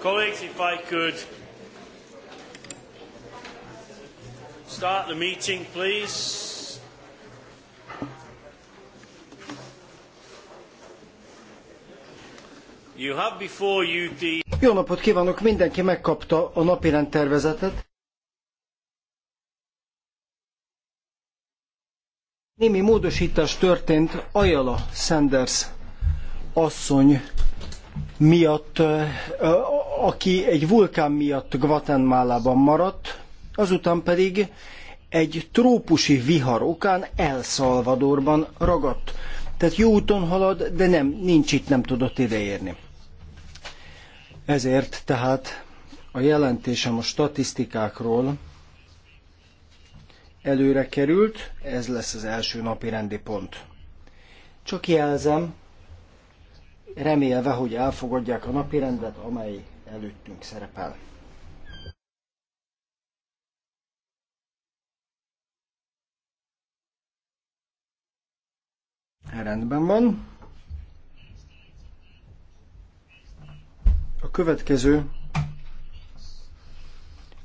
Colleagues, if I could start the meeting, please. You have before you the... Jó napot kívánok! Mindenki megkapta a napi rendtervezetet. Némi módosítás történt Ajala Sanders asszony miatt, aki egy vulkán miatt Guatemalában maradt, azután pedig egy trópusi vihar okán El Salvadorban ragadt. Tehát jó úton halad, de nem, nincs itt, nem tudott ideérni. Ezért tehát a jelentésem a statisztikákról előre került, ez lesz az első napi rendi pont. Csak jelzem, remélve, hogy elfogadják a napirendet, amely előttünk szerepel. Rendben van. A következő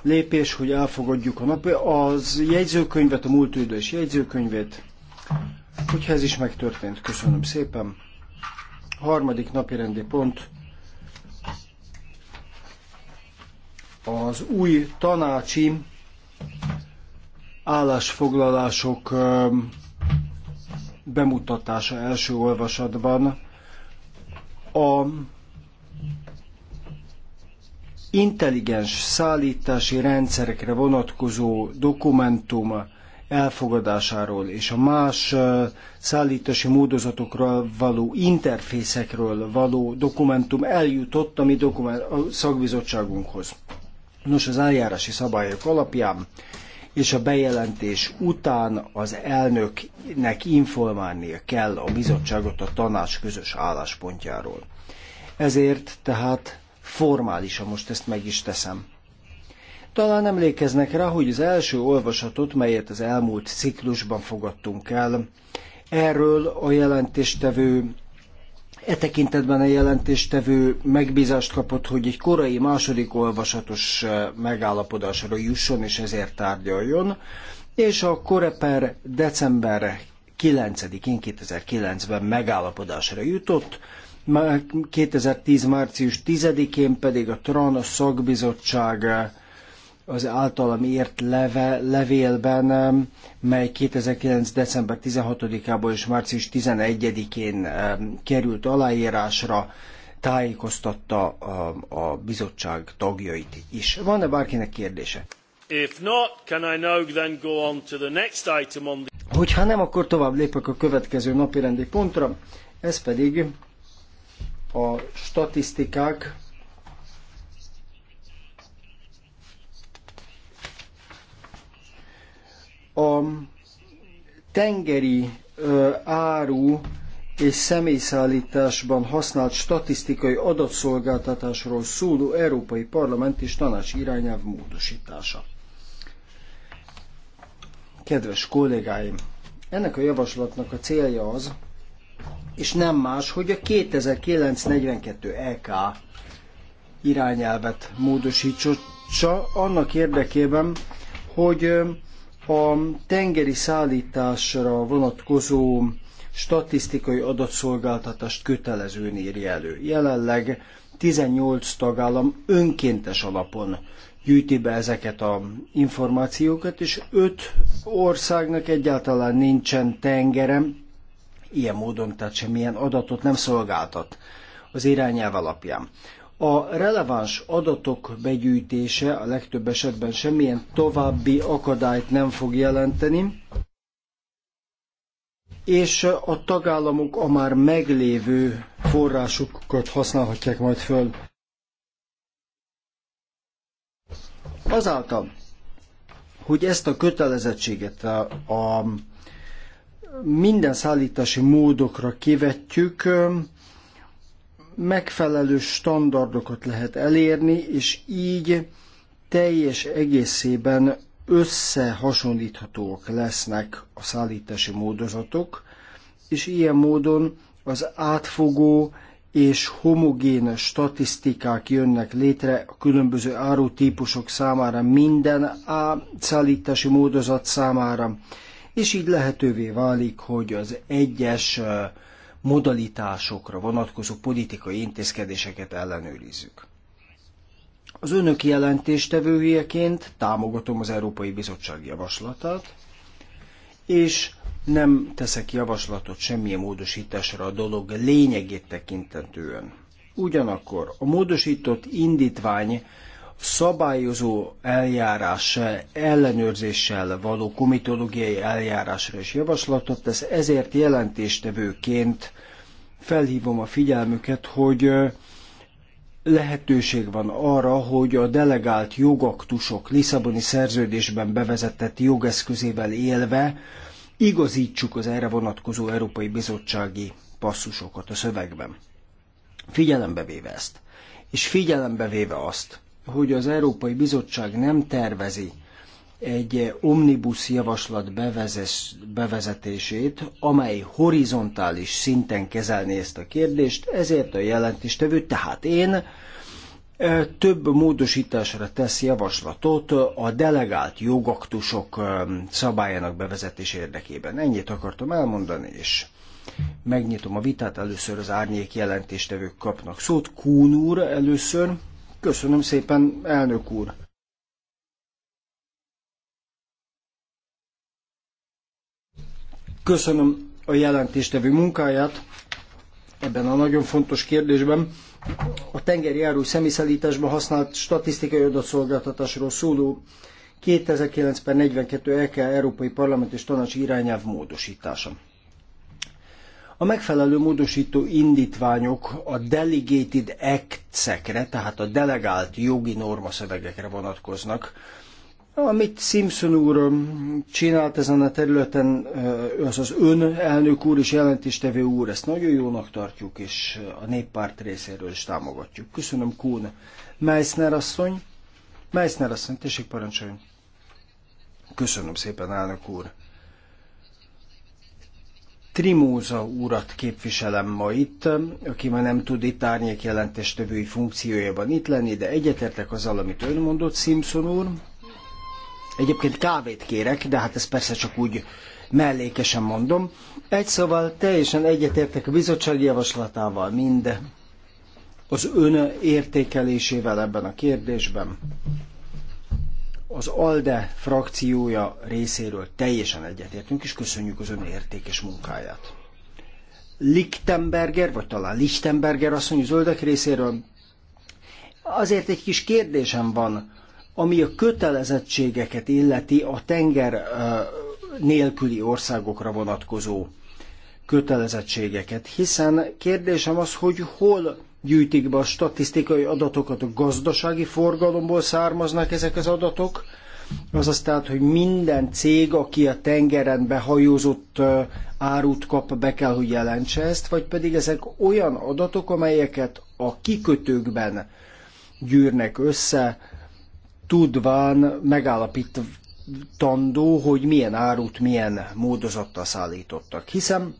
lépés, hogy elfogadjuk a nap, az jegyzőkönyvet, a múlt és jegyzőkönyvét. Hogyha ez is megtörtént, köszönöm szépen. A harmadik napi rendi pont az új tanácsi állásfoglalások um, bemutatása első olvasatban a intelligens szállítási rendszerekre vonatkozó dokumentum elfogadásáról és a más uh, szállítási módozatokra való interfészekről való dokumentum eljutott a mi dokument- a szakbizottságunkhoz. Nos, az eljárási szabályok alapján és a bejelentés után az elnöknek informálnia kell a bizottságot a tanács közös álláspontjáról. Ezért tehát formálisan most ezt meg is teszem. Talán emlékeznek rá, hogy az első olvasatot, melyet az elmúlt ciklusban fogadtunk el, erről a jelentéstevő E tekintetben a jelentéstevő megbízást kapott, hogy egy korai második olvasatos eh, megállapodásra jusson, és ezért tárgyaljon, és a Koreper december 9-én 2009-ben megállapodásra jutott, 2010. március 10-én pedig a TRAN szakbizottság eh, az általam írt leve, levélben, mely 2009. december 16-ából és március 11-én került aláírásra, tájékoztatta a, a bizottság tagjait is. Van-e bárkinek kérdése? Hogyha nem, akkor tovább lépek a következő napirendi pontra, ez pedig a statisztikák a tengeri áru és személyszállításban használt statisztikai adatszolgáltatásról szóló Európai Parlament és Tanács irányelv módosítása. Kedves kollégáim, ennek a javaslatnak a célja az, és nem más, hogy a 2942 EK irányelvet módosítsa annak érdekében, hogy a tengeri szállításra vonatkozó statisztikai adatszolgáltatást kötelezőn írja elő. Jelenleg 18 tagállam önkéntes alapon gyűjti be ezeket a információkat, és 5 országnak egyáltalán nincsen tengerem, ilyen módon, tehát semmilyen adatot nem szolgáltat az irányelv alapján. A releváns adatok begyűjtése a legtöbb esetben semmilyen további akadályt nem fog jelenteni, és a tagállamok a már meglévő forrásukat használhatják majd föl. Azáltal, hogy ezt a kötelezettséget a minden szállítási módokra kivetjük, megfelelő standardokat lehet elérni, és így teljes egészében összehasonlíthatóak lesznek a szállítási módozatok, és ilyen módon az átfogó és homogén statisztikák jönnek létre a különböző árutípusok számára, minden a szállítási módozat számára, és így lehetővé válik, hogy az egyes modalitásokra vonatkozó politikai intézkedéseket ellenőrizzük. Az önök jelentéstevőjeként támogatom az Európai Bizottság javaslatát, és nem teszek javaslatot semmilyen módosításra a dolog lényegét tekintetően. Ugyanakkor a módosított indítvány szabályozó eljárás ellenőrzéssel való komitológiai eljárásra is javaslatot tesz, ezért jelentéstevőként felhívom a figyelmüket, hogy lehetőség van arra, hogy a delegált jogaktusok Lisszaboni szerződésben bevezetett jogeszközével élve igazítsuk az erre vonatkozó Európai Bizottsági passzusokat a szövegben. Figyelembe véve ezt, és figyelembe véve azt, hogy az Európai Bizottság nem tervezi egy omnibus javaslat bevezes, bevezetését, amely horizontális szinten kezelné ezt a kérdést, ezért a jelentéstevő, tehát én több módosításra tesz javaslatot a delegált jogaktusok szabályának bevezetés érdekében. Ennyit akartam elmondani, és megnyitom a vitát. Először az árnyék jelentéstevők kapnak szót. Kún úr először. Köszönöm szépen, elnök úr. Köszönöm a jelentéstevő munkáját ebben a nagyon fontos kérdésben. A tengerjáró személyszállításban használt statisztikai adatszolgáltatásról szóló 2009 42 EK Európai Parlament és Tanács irányelv módosítása. A megfelelő módosító indítványok a delegated acts-ekre, tehát a delegált jogi normaszövegekre vonatkoznak. Amit Simpson úr um, csinált ezen a területen, uh, az az ön elnök úr és jelentéstevő úr, ezt nagyon jónak tartjuk, és a néppárt részéről is támogatjuk. Köszönöm, Kuhn. Meissner asszony. Meissner asszony, tessék parancsoljon. Köszönöm szépen, elnök úr. Trimóza úrat képviselem ma itt, aki ma nem tud itt árnyék jelentéstevői funkciójában itt lenni, de egyetértek az, amit ön mondott, Simpson úr. Egyébként kávét kérek, de hát ez persze csak úgy mellékesen mondom. Egy szóval teljesen egyetértek a bizottság javaslatával mind az ön értékelésével ebben a kérdésben az ALDE frakciója részéről teljesen egyetértünk, és köszönjük az ön értékes munkáját. Lichtenberger, vagy talán Lichtenberger asszony zöldek részéről. Azért egy kis kérdésem van, ami a kötelezettségeket illeti a tenger nélküli országokra vonatkozó kötelezettségeket, hiszen kérdésem az, hogy hol gyűjtik be a statisztikai adatokat, a gazdasági forgalomból származnak ezek az adatok, azaz tehát, hogy minden cég, aki a tengeren behajózott árut kap, be kell, hogy jelentse ezt, vagy pedig ezek olyan adatok, amelyeket a kikötőkben gyűrnek össze, tudván megállapítandó, hogy milyen árut milyen módozattal szállítottak. Hiszen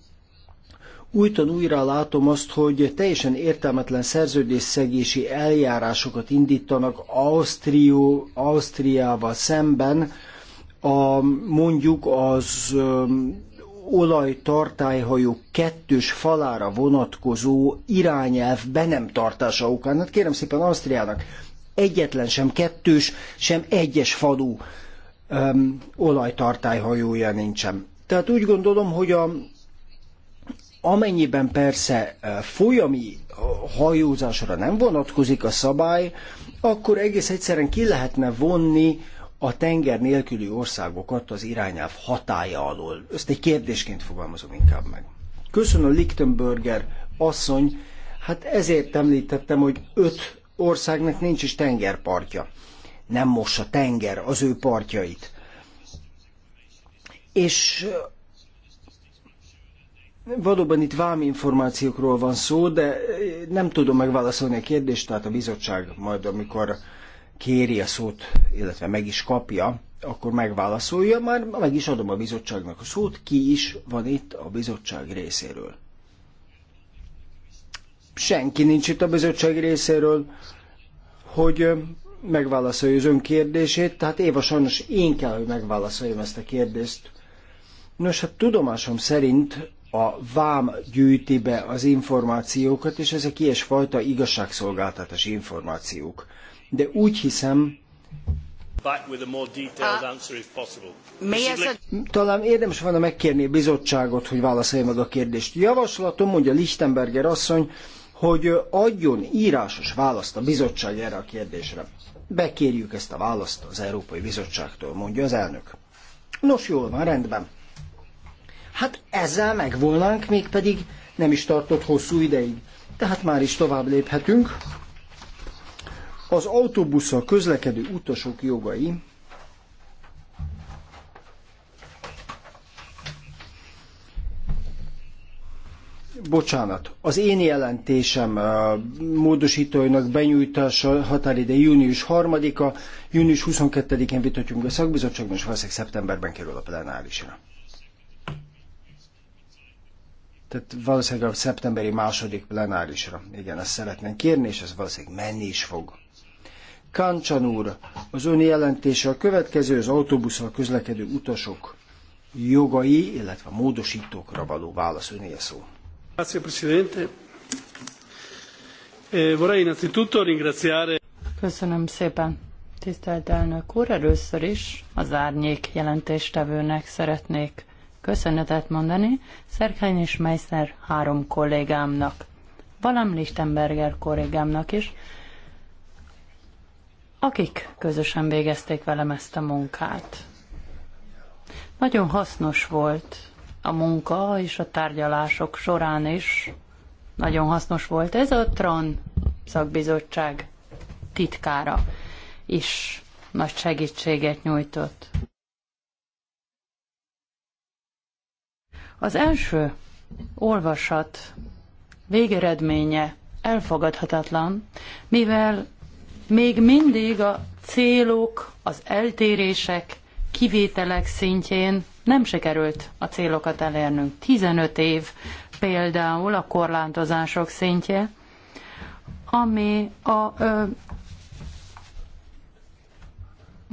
újton újra látom azt, hogy teljesen értelmetlen szerződésszegési eljárásokat indítanak Ausztrió, Ausztriával szemben, a, mondjuk az olajtartályhajók kettős falára vonatkozó irányelv be nem tartása okán. Hát kérem szépen Ausztriának egyetlen sem kettős, sem egyes falú um, olajtartályhajója nincsen. Tehát úgy gondolom, hogy a Amennyiben persze eh, folyami eh, hajózásra nem vonatkozik a szabály, akkor egész egyszerűen ki lehetne vonni a tenger nélküli országokat az irányelv hatája alól. Ezt egy kérdésként fogalmazom inkább meg. Köszönöm Lichtenberger asszony, hát ezért említettem, hogy öt országnak nincs is tengerpartja. Nem mossa tenger az ő partjait. És Valóban itt váminformációkról van szó, de eh, nem tudom megválaszolni a kérdést, tehát a bizottság majd, amikor kéri a szót, illetve meg is kapja, akkor megválaszolja, már meg is adom a bizottságnak a szót, ki is van itt a bizottság részéről. Senki nincs itt a bizottság részéről, hogy eh, megválaszolja az ön kérdését, tehát Éva sajnos én kell, hogy megválaszoljam ezt a kérdést. Nos, hát tudomásom szerint a vám gyűjti be az információkat, és ezek ilyesfajta igazságszolgáltatás információk. De úgy hiszem, ah. talán érdemes volna megkérni a bizottságot, hogy válaszolja meg a kérdést. Javaslatom, mondja Lichtenberger asszony, hogy adjon írásos választ a bizottság erre a kérdésre. Bekérjük ezt a választ az Európai Bizottságtól, mondja az elnök. Nos, jól van, rendben. Hát ezzel megvolnánk, mégpedig nem is tartott hosszú ideig. Tehát már is tovább léphetünk. Az autóbusszal közlekedő utasok jogai bocsánat, az én jelentésem eh, módosítóinak benyújtása határide június 3-a, június 22-én vitatjuk a szakbizottságban, és valószínűleg szeptemberben kerül a plenárisra tehát valószínűleg a szeptemberi második plenárisra. Igen, ezt szeretnénk kérni, és ez valószínűleg menni is fog. Kancsan úr, az ön jelentése a következő, az autóbusszal közlekedő utasok jogai, illetve a módosítókra való válasz önél szó. Eh, Köszönöm szépen. Tisztelt elnök úr, először is az árnyék jelentéstevőnek szeretnék köszönetet mondani Szerkány és Meissner három kollégámnak, valam Lichtenberger kollégámnak is, akik közösen végezték velem ezt a munkát. Nagyon hasznos volt a munka és a tárgyalások során is. Nagyon hasznos volt ez a Tron szakbizottság titkára is nagy segítséget nyújtott. Az első olvasat végeredménye elfogadhatatlan, mivel még mindig a célok, az eltérések, kivételek szintjén nem sikerült a célokat elérnünk. 15 év például a korlátozások szintje, ami a ö,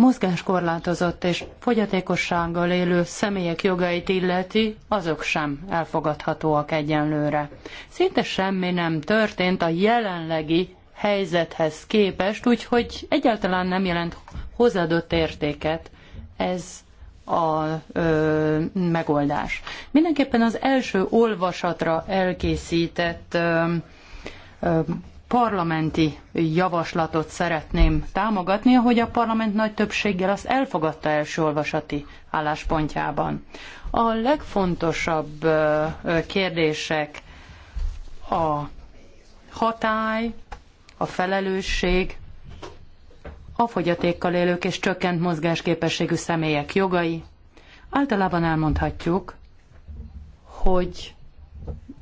mozgáskorlátozott és fogyatékossággal élő személyek jogait illeti, azok sem elfogadhatóak egyenlőre. Szinte semmi nem történt a jelenlegi helyzethez képest, úgyhogy egyáltalán nem jelent hozzáadott értéket ez a ö, megoldás. Mindenképpen az első olvasatra elkészített ö, ö, parlamenti javaslatot szeretném támogatni, hogy a parlament nagy többséggel azt elfogadta első olvasati álláspontjában. A legfontosabb kérdések a hatály, a felelősség, a fogyatékkal élők és csökkent mozgásképességű személyek jogai. Általában elmondhatjuk, hogy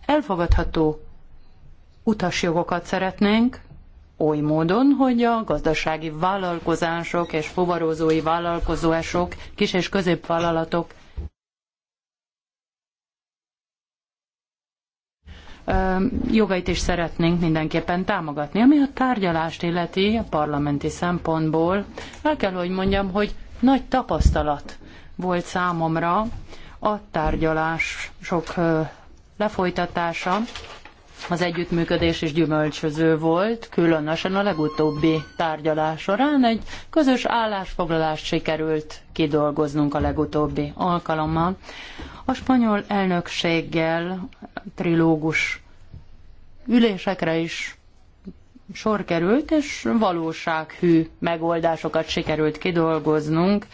elfogadható utasjogokat szeretnénk, oly módon, hogy a gazdasági vállalkozások és fuvarozói vállalkozások, kis- és középvállalatok jogait is szeretnénk mindenképpen támogatni. Ami a tárgyalást illeti a parlamenti szempontból, el kell, hogy mondjam, hogy nagy tapasztalat volt számomra a tárgyalások lefolytatása, az együttműködés is gyümölcsöző volt, különösen a legutóbbi tárgyalás során egy közös állásfoglalást sikerült kidolgoznunk a legutóbbi alkalommal. A spanyol elnökséggel trilógus ülésekre is sor került, és valósághű megoldásokat sikerült kidolgoznunk,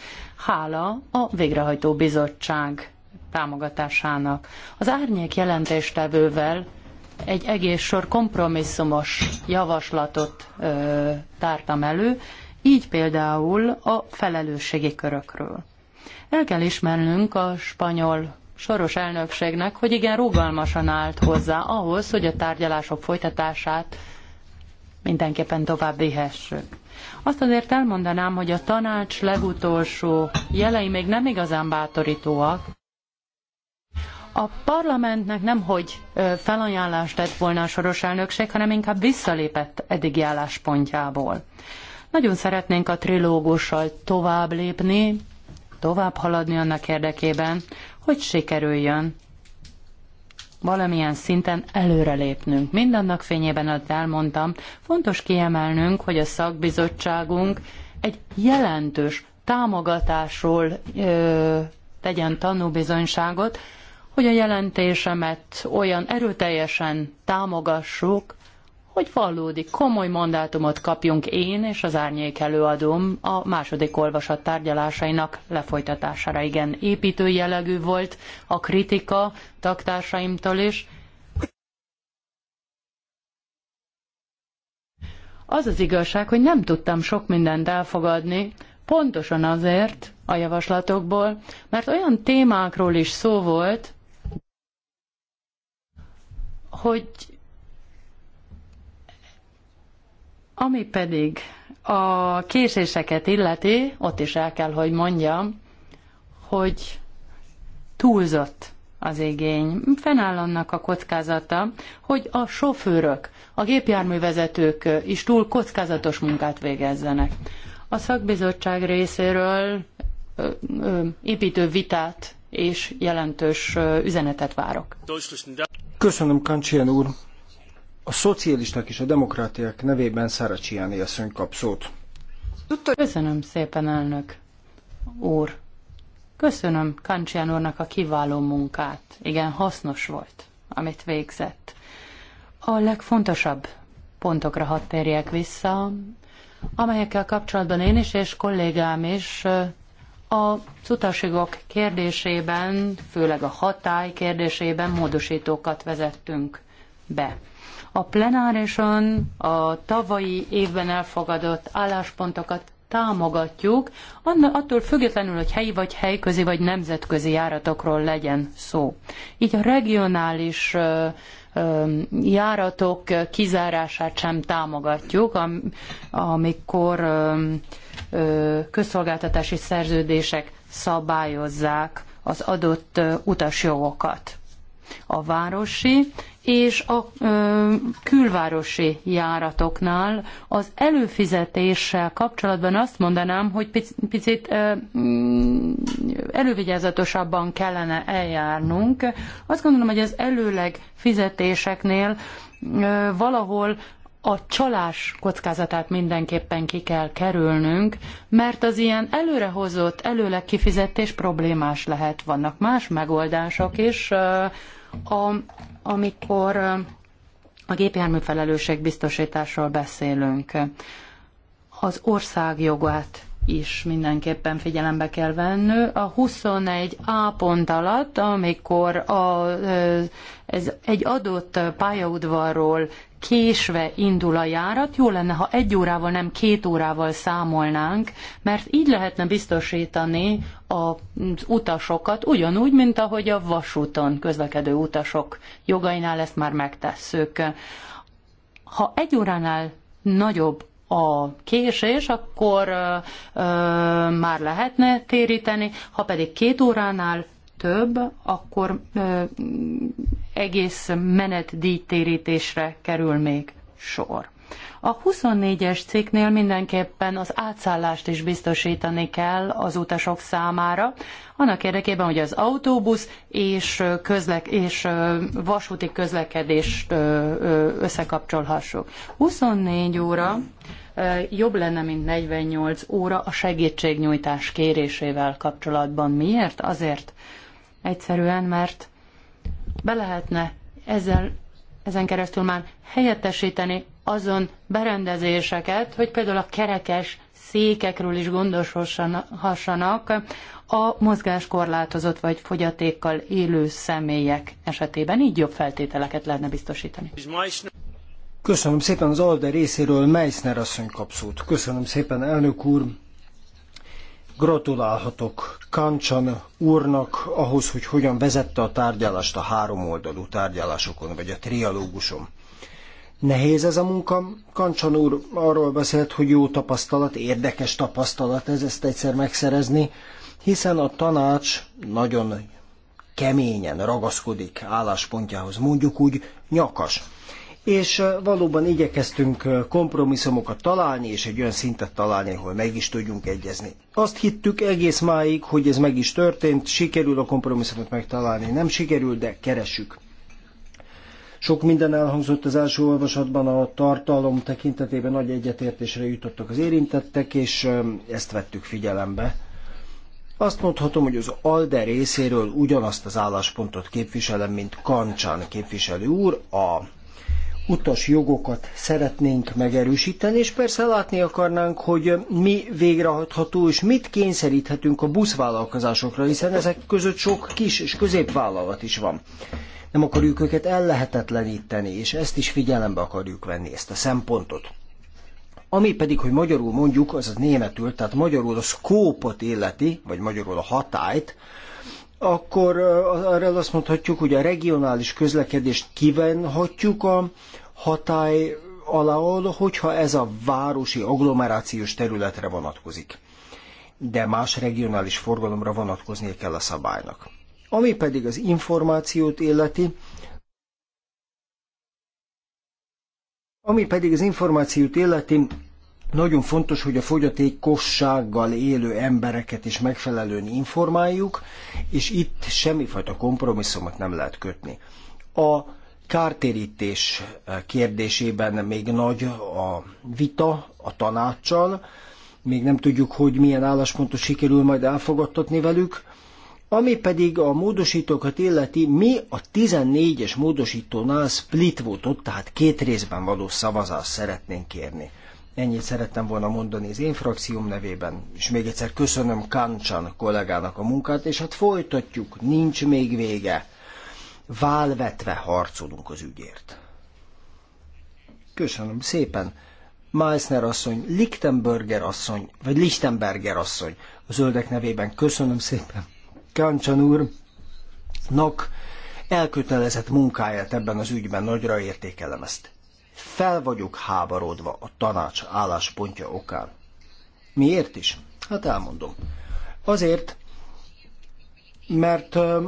hála a végrehajtó bizottság támogatásának. Az árnyék jelentéstevővel egy egész sor kompromisszumos javaslatot ö, tártam elő, így például a felelősségi körökről. El kell ismernünk a spanyol soros elnökségnek, hogy igen rugalmasan állt hozzá ahhoz, hogy a tárgyalások folytatását mindenképpen tovább vihessük. Azt azért elmondanám, hogy a tanács legutolsó jelei még nem igazán bátorítóak, a parlamentnek nem hogy felajánlást tett volna a soros elnökség, hanem inkább visszalépett eddigi álláspontjából. Nagyon szeretnénk a trilógussal tovább lépni, tovább haladni annak érdekében, hogy sikerüljön valamilyen szinten előrelépnünk. Mindannak fényében, amit elmondtam, fontos kiemelnünk, hogy a szakbizottságunk egy jelentős támogatásról ö, tegyen tanúbizonyságot hogy a jelentésemet olyan erőteljesen támogassuk, hogy valódi komoly mandátumot kapjunk én és az árnyék előadóm a második olvasat tárgyalásainak lefolytatására. Igen, építő jellegű volt a kritika taktársaimtól is. Az az igazság, hogy nem tudtam sok mindent elfogadni, pontosan azért a javaslatokból, mert olyan témákról is szó volt, hogy ami pedig a késéseket illeti, ott is el kell, hogy mondjam, hogy túlzott az igény. Fennáll annak a kockázata, hogy a sofőrök, a gépjárművezetők is túl kockázatos munkát végezzenek. A szakbizottság részéről építő vitát és jelentős üzenetet várok. Köszönöm, Kancsian úr. A szocialisták és a demokrátiák nevében Szára Csiáni asszony kap szót. Köszönöm szépen, elnök úr. Köszönöm Kancsian úrnak a kiváló munkát. Igen, hasznos volt, amit végzett. A legfontosabb pontokra hadd térjek vissza, amelyekkel kapcsolatban én is és kollégám is a utasjogok kérdésében, főleg a hatály kérdésében módosítókat vezettünk be. A plenárison a tavalyi évben elfogadott álláspontokat támogatjuk, attól függetlenül, hogy helyi vagy helyközi vagy nemzetközi járatokról legyen szó. Így a regionális járatok kizárását sem támogatjuk, amikor közszolgáltatási szerződések szabályozzák az adott utasjogokat. A városi és a ö, külvárosi járatoknál az előfizetéssel kapcsolatban azt mondanám, hogy picit ö, mm, elővigyázatosabban kellene eljárnunk. Azt gondolom, hogy az előleg fizetéseknél ö, valahol a csalás kockázatát mindenképpen ki kell kerülnünk, mert az ilyen előrehozott, előleg kifizetés problémás lehet. Vannak más megoldások is. Ö, a, amikor a gépjármű felelősség biztosításról beszélünk, az ország jogát is mindenképpen figyelembe kell venni. A 21A pont alatt, amikor a, ez egy adott pályaudvarról késve indul a járat, jó lenne, ha egy órával, nem két órával számolnánk, mert így lehetne biztosítani az utasokat, ugyanúgy, mint ahogy a vasúton közlekedő utasok jogainál ezt már megtesszük. Ha egy óránál nagyobb a késés, akkor ö, ö, már lehetne téríteni, ha pedig két óránál több, akkor egész menet díjtérítésre kerül még sor. A 24-es cikknél mindenképpen az átszállást is biztosítani kell az utasok számára, annak érdekében, hogy az autóbusz és, közlek- és vasúti közlekedést összekapcsolhassuk. 24 óra jobb lenne, mint 48 óra a segítségnyújtás kérésével kapcsolatban. Miért? Azért, Egyszerűen, mert be lehetne ezzel, ezen keresztül már helyettesíteni azon berendezéseket, hogy például a kerekes székekről is gondoshassanak a mozgáskorlátozott vagy fogyatékkal élő személyek esetében. Így jobb feltételeket lehetne biztosítani. Köszönöm szépen az ALDE részéről Meissner asszony kapszót. Köszönöm szépen, elnök úr. Gratulálhatok Kancsan úrnak ahhoz, hogy hogyan vezette a tárgyalást a háromoldalú tárgyalásokon, vagy a trialóguson. Nehéz ez a munka. Kancsan úr arról beszélt, hogy jó tapasztalat, érdekes tapasztalat ez, ezt egyszer megszerezni, hiszen a tanács nagyon keményen ragaszkodik álláspontjához, mondjuk úgy nyakas és valóban igyekeztünk kompromisszumokat találni, és egy olyan szintet találni, ahol meg is tudjunk egyezni. Azt hittük egész máig, hogy ez meg is történt, sikerül a kompromisszumot megtalálni, nem sikerül, de keresük. Sok minden elhangzott az első olvasatban, a tartalom tekintetében nagy egyetértésre jutottak az érintettek, és ezt vettük figyelembe. Azt mondhatom, hogy az ALDE részéről ugyanazt az álláspontot képviselem, mint Kancsán képviselő úr, a utas jogokat szeretnénk megerősíteni, és persze látni akarnánk, hogy mi végrehajtható, és mit kényszeríthetünk a buszvállalkozásokra, hiszen ezek között sok kis és középvállalat is van. Nem akarjuk őket ellehetetleníteni, és ezt is figyelembe akarjuk venni, ezt a szempontot. Ami pedig, hogy magyarul mondjuk, azaz németül, tehát magyarul a szkópot illeti, vagy magyarul a hatályt, akkor arra azt mondhatjuk, hogy a regionális közlekedést kivenhatjuk a hatály alá, hogyha ez a városi agglomerációs területre vonatkozik. De más regionális forgalomra vonatkoznia kell a szabálynak. Ami pedig az információt illeti, ami pedig az információt illeti, nagyon fontos, hogy a fogyatékossággal élő embereket is megfelelően informáljuk, és itt semmifajta kompromisszumot nem lehet kötni. A kártérítés kérdésében még nagy a vita a tanácssal, még nem tudjuk, hogy milyen álláspontot sikerül majd elfogadtatni velük, ami pedig a módosítókat illeti, mi a 14-es módosítónál split votot, tehát két részben való szavazást szeretnénk kérni. Ennyit szerettem volna mondani az én frakcióm nevében, és még egyszer köszönöm Kancsan kollégának a munkát, és hát folytatjuk, nincs még vége. Válvetve harcolunk az ügyért. Köszönöm szépen. Meissner asszony, Lichtenberger asszony, vagy Lichtenberger asszony, a zöldek nevében köszönöm szépen. Kancsan úrnak elkötelezett munkáját ebben az ügyben, nagyra értékelem ezt fel vagyok háborodva a tanács álláspontja okán. Miért is? Hát elmondom. Azért, mert a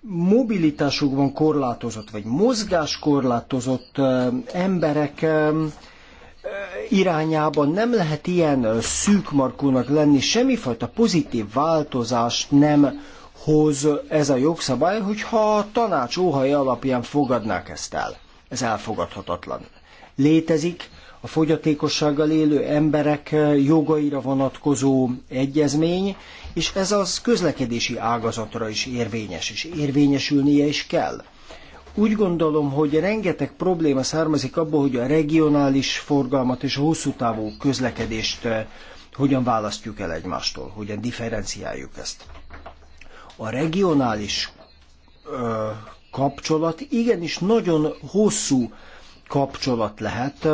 mobilitásukban korlátozott, vagy mozgáskorlátozott emberek irányában nem lehet ilyen szűkmarkónak lenni, semmifajta pozitív változást nem hoz ez a jogszabály, hogyha a tanács óhaj alapján fogadnák ezt el. Ez elfogadhatatlan. Létezik a fogyatékossággal élő emberek eh, jogaira vonatkozó egyezmény, és ez az közlekedési ágazatra is érvényes, és érvényesülnie is kell. Úgy gondolom, hogy rengeteg probléma származik abból, hogy a regionális forgalmat és a hosszú távú közlekedést eh, hogyan választjuk el egymástól, hogyan differenciáljuk ezt. A regionális eh, kapcsolat igenis nagyon hosszú kapcsolat lehet.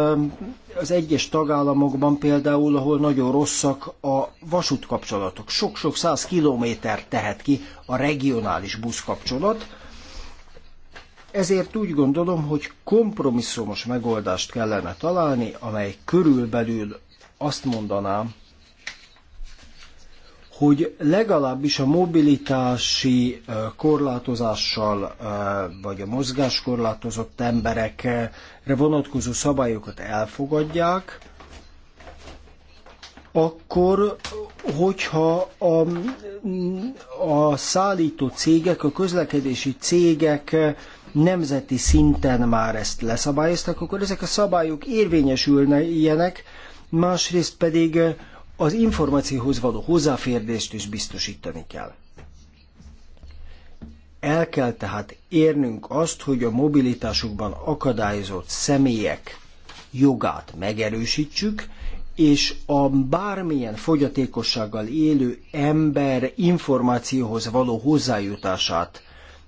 Az egyes tagállamokban például, ahol nagyon rosszak a vasútkapcsolatok, sok-sok száz kilométer tehet ki a regionális buszkapcsolat, ezért úgy gondolom, hogy kompromisszumos megoldást kellene találni, amely körülbelül azt mondanám, hogy legalábbis a mobilitási korlátozással, vagy a mozgáskorlátozott emberekre vonatkozó szabályokat elfogadják, akkor, hogyha a, a szállító cégek, a közlekedési cégek nemzeti szinten már ezt leszabályoztak, akkor ezek a szabályok érvényesülnek ilyenek, másrészt pedig az információhoz való hozzáférést is biztosítani kell. El kell tehát érnünk azt, hogy a mobilitásukban akadályozott személyek jogát megerősítsük, és a bármilyen fogyatékossággal élő ember információhoz való hozzájutását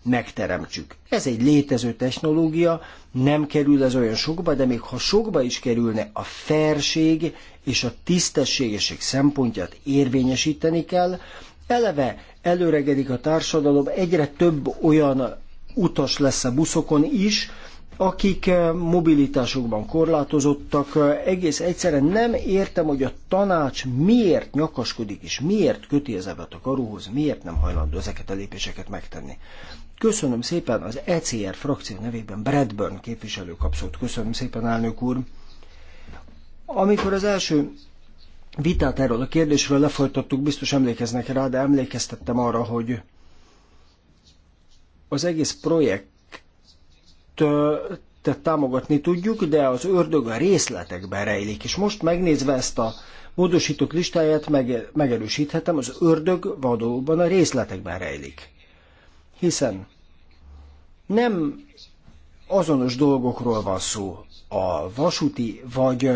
megteremtsük. Ez egy létező technológia, nem kerül ez olyan sokba, de még ha sokba is kerülne, a ferség és a tisztességesség szempontját érvényesíteni kell. Eleve előregedik a társadalom, egyre több olyan utas lesz a buszokon is, akik eh, mobilitásukban korlátozottak, eh, egész egyszerűen nem értem, hogy a tanács miért nyakaskodik, és miért köti az ebet a karóhoz, miért nem hajlandó ezeket a lépéseket megtenni. Köszönöm szépen az ECR frakció nevében Bradburn képviselő kapszót. Köszönöm szépen, elnök úr. Amikor az első vitát erről a kérdésről lefolytattuk, biztos emlékeznek rá, de emlékeztettem arra, hogy az egész projekt tehát támogatni tudjuk, de az ördög a részletekbe rejlik. És most megnézve ezt a módosítók listáját meg, megerősíthetem, az ördög valóban a részletekben rejlik hiszen nem azonos dolgokról van szó. A vasúti vagy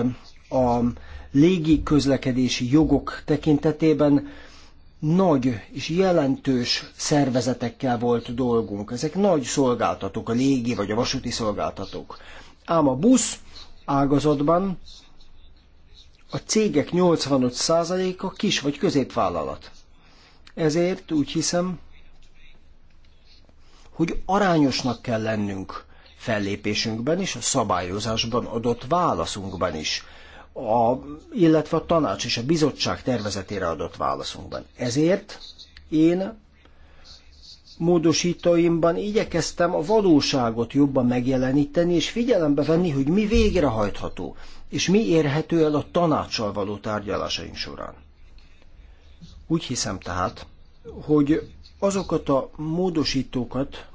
a légi közlekedési jogok tekintetében nagy és jelentős szervezetekkel volt dolgunk. Ezek nagy szolgáltatók, a légi vagy a vasúti szolgáltatók. Ám a busz ágazatban a cégek 85%-a kis vagy középvállalat. Ezért úgy hiszem, hogy arányosnak kell lennünk fellépésünkben és a szabályozásban adott válaszunkban is, a, illetve a tanács és a bizottság tervezetére adott válaszunkban. Ezért én módosítóimban igyekeztem a valóságot jobban megjeleníteni, és figyelembe venni, hogy mi végrehajtható, és mi érhető el a tanácssal való tárgyalásaink során. Úgy hiszem tehát, hogy azokat a módosítókat,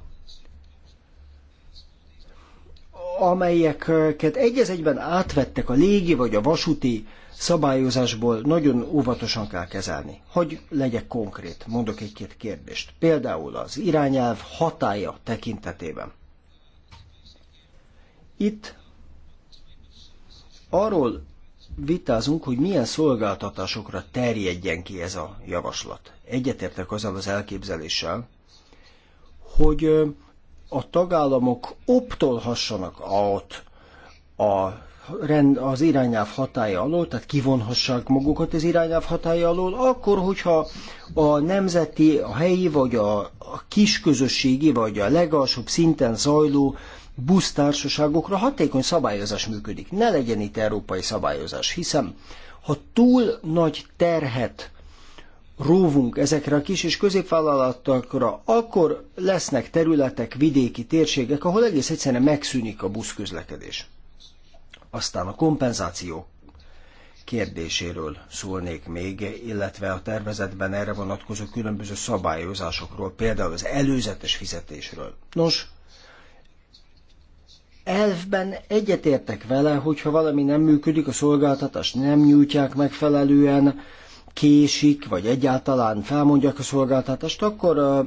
amelyeket egy egyben átvettek a légi vagy a vasúti szabályozásból, nagyon óvatosan kell kezelni. Hogy legyek konkrét, mondok egy-két kérdést. Például az irányelv hatája tekintetében. Itt arról vitázunk, hogy milyen szolgáltatásokra terjedjen ki ez a javaslat. Egyetértek azzal az elképzeléssel, hogy a tagállamok optolhassanak át a rend, az irányáv hatája alól, tehát kivonhassák magukat az irányáv hatája alól, akkor, hogyha a nemzeti, a helyi, vagy a, a kisközösségi, vagy a legalsóbb szinten zajló busztársaságokra hatékony szabályozás működik. Ne legyen itt európai szabályozás, hiszen ha túl nagy terhet róvunk ezekre a kis és középvállalatokra, akkor lesznek területek, vidéki térségek, ahol egész egyszerűen megszűnik a buszközlekedés. Aztán a kompenzáció kérdéséről szólnék még, illetve a tervezetben erre vonatkozó különböző szabályozásokról, például az előzetes fizetésről. Nos, elfben egyetértek vele, hogyha valami nem működik, a szolgáltatást nem nyújtják megfelelően, késik, vagy egyáltalán felmondják a szolgáltatást, akkor a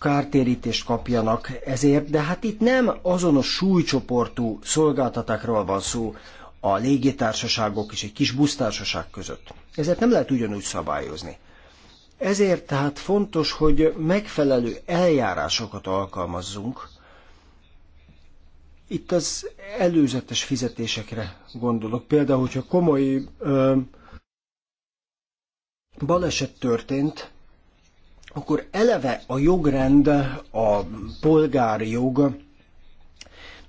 kártérítést kapjanak ezért, de hát itt nem azonos súlycsoportú szolgáltatákról van szó a légitársaságok és egy kis busztársaság között. Ezért nem lehet ugyanúgy szabályozni. Ezért tehát fontos, hogy megfelelő eljárásokat alkalmazzunk, itt az előzetes fizetésekre gondolok. Például, hogyha komoly ö, baleset történt, akkor eleve a jogrend, a polgári jog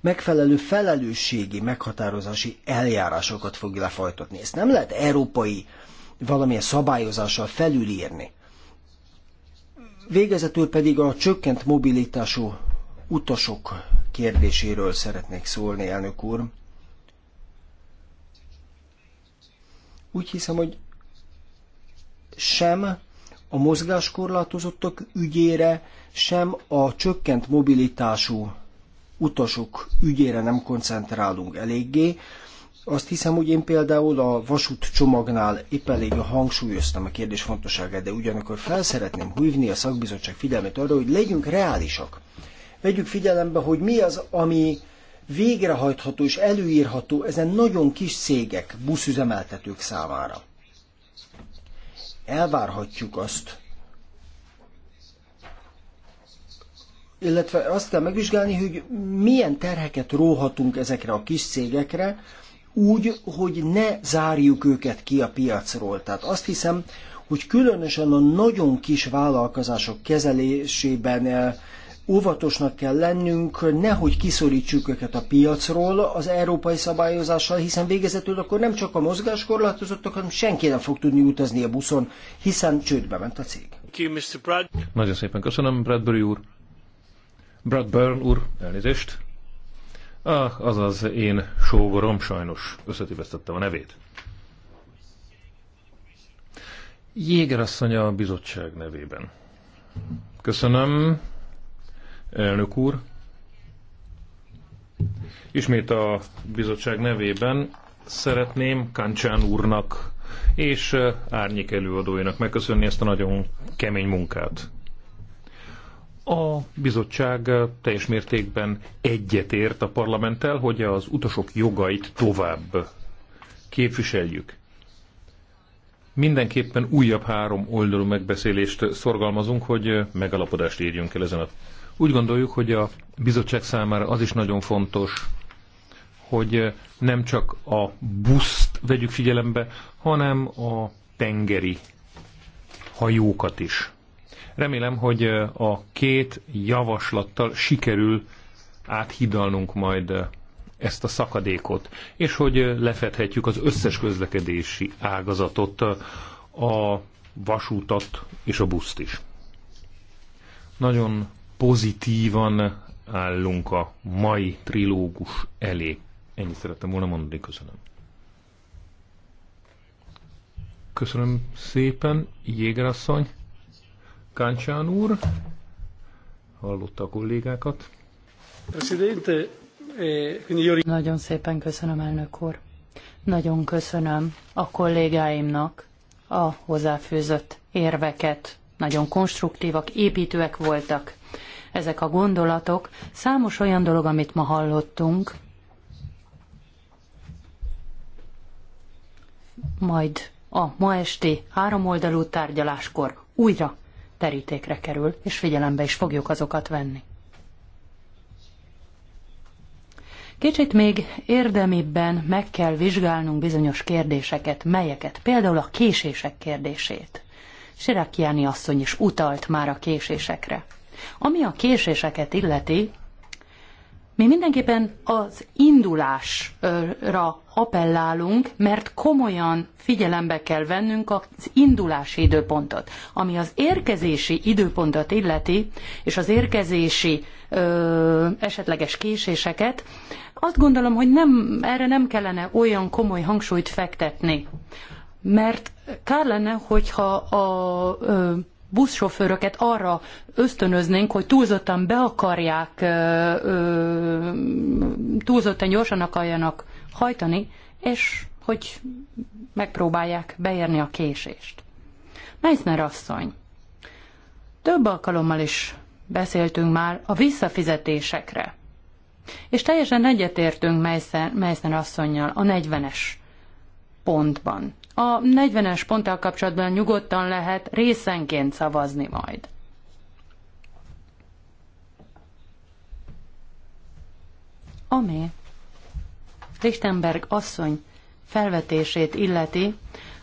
megfelelő felelősségi meghatározási eljárásokat fog lefolytatni. Ezt nem lehet európai valamilyen szabályozással felülírni. Végezetül pedig a csökkent mobilitású utasok kérdéséről szeretnék szólni, elnök úr. Úgy hiszem, hogy sem a mozgáskorlátozottak ügyére, sem a csökkent mobilitású utasok ügyére nem koncentrálunk eléggé. Azt hiszem, hogy én például a vasút csomagnál épp elég hangsúlyoztam a kérdés fontosságát, de ugyanakkor felszeretném hívni a szakbizottság figyelmét arra, hogy legyünk reálisak. Vegyük figyelembe, hogy mi az, ami végrehajtható és előírható ezen nagyon kis cégek, buszüzemeltetők számára. Elvárhatjuk azt, illetve azt kell megvizsgálni, hogy milyen terheket róhatunk ezekre a kis cégekre, úgy, hogy ne zárjuk őket ki a piacról. Tehát azt hiszem, hogy különösen a nagyon kis vállalkozások kezelésében eh, óvatosnak kell lennünk, nehogy kiszorítsuk őket a piacról az európai szabályozással, hiszen végezetül akkor nem csak a mozgáskorlátozottak, hanem senki nem fog tudni utazni a buszon, hiszen csődbe ment a cég. Nagyon szépen köszönöm, Bradbury úr. Bradburn úr, elnézést. Ah, azaz én sógorom sajnos összetévesztettem a nevét. Jéger asszony a bizottság nevében. Köszönöm. Elnök úr, ismét a bizottság nevében szeretném Kancsán úrnak és árnyék előadóinak megköszönni ezt a nagyon kemény munkát. A bizottság teljes mértékben egyetért a parlamenttel, hogy az utasok jogait tovább képviseljük. Mindenképpen újabb három oldalú megbeszélést szorgalmazunk, hogy megalapodást írjunk el ezen a úgy gondoljuk, hogy a bizottság számára az is nagyon fontos, hogy nem csak a buszt vegyük figyelembe, hanem a tengeri hajókat is. Remélem, hogy a két javaslattal sikerül áthidalnunk majd ezt a szakadékot, és hogy lefedhetjük az összes közlekedési ágazatot, a vasútat és a buszt is. Nagyon pozitívan állunk a mai trilógus elé. Ennyit szerettem volna mondani, köszönöm. Köszönöm szépen, Jégerasszony, Káncsán úr, hallotta a kollégákat. Eh, Nagyon szépen köszönöm, elnök úr. Nagyon köszönöm a kollégáimnak a hozzáfűzött érveket nagyon konstruktívak, építőek voltak ezek a gondolatok. Számos olyan dolog, amit ma hallottunk, majd a ma esti háromoldalú tárgyaláskor újra terítékre kerül, és figyelembe is fogjuk azokat venni. Kicsit még érdemibben meg kell vizsgálnunk bizonyos kérdéseket, melyeket, például a késések kérdését. Sirakiáni asszony is utalt már a késésekre. Ami a késéseket illeti, mi mindenképpen az indulásra appellálunk, mert komolyan figyelembe kell vennünk az indulási időpontot. Ami az érkezési időpontot illeti, és az érkezési ö, esetleges késéseket, azt gondolom, hogy nem, erre nem kellene olyan komoly hangsúlyt fektetni mert kár lenne, hogyha a buszsofőröket arra ösztönöznénk, hogy túlzottan be akarják, túlzottan gyorsan akarjanak hajtani, és hogy megpróbálják beérni a késést. Meissner asszony, több alkalommal is beszéltünk már a visszafizetésekre. És teljesen egyetértünk Meissner asszonynal a 40-es pontban. A 40-es ponttal kapcsolatban nyugodtan lehet részenként szavazni majd. Ami Lichtenberg asszony felvetését illeti,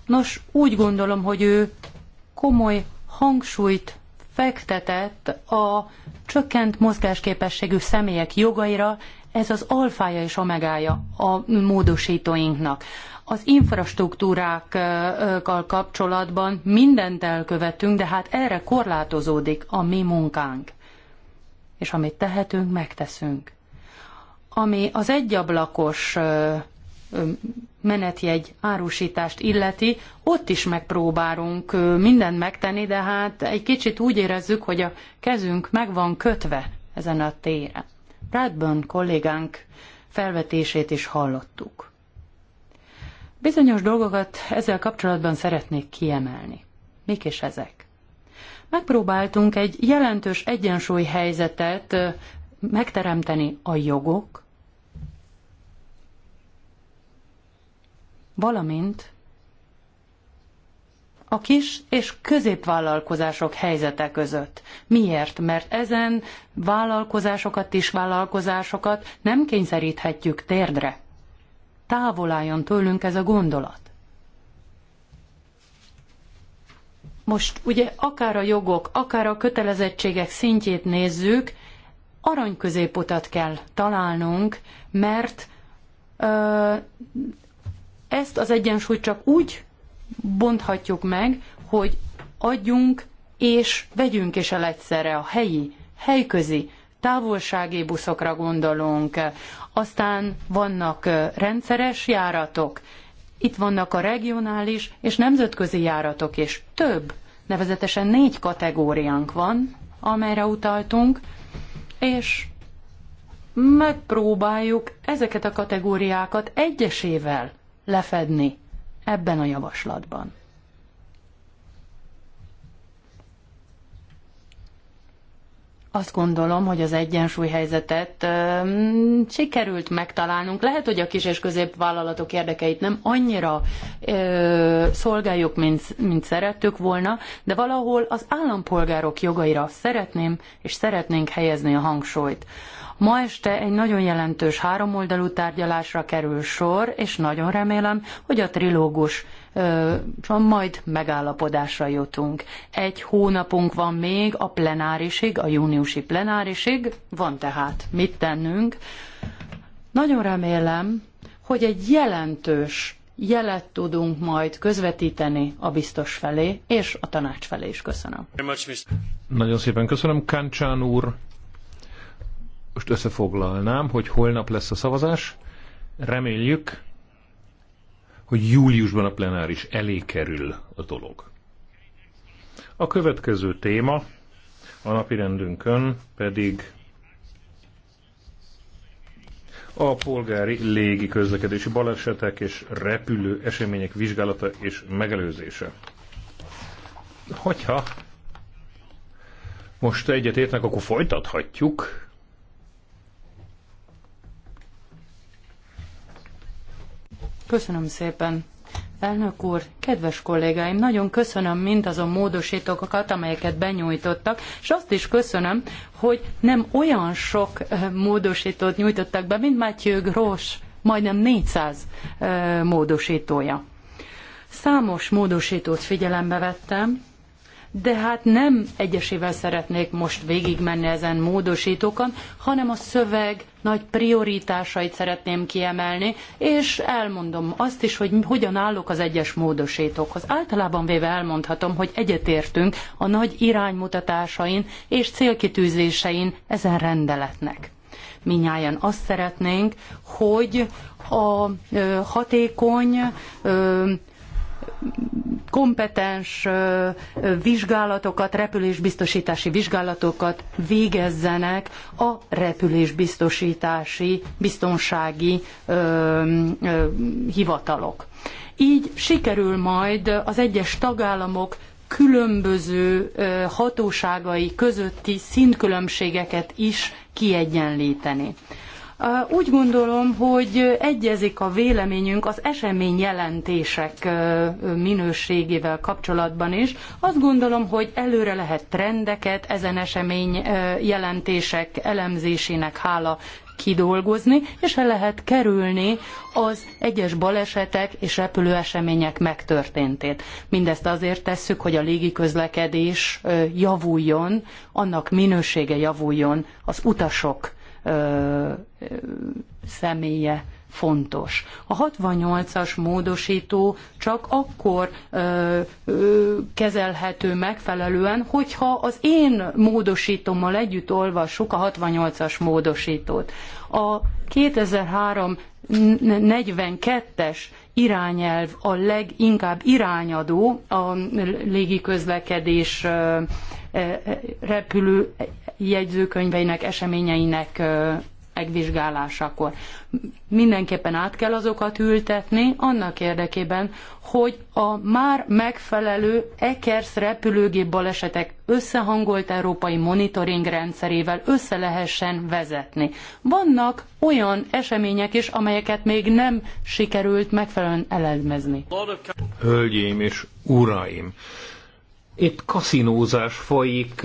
nos úgy gondolom, hogy ő komoly hangsúlyt fektetett a csökkent mozgásképességű személyek jogaira ez az alfája és omegája a módosítóinknak. Az infrastruktúrákkal kapcsolatban mindent elkövetünk, de hát erre korlátozódik a mi munkánk. És amit tehetünk, megteszünk. Ami az egyablakos menetjegy árusítást illeti, ott is megpróbálunk mindent megtenni, de hát egy kicsit úgy érezzük, hogy a kezünk meg van kötve ezen a téren. Bradburn kollégánk felvetését is hallottuk. Bizonyos dolgokat ezzel kapcsolatban szeretnék kiemelni. Mik is ezek? Megpróbáltunk egy jelentős egyensúly helyzetet megteremteni a jogok, valamint a kis és középvállalkozások helyzete között. Miért? Mert ezen vállalkozásokat is vállalkozásokat nem kényszeríthetjük térdre. Távol álljon tőlünk ez a gondolat. Most ugye akár a jogok, akár a kötelezettségek szintjét nézzük, arany középutat kell találnunk, mert ö, ezt az egyensúlyt csak úgy bonthatjuk meg, hogy adjunk és vegyünk is el egyszerre a helyi, helyközi, távolsági buszokra gondolunk. Aztán vannak rendszeres járatok, itt vannak a regionális és nemzetközi járatok is. Több, nevezetesen négy kategóriánk van, amelyre utaltunk, és megpróbáljuk ezeket a kategóriákat egyesével lefedni ebben a javaslatban. Azt gondolom, hogy az egyensúly um, sikerült megtalálnunk. Lehet, hogy a kis és középvállalatok érdekeit nem annyira ö, szolgáljuk, mint, mint szerettük volna, de valahol az állampolgárok jogaira szeretném és szeretnénk helyezni a hangsúlyt. Ma este egy nagyon jelentős háromoldalú tárgyalásra kerül sor, és nagyon remélem, hogy a trilógus majd megállapodásra jutunk. Egy hónapunk van még a plenárisig, a júniusi plenárisig, van tehát mit tennünk. Nagyon remélem, hogy egy jelentős jelet tudunk majd közvetíteni a biztos felé, és a tanács felé is köszönöm. Nagyon szépen köszönöm, Kancsán úr. Most összefoglalnám, hogy holnap lesz a szavazás. Reméljük, hogy júliusban a plenáris elé kerül a dolog. A következő téma a napirendünkön pedig a polgári légi közlekedési balesetek és repülő események vizsgálata és megelőzése. Hogyha most egyet értnek, akkor folytathatjuk. Köszönöm szépen. Elnök úr, kedves kollégáim, nagyon köszönöm mindazon módosítókat, amelyeket benyújtottak, és azt is köszönöm, hogy nem olyan sok eh, módosítót nyújtottak be, mint Matthew Gross, majdnem 400 eh, módosítója. Számos módosítót figyelembe vettem, de hát nem egyesével szeretnék most végigmenni ezen módosítókon, hanem a szöveg nagy prioritásait szeretném kiemelni, és elmondom azt is, hogy hogyan állok az egyes módosítókhoz. Általában véve elmondhatom, hogy egyetértünk a nagy iránymutatásain és célkitűzésein ezen rendeletnek. Minnyáján azt szeretnénk, hogy a hatékony kompetens vizsgálatokat, repülésbiztosítási vizsgálatokat végezzenek a repülésbiztosítási biztonsági hivatalok. Így sikerül majd az egyes tagállamok különböző hatóságai közötti szintkülönbségeket is kiegyenlíteni. Úgy gondolom, hogy egyezik a véleményünk az esemény jelentések minőségével kapcsolatban is. Azt gondolom, hogy előre lehet trendeket ezen esemény jelentések elemzésének hála kidolgozni, és el lehet kerülni az egyes balesetek és repülőesemények megtörténtét. Mindezt azért tesszük, hogy a légiközlekedés javuljon, annak minősége javuljon, az utasok személye fontos. A 68-as módosító csak akkor ö, ö, kezelhető megfelelően, hogyha az én módosítommal együtt olvassuk a 68-as módosítót. A 2003 42-es irányelv a leginkább irányadó a légiközlekedés repülő jegyzőkönyveinek, eseményeinek megvizsgálásakor. Mindenképpen át kell azokat ültetni annak érdekében, hogy a már megfelelő EKERS repülőgép balesetek összehangolt európai monitoring rendszerével össze lehessen vezetni. Vannak olyan események is, amelyeket még nem sikerült megfelelően elemezni. Hölgyeim és uraim! Itt kaszinózás folyik,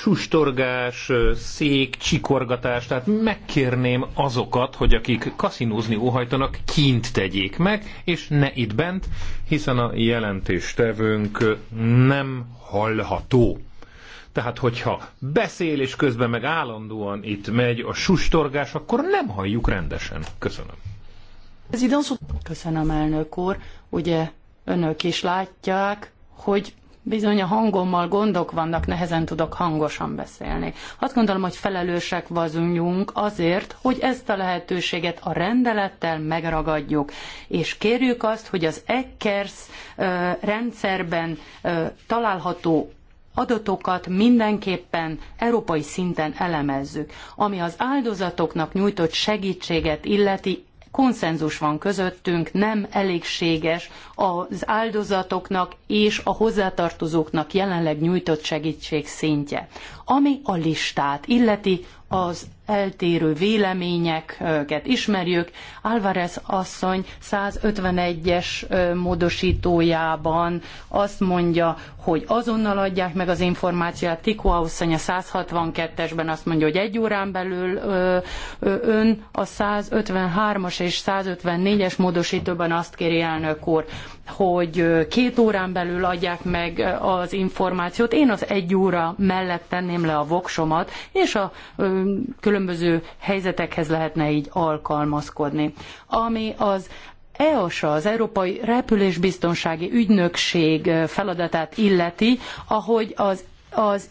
sustorgás, szék, csikorgatás, tehát megkérném azokat, hogy akik kaszinózni óhajtanak, kint tegyék meg, és ne itt bent, hiszen a jelentéstevőnk nem hallható. Tehát, hogyha beszél, és közben meg állandóan itt megy a sustorgás, akkor nem halljuk rendesen. Köszönöm. Köszönöm, elnök úr. Ugye önök is látják, hogy Bizony a hangommal gondok vannak, nehezen tudok hangosan beszélni. Azt gondolom, hogy felelősek vagyunk azért, hogy ezt a lehetőséget a rendelettel megragadjuk, és kérjük azt, hogy az ECKERS rendszerben található adatokat mindenképpen európai szinten elemezzük. Ami az áldozatoknak nyújtott segítséget illeti, konszenzus van közöttünk, nem elégséges az áldozatoknak és a hozzátartozóknak jelenleg nyújtott segítség szintje. Ami a listát illeti, az eltérő véleményeket ismerjük. Álvarez asszony 151-es módosítójában azt mondja, hogy azonnal adják meg az információt. Tikó asszony a 162-esben azt mondja, hogy egy órán belül ön a 153-as és 154-es módosítóban azt kéri elnök úr, hogy két órán belül adják meg az információt. Én az egy óra mellett tenném le a voksomat, és a különböző különböző helyzetekhez lehetne így alkalmazkodni. Ami az EASA, az Európai Repülésbiztonsági Ügynökség feladatát illeti, ahogy az, az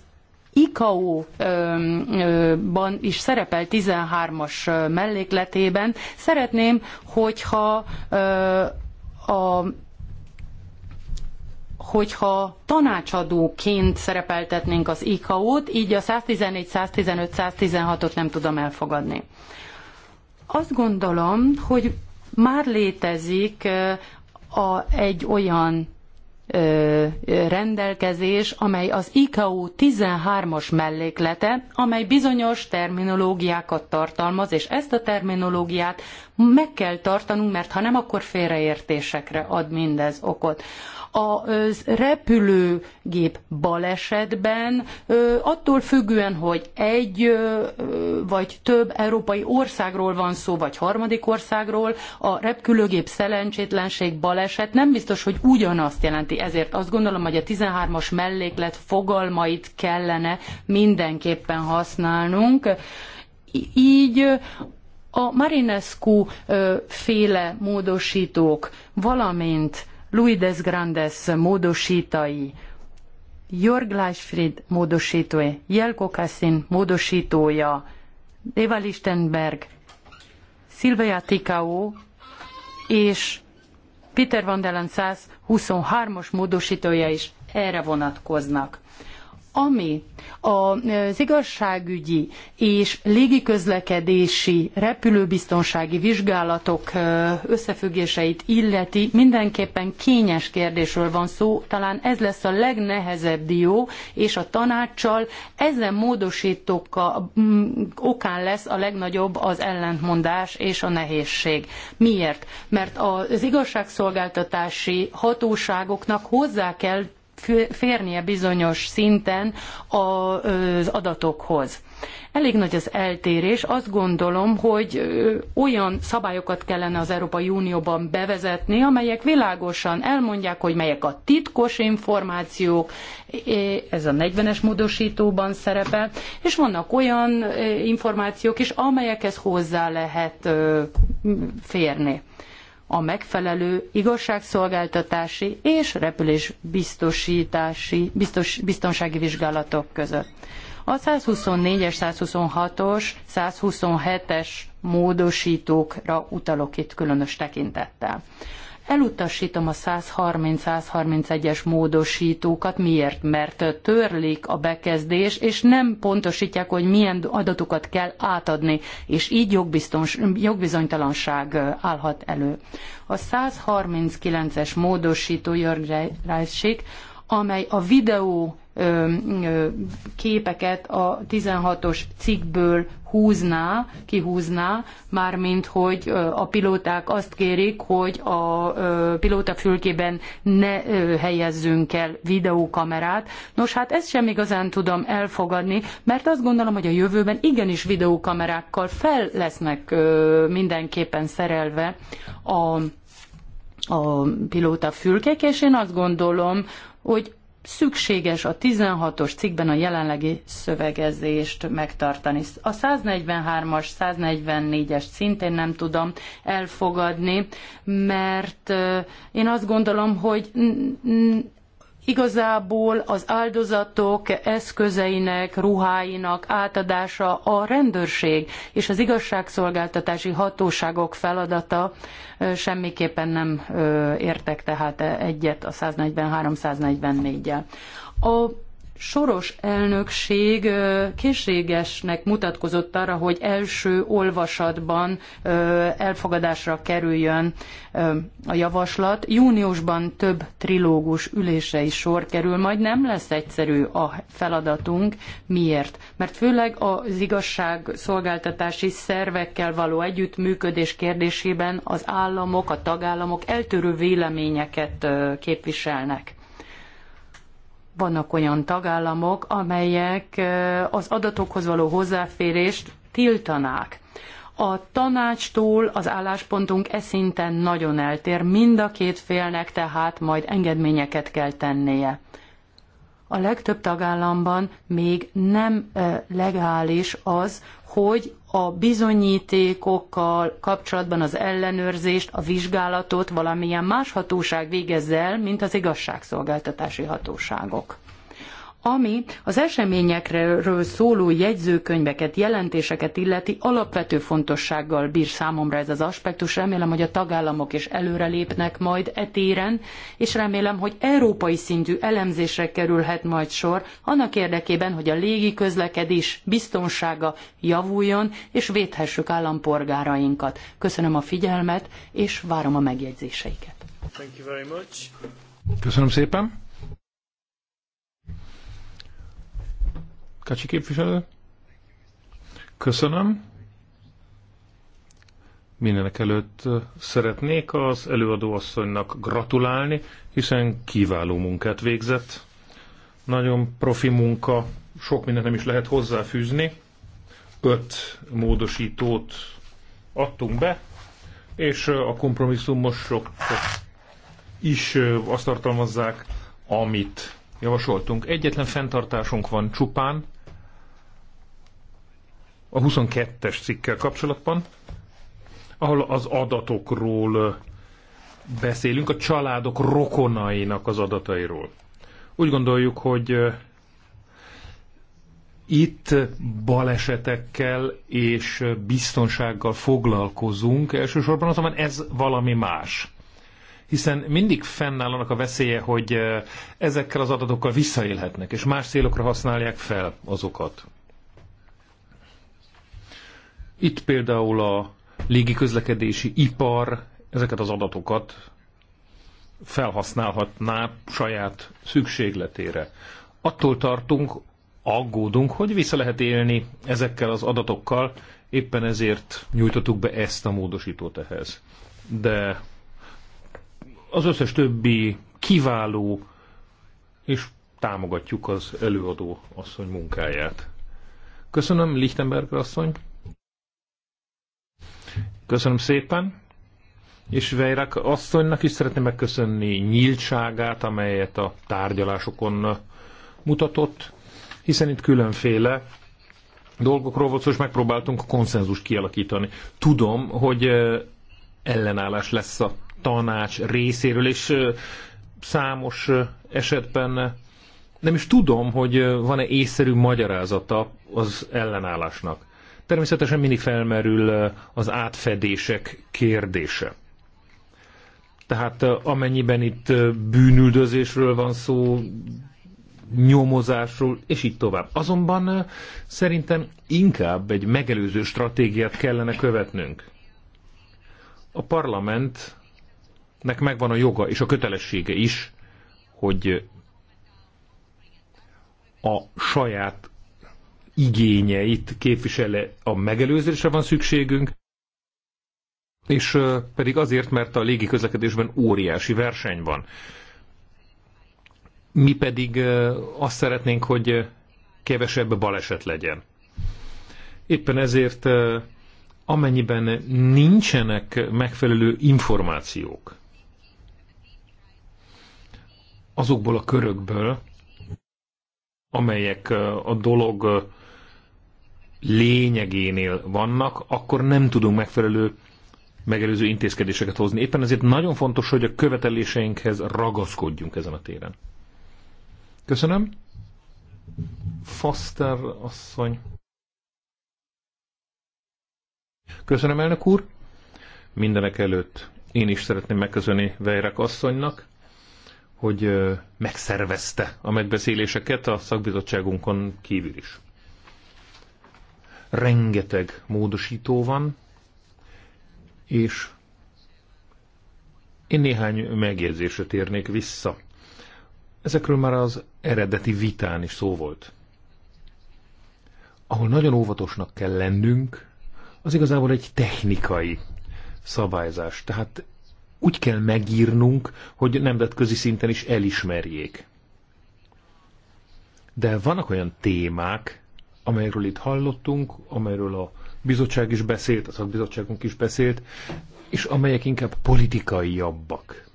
ICAO-ban is szerepel 13-as mellékletében. Szeretném, hogyha a hogyha tanácsadóként szerepeltetnénk az ICAO-t, így a 114, 115, 116-ot nem tudom elfogadni. Azt gondolom, hogy már létezik a, egy olyan ö, rendelkezés, amely az ICAO 13-as melléklete, amely bizonyos terminológiákat tartalmaz, és ezt a terminológiát meg kell tartanunk, mert ha nem, akkor félreértésekre ad mindez okot. A repülőgép balesetben attól függően, hogy egy vagy több európai országról van szó, vagy harmadik országról, a repülőgép szerencsétlenség baleset nem biztos, hogy ugyanazt jelenti. Ezért azt gondolom, hogy a 13-as melléklet fogalmait kellene mindenképpen használnunk. Így a Marinescu féle módosítók, valamint Luides Grandes módosítai, Jörg Leisfried módosítója, Jelko Kassin módosítója, Eva Lichtenberg, Szilvia Tikau és Peter van Delen 123-os módosítója is erre vonatkoznak ami az igazságügyi és légiközlekedési repülőbiztonsági vizsgálatok összefüggéseit illeti, mindenképpen kényes kérdésről van szó, talán ez lesz a legnehezebb dió, és a tanácssal ezen módosítók okán lesz a legnagyobb az ellentmondás és a nehézség. Miért? Mert az igazságszolgáltatási hatóságoknak hozzá kell férnie bizonyos szinten az adatokhoz. Elég nagy az eltérés. Azt gondolom, hogy olyan szabályokat kellene az Európai Unióban bevezetni, amelyek világosan elmondják, hogy melyek a titkos információk, ez a 40-es módosítóban szerepel, és vannak olyan információk is, amelyekhez hozzá lehet férni a megfelelő igazságszolgáltatási és repülésbiztosítási biztos, biztonsági vizsgálatok között. A 124-es, 126-os, 127-es módosítókra utalok itt különös tekintettel. Elutasítom a 130-131-es módosítókat. Miért? Mert törlik a bekezdés, és nem pontosítják, hogy milyen adatokat kell átadni, és így jogbizonytalanság állhat elő. A 139-es módosító Jörg Reissig amely a videó képeket a 16-os cikkből húzná, kihúzná, mármint hogy a pilóták azt kérik, hogy a pilóta fülkében ne helyezzünk el videókamerát. Nos, hát ezt sem igazán tudom elfogadni, mert azt gondolom, hogy a jövőben igenis videókamerákkal fel lesznek mindenképpen szerelve a a pilóta fülkék, és én azt gondolom, hogy szükséges a 16-os cikkben a jelenlegi szövegezést megtartani. A 143-as, 144-es szintén nem tudom elfogadni, mert én azt gondolom, hogy Igazából az áldozatok eszközeinek, ruháinak átadása a rendőrség és az igazságszolgáltatási hatóságok feladata semmiképpen nem értek tehát egyet a 143-144-jel. A soros elnökség készségesnek mutatkozott arra, hogy első olvasatban elfogadásra kerüljön a javaslat. Júniusban több trilógus ülésre is sor kerül, majd nem lesz egyszerű a feladatunk. Miért? Mert főleg az igazságszolgáltatási szervekkel való együttműködés kérdésében az államok, a tagállamok eltérő véleményeket képviselnek vannak olyan tagállamok, amelyek az adatokhoz való hozzáférést tiltanák. A tanácstól az álláspontunk e szinten nagyon eltér, mind a két félnek tehát majd engedményeket kell tennie a legtöbb tagállamban még nem legális az, hogy a bizonyítékokkal kapcsolatban az ellenőrzést, a vizsgálatot valamilyen más hatóság végezze el, mint az igazságszolgáltatási hatóságok ami az eseményekről szóló jegyzőkönyveket, jelentéseket illeti, alapvető fontossággal bír számomra ez az aspektus. Remélem, hogy a tagállamok is előrelépnek majd e téren, és remélem, hogy európai szintű elemzésre kerülhet majd sor, annak érdekében, hogy a légi közlekedés biztonsága javuljon, és védhessük állampolgárainkat. Köszönöm a figyelmet, és várom a megjegyzéseiket. Köszönöm szépen! Kacsi képviselő. Köszönöm. Mindenek előtt szeretnék az előadóasszonynak gratulálni, hiszen kiváló munkát végzett. Nagyon profi munka, sok mindent nem is lehet hozzáfűzni. Öt módosítót adtunk be, és a kompromisszumosok is azt tartalmazzák, amit javasoltunk. Egyetlen fenntartásunk van csupán, a 22-es cikkkel kapcsolatban, ahol az adatokról beszélünk, a családok rokonainak az adatairól. Úgy gondoljuk, hogy itt balesetekkel és biztonsággal foglalkozunk elsősorban, azonban ez valami más. Hiszen mindig fennáll annak a veszélye, hogy ezekkel az adatokkal visszaélhetnek, és más célokra használják fel azokat. Itt például a légiközlekedési ipar ezeket az adatokat felhasználhatná saját szükségletére. Attól tartunk, aggódunk, hogy vissza lehet élni ezekkel az adatokkal, éppen ezért nyújtottuk be ezt a módosítót ehhez. De az összes többi kiváló, és támogatjuk az előadó asszony munkáját. Köszönöm, Lichtenberg asszony! Köszönöm szépen. És Vejrak asszonynak is szeretném megköszönni nyíltságát, amelyet a tárgyalásokon mutatott, hiszen itt különféle dolgokról volt és megpróbáltunk konszenzust kialakítani. Tudom, hogy ellenállás lesz a tanács részéről, és számos esetben nem is tudom, hogy van-e észszerű magyarázata az ellenállásnak. Természetesen mindig felmerül az átfedések kérdése. Tehát amennyiben itt bűnüldözésről van szó, nyomozásról, és így tovább. Azonban szerintem inkább egy megelőző stratégiát kellene követnünk. A parlamentnek megvan a joga és a kötelessége is, hogy a saját igényeit képvisele a megelőzésre van szükségünk, és pedig azért, mert a légi közlekedésben óriási verseny van. Mi pedig azt szeretnénk, hogy kevesebb baleset legyen. Éppen ezért amennyiben nincsenek megfelelő információk azokból a körökből, amelyek a dolog lényegénél vannak, akkor nem tudunk megfelelő megelőző intézkedéseket hozni. Éppen ezért nagyon fontos, hogy a követeléseinkhez ragaszkodjunk ezen a téren. Köszönöm. Foster asszony. Köszönöm, elnök úr. Mindenek előtt én is szeretném megköszönni Vejrek asszonynak, hogy megszervezte a megbeszéléseket a szakbizottságunkon kívül is rengeteg módosító van, és én néhány megjegyzésre térnék vissza. Ezekről már az eredeti vitán is szó volt. Ahol nagyon óvatosnak kell lennünk, az igazából egy technikai szabályzás. Tehát úgy kell megírnunk, hogy nemzetközi szinten is elismerjék. De vannak olyan témák, amelyről itt hallottunk, amelyről a bizottság is beszélt, a szakbizottságunk is beszélt, és amelyek inkább politikaiabbak.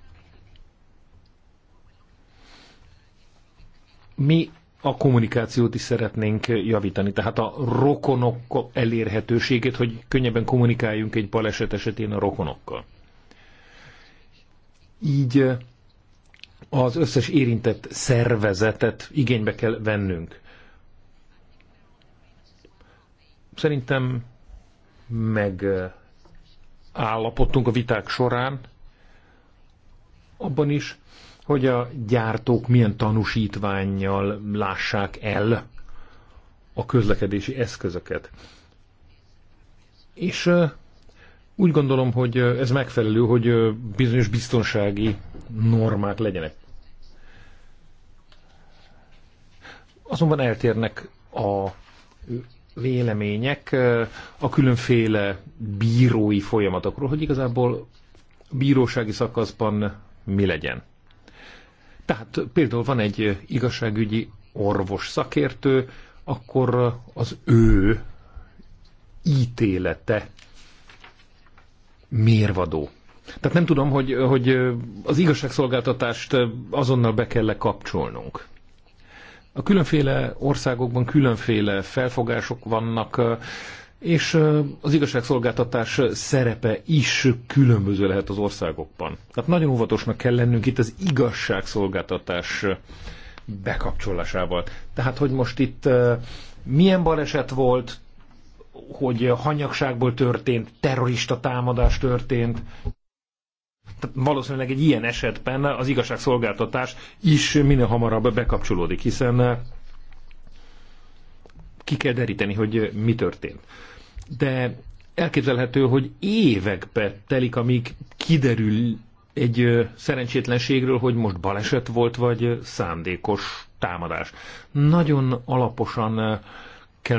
Mi a kommunikációt is szeretnénk javítani, tehát a rokonok elérhetőségét, hogy könnyebben kommunikáljunk egy baleset esetén a rokonokkal. Így eh, az összes érintett szervezetet igénybe kell vennünk. Szerintem meg állapodtunk a viták során abban is, hogy a gyártók milyen tanúsítványjal lássák el a közlekedési eszközöket. És úgy gondolom, hogy ez megfelelő, hogy bizonyos biztonsági normák legyenek. Azonban eltérnek a vélemények a különféle bírói folyamatokról, hogy igazából bírósági szakaszban mi legyen. Tehát például van egy igazságügyi orvos szakértő, akkor az ő ítélete mérvadó. Tehát nem tudom, hogy, hogy az igazságszolgáltatást azonnal be kell kapcsolnunk. A különféle országokban különféle felfogások vannak, és az igazságszolgáltatás szerepe is különböző lehet az országokban. Tehát nagyon óvatosnak kell lennünk itt az igazságszolgáltatás bekapcsolásával. Tehát, hogy most itt milyen baleset volt, hogy hanyagságból történt, terrorista támadás történt, tehát valószínűleg egy ilyen esetben az igazságszolgáltatás is minél hamarabb bekapcsolódik, hiszen eh, ki kell deríteni, hogy mi történt. De elképzelhető, hogy évekbe telik, amíg kiderül egy eh, szerencsétlenségről, hogy most baleset volt, vagy eh, szándékos támadás. Nagyon alaposan kell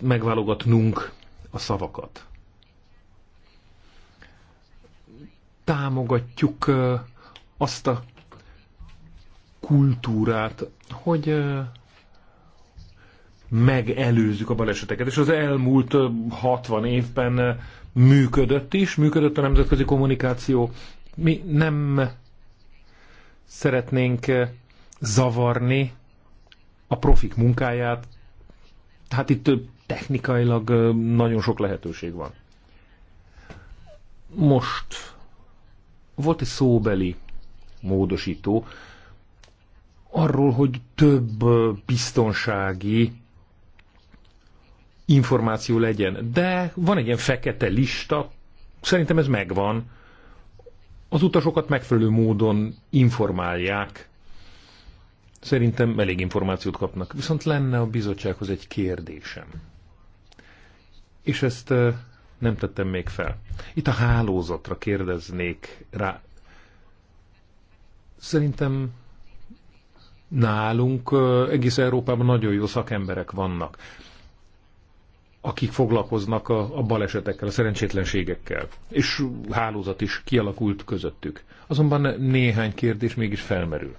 megválogatnunk a szavakat. támogatjuk azt a kultúrát, hogy megelőzzük a baleseteket. És az elmúlt 60 évben működött is, működött a nemzetközi kommunikáció. Mi nem szeretnénk zavarni a profik munkáját. Hát itt technikailag nagyon sok lehetőség van. Most volt egy szóbeli módosító arról, hogy több biztonsági információ legyen, de van egy ilyen fekete lista, szerintem ez megvan, az utasokat megfelelő módon informálják, szerintem elég információt kapnak. Viszont lenne a bizottsághoz egy kérdésem. És ezt nem tettem még fel. Itt a hálózatra kérdeznék rá. Szerintem nálunk egész Európában nagyon jó szakemberek vannak, akik foglalkoznak a, a balesetekkel, a szerencsétlenségekkel, és hálózat is kialakult közöttük. Azonban néhány kérdés mégis felmerül.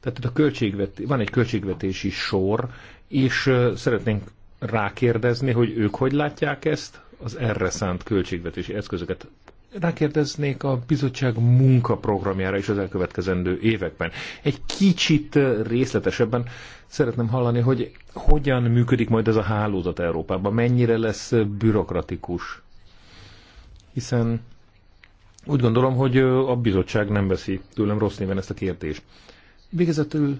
Tehát itt a költségvet, van egy költségvetési sor, és szeretnénk rákérdezni, hogy ők hogy látják ezt, az erre szánt költségvetési eszközöket. Rákérdeznék a bizottság munkaprogramjára is az elkövetkezendő években. Egy kicsit eh, részletesebben szeretném hallani, hogy hogyan működik majd ez a hálózat Európában, mennyire lesz eh, bürokratikus. Hiszen úgy gondolom, hogy eh, a bizottság nem veszi tőlem rossz néven ezt a kérdést. Végezetül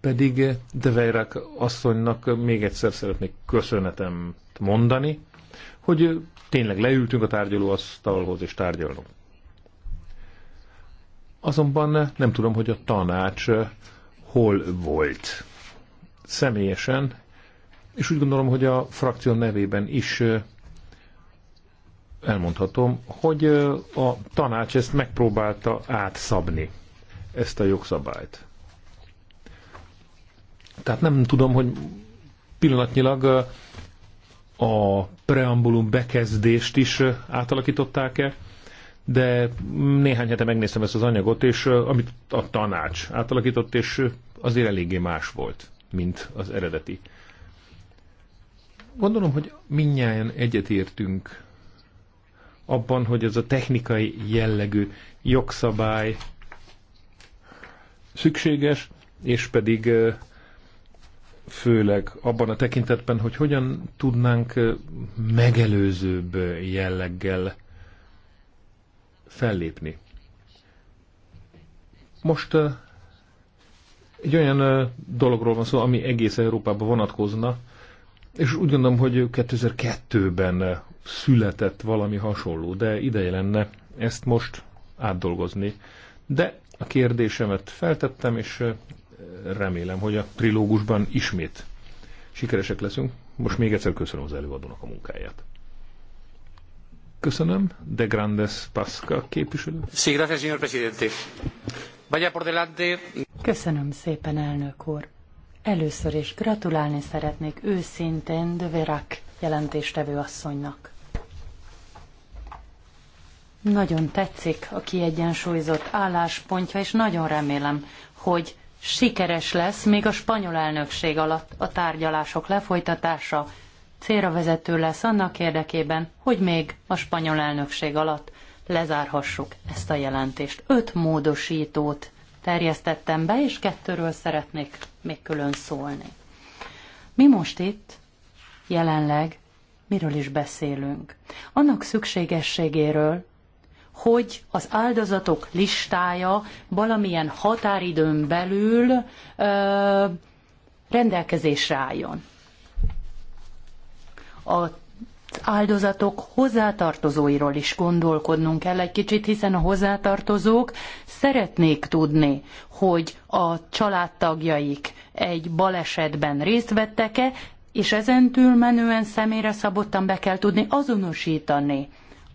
pedig Deveirák asszonynak még egyszer szeretnék köszönetem mondani, hogy tényleg leültünk a tárgyalóasztalhoz és tárgyalunk. Azonban nem tudom, hogy a tanács hol volt személyesen, és úgy gondolom, hogy a frakció nevében is elmondhatom, hogy a tanács ezt megpróbálta átszabni, ezt a jogszabályt. Tehát nem tudom, hogy pillanatnyilag a preambulum bekezdést is átalakították-e, de néhány hete megnéztem ezt az anyagot, és amit a tanács átalakított, és azért eléggé más volt, mint az eredeti. Gondolom, hogy minnyáján egyetértünk abban, hogy ez a technikai jellegű jogszabály szükséges, és pedig főleg abban a tekintetben, hogy hogyan tudnánk megelőzőbb jelleggel fellépni. Most egy olyan dologról van szó, ami egész Európában vonatkozna, és úgy gondolom, hogy 2002-ben született valami hasonló, de ideje lenne ezt most átdolgozni. De a kérdésemet feltettem, és remélem, hogy a trilógusban ismét sikeresek leszünk. Most még egyszer köszönöm az előadónak a munkáját. Köszönöm. De Grandes Pasca képviselő. Sí, gracias, señor presidente. Vaya por delante. Köszönöm szépen, elnök úr. Először is gratulálni szeretnék őszintén de Verac jelentéstevő asszonynak. Nagyon tetszik a kiegyensúlyozott álláspontja, és nagyon remélem, hogy sikeres lesz még a spanyol elnökség alatt a tárgyalások lefolytatása. Célra vezető lesz annak érdekében, hogy még a spanyol elnökség alatt lezárhassuk ezt a jelentést. Öt módosítót terjesztettem be, és kettőről szeretnék még külön szólni. Mi most itt jelenleg miről is beszélünk? Annak szükségességéről, hogy az áldozatok listája valamilyen határidőn belül ö, rendelkezésre álljon. A áldozatok hozzátartozóiról is gondolkodnunk kell egy kicsit, hiszen a hozzátartozók szeretnék tudni, hogy a családtagjaik egy balesetben részt vettek-e, és ezen túlmenően személyre szabottan be kell tudni azonosítani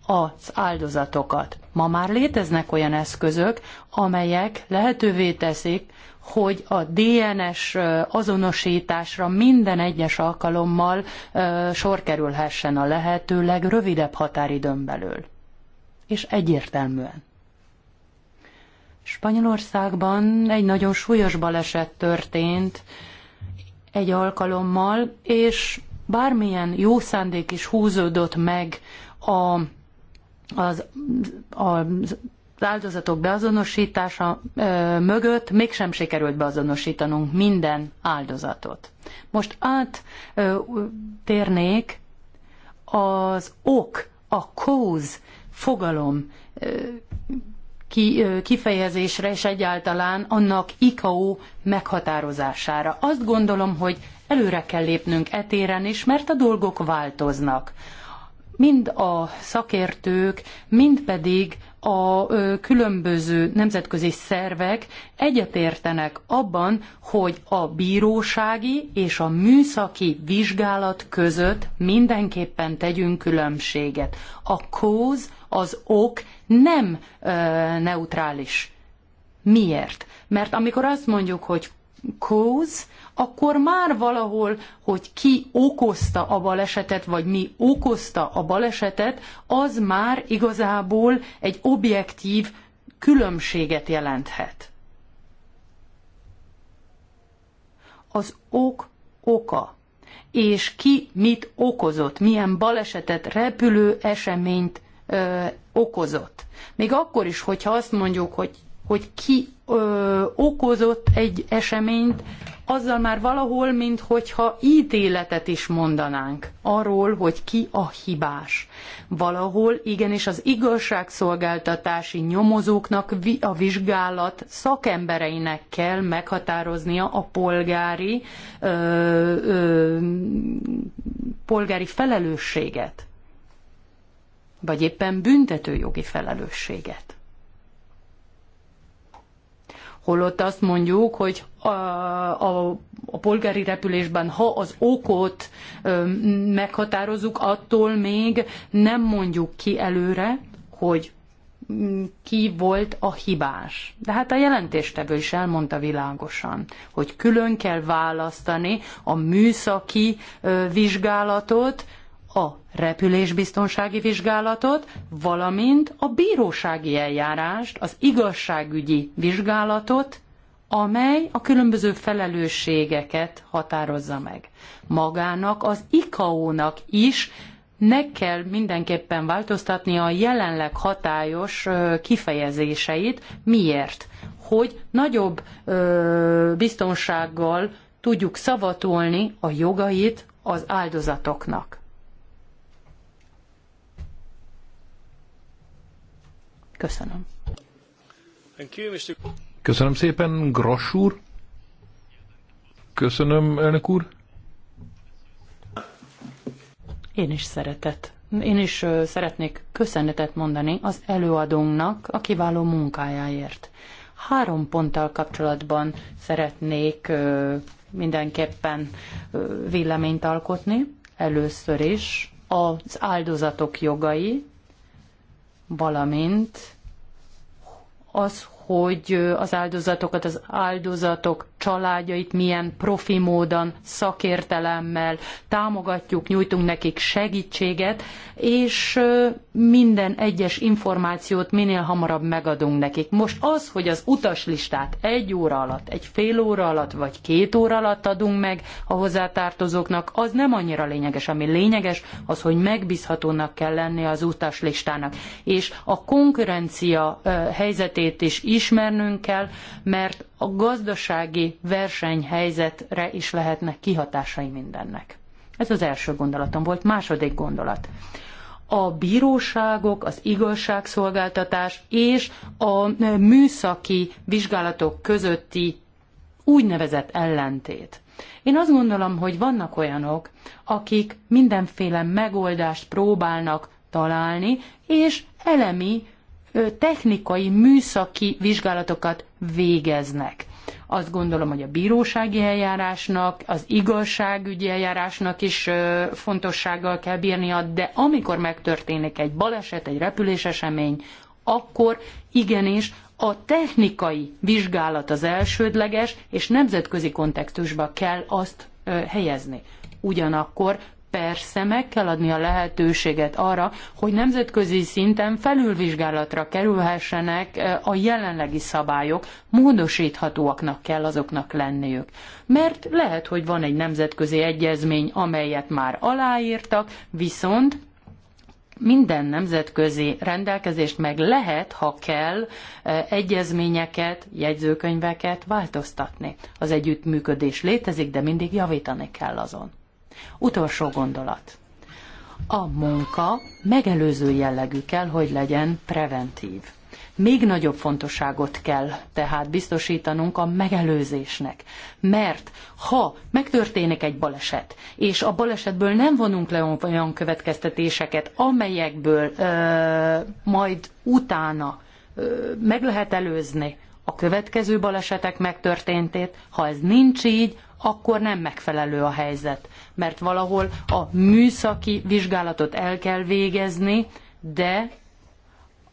az áldozatokat. Ma már léteznek olyan eszközök, amelyek lehetővé teszik, hogy a DNS azonosításra minden egyes alkalommal sor kerülhessen a lehető legrövidebb határidőn belül. És egyértelműen. Spanyolországban egy nagyon súlyos baleset történt egy alkalommal, és bármilyen jó szándék is húzódott meg a az, az áldozatok beazonosítása ö, mögött mégsem sikerült beazonosítanunk minden áldozatot. Most áttérnék az ok, a cause fogalom ki, ö, kifejezésre és egyáltalán annak ICAO meghatározására. Azt gondolom, hogy előre kell lépnünk etéren is, mert a dolgok változnak mind a szakértők, mind pedig a különböző nemzetközi szervek egyetértenek abban, hogy a bírósági és a műszaki vizsgálat között mindenképpen tegyünk különbséget. A kóz, az ok nem ö, neutrális. Miért? Mert amikor azt mondjuk, hogy cause, akkor már valahol, hogy ki okozta a balesetet, vagy mi okozta a balesetet, az már igazából egy objektív különbséget jelenthet. Az ok oka és ki mit okozott, milyen balesetet, repülő eseményt ö, okozott. Még akkor is, hogyha azt mondjuk, hogy hogy ki ö, okozott egy eseményt, azzal már valahol, minthogyha ítéletet is mondanánk arról, hogy ki a hibás. Valahol igenis az igazságszolgáltatási nyomozóknak a vizsgálat szakembereinek kell meghatároznia a polgári, ö, ö, polgári felelősséget, vagy éppen büntetőjogi felelősséget holott azt mondjuk, hogy a, a, a polgári repülésben, ha az okot ö, meghatározzuk, attól még nem mondjuk ki előre, hogy mm, ki volt a hibás. De hát a jelentéstevő is elmondta világosan, hogy külön kell választani a műszaki vizsgálatot, a repülésbiztonsági vizsgálatot, valamint a bírósági eljárást, az igazságügyi vizsgálatot, amely a különböző felelősségeket határozza meg. Magának, az ICAO-nak is ne kell mindenképpen változtatni a jelenleg hatályos kifejezéseit. Miért? Hogy nagyobb ö, biztonsággal tudjuk szavatolni a jogait az áldozatoknak. Köszönöm. Köszönöm szépen, Gross úr. Köszönöm, elnök úr. Én is szeretett. Én is szeretnék köszönetet mondani az előadónknak a kiváló munkájáért. Három ponttal kapcsolatban szeretnék mindenképpen véleményt alkotni. Először is az áldozatok jogai, valamint az, hogy az áldozatokat az áldozatok családjait milyen profi módon, szakértelemmel támogatjuk, nyújtunk nekik segítséget, és minden egyes információt minél hamarabb megadunk nekik. Most az, hogy az utaslistát egy óra alatt, egy fél óra alatt, vagy két óra alatt adunk meg a hozzátartozóknak, az nem annyira lényeges. Ami lényeges, az, hogy megbízhatónak kell lenni az utaslistának. És a konkurencia helyzetét is ismernünk kell, mert a gazdasági versenyhelyzetre is lehetnek kihatásai mindennek. Ez az első gondolatom volt. Második gondolat. A bíróságok, az igazságszolgáltatás és a műszaki vizsgálatok közötti úgynevezett ellentét. Én azt gondolom, hogy vannak olyanok, akik mindenféle megoldást próbálnak találni, és elemi technikai, műszaki vizsgálatokat végeznek. Azt gondolom, hogy a bírósági eljárásnak, az igazságügyi eljárásnak is fontossággal kell bírnia, de amikor megtörténik egy baleset, egy repülésesemény, akkor igenis a technikai vizsgálat az elsődleges, és nemzetközi kontextusba kell azt helyezni. Ugyanakkor persze meg kell adni a lehetőséget arra, hogy nemzetközi szinten felülvizsgálatra kerülhessenek a jelenlegi szabályok, módosíthatóaknak kell azoknak lenniük. Mert lehet, hogy van egy nemzetközi egyezmény, amelyet már aláírtak, viszont minden nemzetközi rendelkezést meg lehet, ha kell, egyezményeket, jegyzőkönyveket változtatni. Az együttműködés létezik, de mindig javítani kell azon. Utolsó gondolat. A munka megelőző jellegű kell, hogy legyen preventív. Még nagyobb fontosságot kell tehát biztosítanunk a megelőzésnek, mert ha megtörténik egy baleset, és a balesetből nem vonunk le olyan következtetéseket, amelyekből ö, majd utána ö, meg lehet előzni a következő balesetek megtörténtét, ha ez nincs így, akkor nem megfelelő a helyzet, mert valahol a műszaki vizsgálatot el kell végezni, de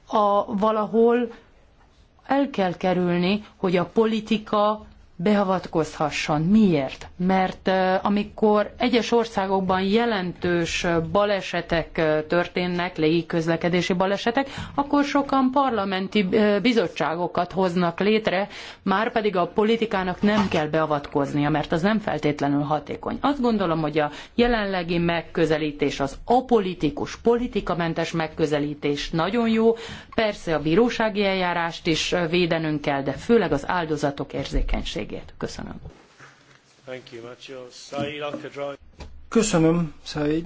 a, valahol el kell kerülni, hogy a politika beavatkozhasson. Miért? Mert amikor egyes országokban jelentős balesetek történnek, légiközlekedési balesetek, akkor sokan parlamenti bizottságokat hoznak létre, már pedig a politikának nem kell beavatkoznia, mert az nem feltétlenül hatékony. Azt gondolom, hogy a jelenlegi megközelítés, az apolitikus, politikamentes megközelítés nagyon jó. Persze a bírósági eljárást is védenünk kell, de főleg az áldozatok érzékenységét segélyt. Köszönöm. Köszönöm, Said.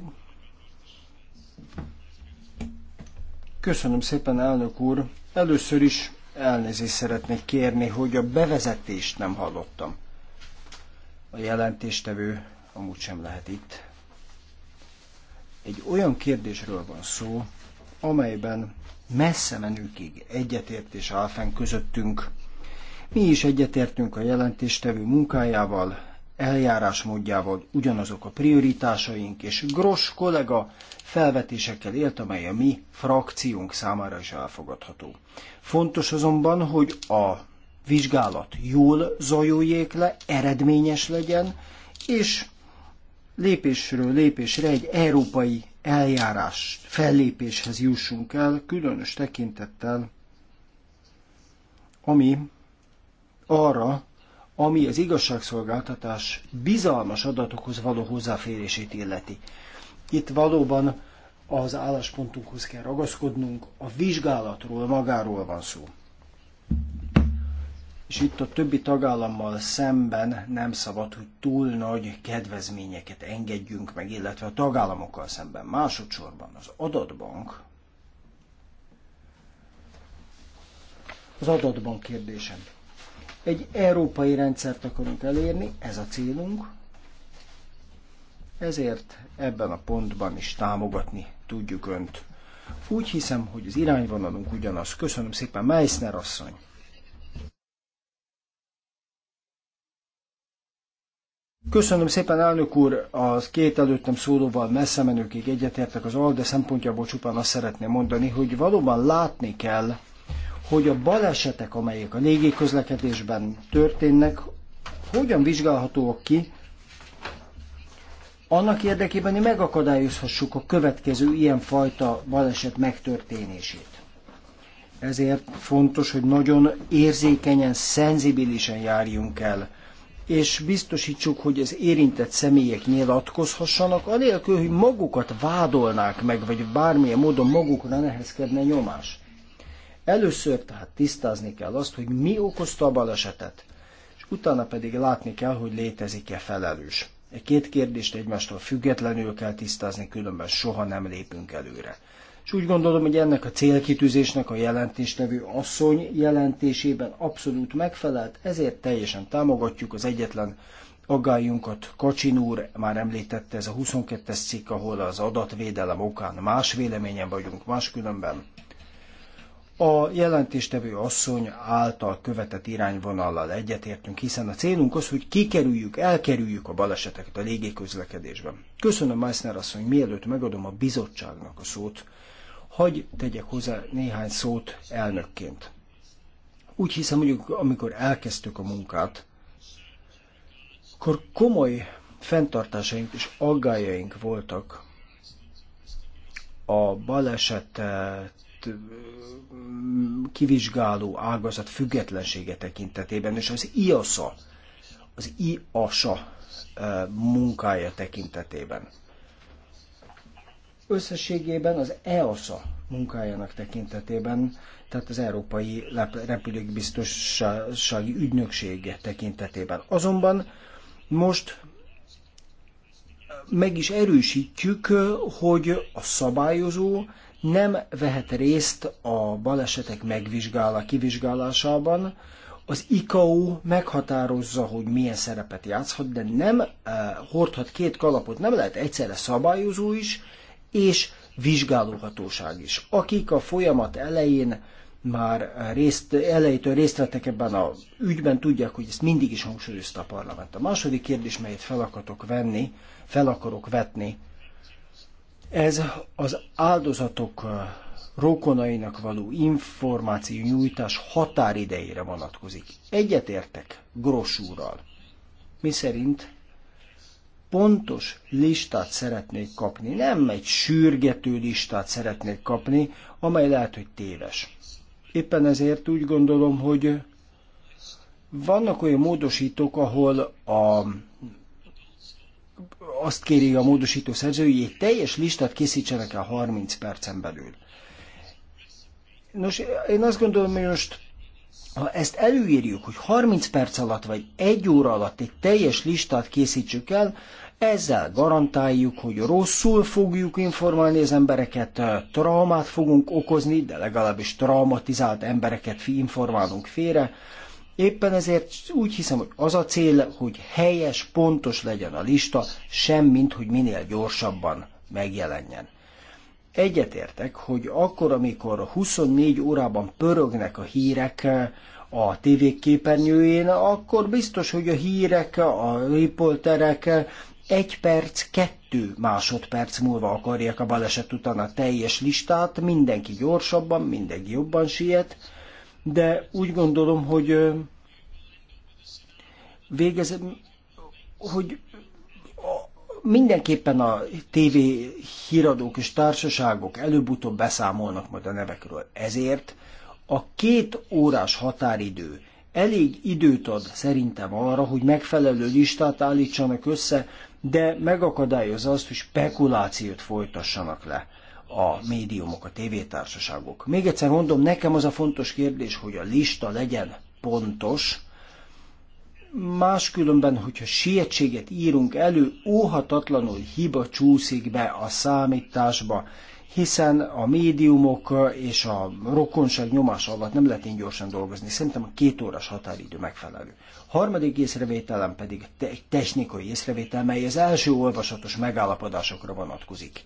Köszönöm szépen, elnök úr. Először is elnézést szeretnék kérni, hogy a bevezetést nem hallottam. A jelentéstevő amúgy sem lehet itt. Egy olyan kérdésről van szó, amelyben messze menőkig egyetértés áll fenn közöttünk, mi is egyetértünk a jelentéstevő munkájával, eljárásmódjával ugyanazok a prioritásaink, és Gros kollega felvetésekkel élt, amely a mi frakciónk számára is elfogadható. Fontos azonban, hogy a vizsgálat jól zajuljék le, eredményes legyen, és lépésről lépésre egy európai eljárás fellépéshez jussunk el, különös tekintettel, ami arra, ami az igazságszolgáltatás bizalmas adatokhoz való hozzáférését illeti. Itt valóban az álláspontunkhoz kell ragaszkodnunk, a vizsgálatról magáról van szó. És itt a többi tagállammal szemben nem szabad, hogy túl nagy kedvezményeket engedjünk meg, illetve a tagállamokkal szemben. Másodszorban az adatbank, az adatbank kérdésem. Egy európai rendszert akarunk elérni, ez a célunk, ezért ebben a pontban is támogatni tudjuk Önt. Úgy hiszem, hogy az irányvonalunk ugyanaz. Köszönöm szépen, Meissner asszony! Köszönöm szépen, elnök úr! A két előttem szólóval messze menőkig egyetértek az ALDE szempontjából csupán azt szeretném mondani, hogy valóban látni kell, hogy a balesetek, amelyek a légiközlekedésben történnek, hogyan vizsgálhatóak ki, annak érdekében, hogy megakadályozhassuk a következő ilyenfajta baleset megtörténését. Ezért fontos, hogy nagyon érzékenyen, szenzibilisen járjunk el, és biztosítsuk, hogy az érintett személyek nyilatkozhassanak, anélkül, hogy magukat vádolnák meg, vagy bármilyen módon magukra nehezkedne nyomás. Először tehát tisztázni kell azt, hogy mi okozta a balesetet, és utána pedig látni kell, hogy létezik-e felelős. E két kérdést egymástól függetlenül kell tisztázni, különben soha nem lépünk előre. És úgy gondolom, hogy ennek a célkitűzésnek a jelentéstevő asszony jelentésében abszolút megfelelt, ezért teljesen támogatjuk az egyetlen aggályunkat. Kacsin úr már említette ez a 22-es cikk, ahol az adatvédelem okán más véleményen vagyunk máskülönben a jelentéstevő asszony által követett irányvonallal egyetértünk, hiszen a célunk az, hogy kikerüljük, elkerüljük a baleseteket a légiközlekedésben. Köszönöm, Meissner asszony, mielőtt megadom a bizottságnak a szót, hagy tegyek hozzá néhány szót elnökként. Úgy hiszem, hogy amikor elkezdtük a munkát, akkor komoly fenntartásaink és aggájaink voltak a balesetet kivizsgáló ágazat függetlensége tekintetében, és az IASA, az IASA eh, munkája tekintetében. Összességében az EASA munkájának tekintetében, tehát az Európai Repülők Biztonsági Ügynöksége tekintetében. Azonban most eh, meg is erősítjük, eh, hogy a szabályozó nem vehet részt a balesetek megvizsgálása, kivizsgálásában. Az ICAO meghatározza, hogy milyen szerepet játszhat, de nem e, hordhat két kalapot, nem lehet egyszerre szabályozó is, és vizsgálóhatóság is. Akik a folyamat elején már részt, elejétől részt vettek ebben a ügyben, tudják, hogy ezt mindig is hangsúlyozta a parlament. A második kérdés, melyet fel akarok venni, fel akarok vetni, ez az áldozatok uh, rokonainak való információ nyújtás határidejére vonatkozik. Egyetértek Grosúrral, szerint pontos listát szeretnék kapni, nem egy sürgető listát szeretnék kapni, amely lehet, hogy téves. Éppen ezért úgy gondolom, hogy vannak olyan módosítók, ahol a azt kéri a módosító szerző, hogy egy teljes listát készítsenek el 30 percen belül. Nos, én azt gondolom, hogy most ha ezt előírjuk, hogy 30 perc alatt vagy egy óra alatt egy teljes listát készítsük el, ezzel garantáljuk, hogy rosszul fogjuk informálni az embereket, traumát fogunk okozni, de legalábbis traumatizált embereket informálunk félre, Éppen ezért úgy hiszem, hogy az a cél, hogy helyes, pontos legyen a lista, semmint, hogy minél gyorsabban megjelenjen. Egyetértek, hogy akkor, amikor 24 órában pörögnek a hírek eh, a tévék képernyőjén, akkor biztos, hogy a hírek, a riporterek eh, egy perc, kettő másodperc múlva akarják a baleset után a teljes listát, mindenki gyorsabban, mindenki jobban siet, de úgy gondolom, hogy végez, hogy mindenképpen a TV híradók és társaságok előbb-utóbb beszámolnak majd a nevekről. Ezért a két órás határidő elég időt ad szerintem arra, hogy megfelelő listát állítsanak össze, de megakadályozza azt, hogy spekulációt folytassanak le a médiumok, a tévétársaságok. Még egyszer mondom, nekem az a fontos kérdés, hogy a lista legyen pontos, máskülönben, hogyha sietséget írunk elő, óhatatlanul hiba csúszik be a számításba, hiszen a médiumok és a rokonság nyomás alatt nem lehet én gyorsan dolgozni. Szerintem a két órás határidő megfelelő. Harmadik észrevételem pedig egy technikai észrevétel, mely az első olvasatos megállapodásokra vonatkozik.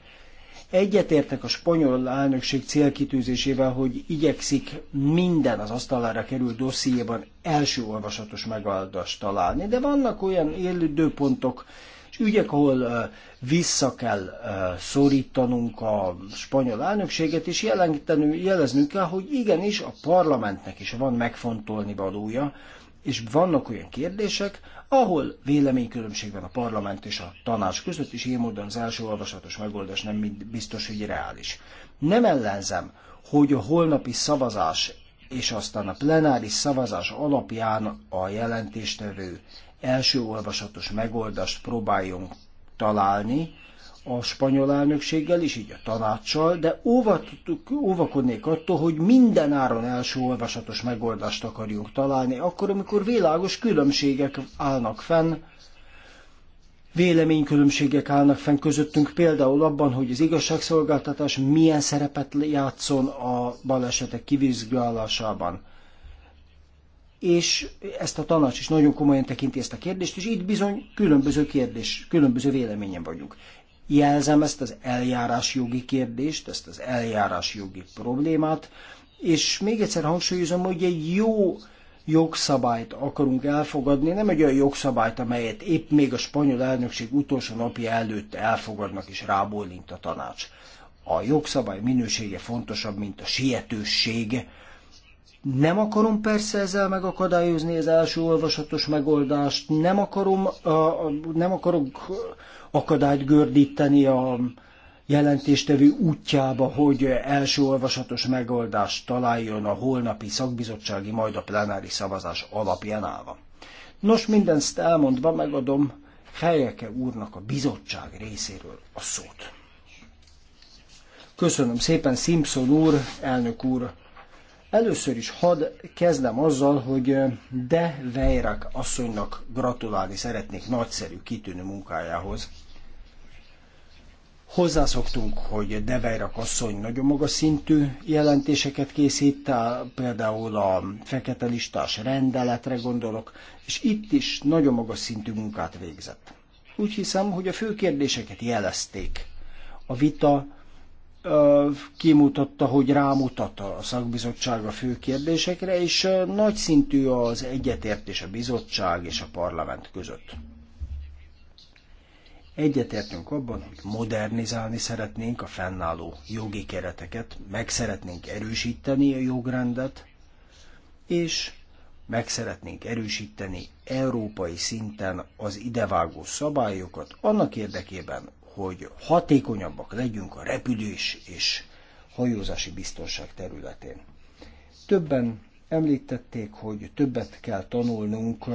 Egyetértek a spanyol elnökség célkitűzésével, hogy igyekszik minden az asztalára került dossziéban első olvasatos megoldást találni, de vannak olyan élődőpontok és ügyek, ahol vissza kell szorítanunk a spanyol elnökséget, és jeleznünk kell, hogy igenis a parlamentnek is van megfontolni valója, és vannak olyan kérdések, ahol véleménykülönbség van a parlament és a tanács között, és ilyen módon az első olvasatos megoldás nem mind biztos, hogy reális. Nem ellenzem, hogy a holnapi szavazás és aztán a plenáris szavazás alapján a jelentéstevő első olvasatos megoldást próbáljon találni, a spanyol elnökséggel is, így a tanácssal, de óvatuk, óvakodnék attól, hogy minden áron első olvasatos megoldást akarjunk találni, akkor, amikor világos különbségek állnak fenn, véleménykülönbségek állnak fenn közöttünk, például abban, hogy az igazságszolgáltatás milyen szerepet játszon a balesetek kivizsgálásában. És ezt a tanács is nagyon komolyan tekinti ezt a kérdést, és itt bizony különböző kérdés, különböző véleményen vagyunk. Jelzem ezt az eljárásjogi kérdést, ezt az eljárásjogi problémát, és még egyszer hangsúlyozom, hogy egy jó jogszabályt akarunk elfogadni, nem egy olyan jogszabályt, amelyet épp még a spanyol elnökség utolsó napja előtt elfogadnak és rábólint a tanács. A jogszabály minősége fontosabb, mint a sietőség. Nem akarom persze ezzel megakadályozni az első olvasatos megoldást, nem, akarom, nem akarok akadályt gördíteni a jelentéstevő útjába, hogy első olvasatos megoldást találjon a holnapi szakbizottsági, majd a plenári szavazás alapján állva. Nos, ezt elmondva megadom Helyeke úrnak a bizottság részéről a szót. Köszönöm szépen, Simpson úr, elnök úr. Először is hadd kezdem azzal, hogy De Veirak asszonynak gratulálni szeretnék nagyszerű kitűnő munkájához. Hozzászoktunk, hogy Deveirak asszony nagyon magas szintű jelentéseket készít, például a fekete listás rendeletre gondolok, és itt is nagyon magas szintű munkát végzett. Úgy hiszem, hogy a fő kérdéseket jelezték. A vita kimutatta, hogy rámutat a szakbizottság a fő kérdésekre, és nagy szintű az egyetértés a bizottság és a parlament között. Egyetértünk abban, hogy modernizálni szeretnénk a fennálló jogi kereteket, meg szeretnénk erősíteni a jogrendet, és meg szeretnénk erősíteni európai szinten az idevágó szabályokat, annak érdekében, hogy hatékonyabbak legyünk a repülés és hajózási biztonság területén. Többen említették, hogy többet kell tanulnunk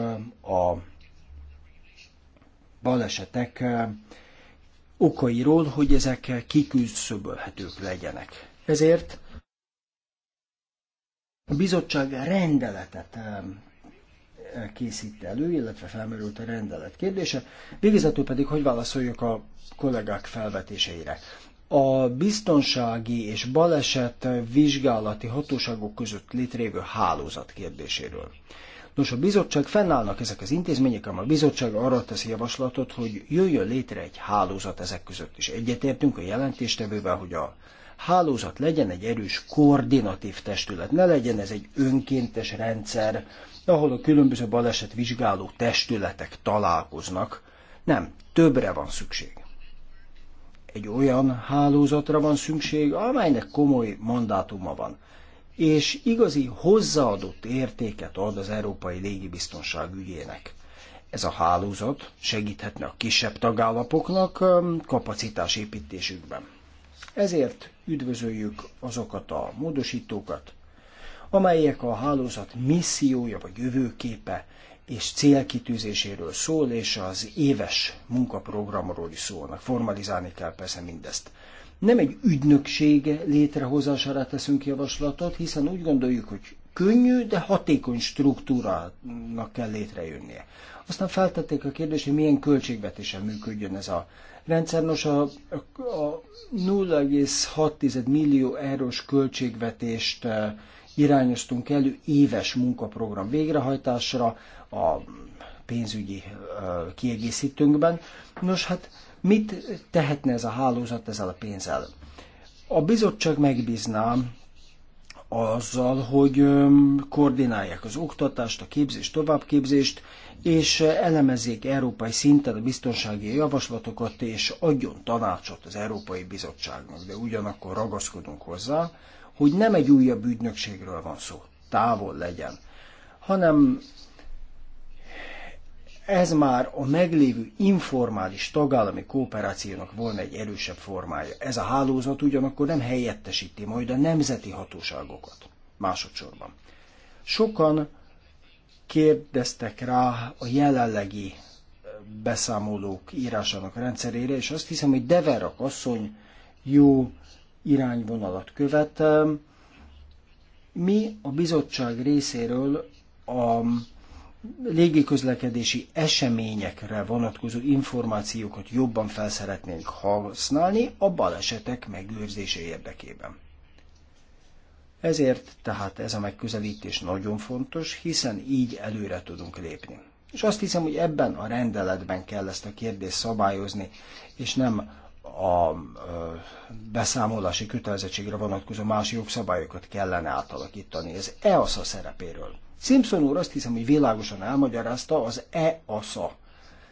a balesetek okairól, hogy ezek kiküszöbölhetők legyenek. Ezért a bizottság rendeletet készít elő, illetve felmerült a rendelet kérdése. Végezetül pedig, hogy válaszoljuk a kollégák felvetéseire. A biztonsági és baleset vizsgálati hatóságok között létrejövő hálózat kérdéséről. Nos, a bizottság fennállnak ezek az intézmények, ám a bizottság arra teszi javaslatot, hogy jöjjön létre egy hálózat ezek között is. Egyetértünk a jelentéstevővel, hogy a hálózat legyen egy erős koordinatív testület, ne legyen ez egy önkéntes rendszer, ahol a különböző baleset vizsgáló testületek találkoznak. Nem, többre van szükség. Egy olyan hálózatra van szükség, amelynek komoly mandátuma van és igazi hozzáadott értéket ad az európai légibiztonság ügyének. Ez a hálózat segíthetne a kisebb tagállapoknak um, kapacitásépítésükben. Ezért üdvözöljük azokat a módosítókat, amelyek a hálózat missziója vagy jövőképe és célkitűzéséről szól, és az éves munkaprogramról is szólnak. Formalizálni kell persze mindezt. Nem egy ügynökség létrehozására teszünk javaslatot, hiszen úgy gondoljuk, hogy könnyű, de hatékony struktúrának kell létrejönnie. Aztán feltették a kérdést, hogy milyen költségvetésen működjön ez a rendszer. Nos, a, a 0,6 millió eurós költségvetést eh, irányoztunk elő éves munkaprogram végrehajtásra a pénzügyi eh, kiegészítőnkben. Nos, hát Mit tehetne ez a hálózat ezzel a pénzzel? A bizottság megbízná azzal, hogy koordinálják az oktatást, a képzést, továbbképzést, és elemezzék európai szinten a biztonsági javaslatokat, és adjon tanácsot az Európai Bizottságnak. De ugyanakkor ragaszkodunk hozzá, hogy nem egy újabb ügynökségről van szó, távol legyen, hanem ez már a meglévő informális tagállami kooperációnak volna egy erősebb formája. Ez a hálózat ugyanakkor nem helyettesíti majd a nemzeti hatóságokat. Másodszorban. Sokan kérdeztek rá a jelenlegi eh, beszámolók írásának rendszerére, és azt hiszem, hogy Deverak asszony jó irányvonalat követ. Mi a bizottság részéről a légiközlekedési eseményekre vonatkozó információkat jobban felszeretnénk használni a balesetek megőrzése érdekében. Ezért tehát ez a megközelítés nagyon fontos, hiszen így előre tudunk lépni. És azt hiszem, hogy ebben a rendeletben kell ezt a kérdést szabályozni, és nem a beszámolási kötelezettségre vonatkozó más jogszabályokat kellene átalakítani. Ez EASA szerepéről Simpson úr azt hiszem, hogy világosan elmagyarázta az EASA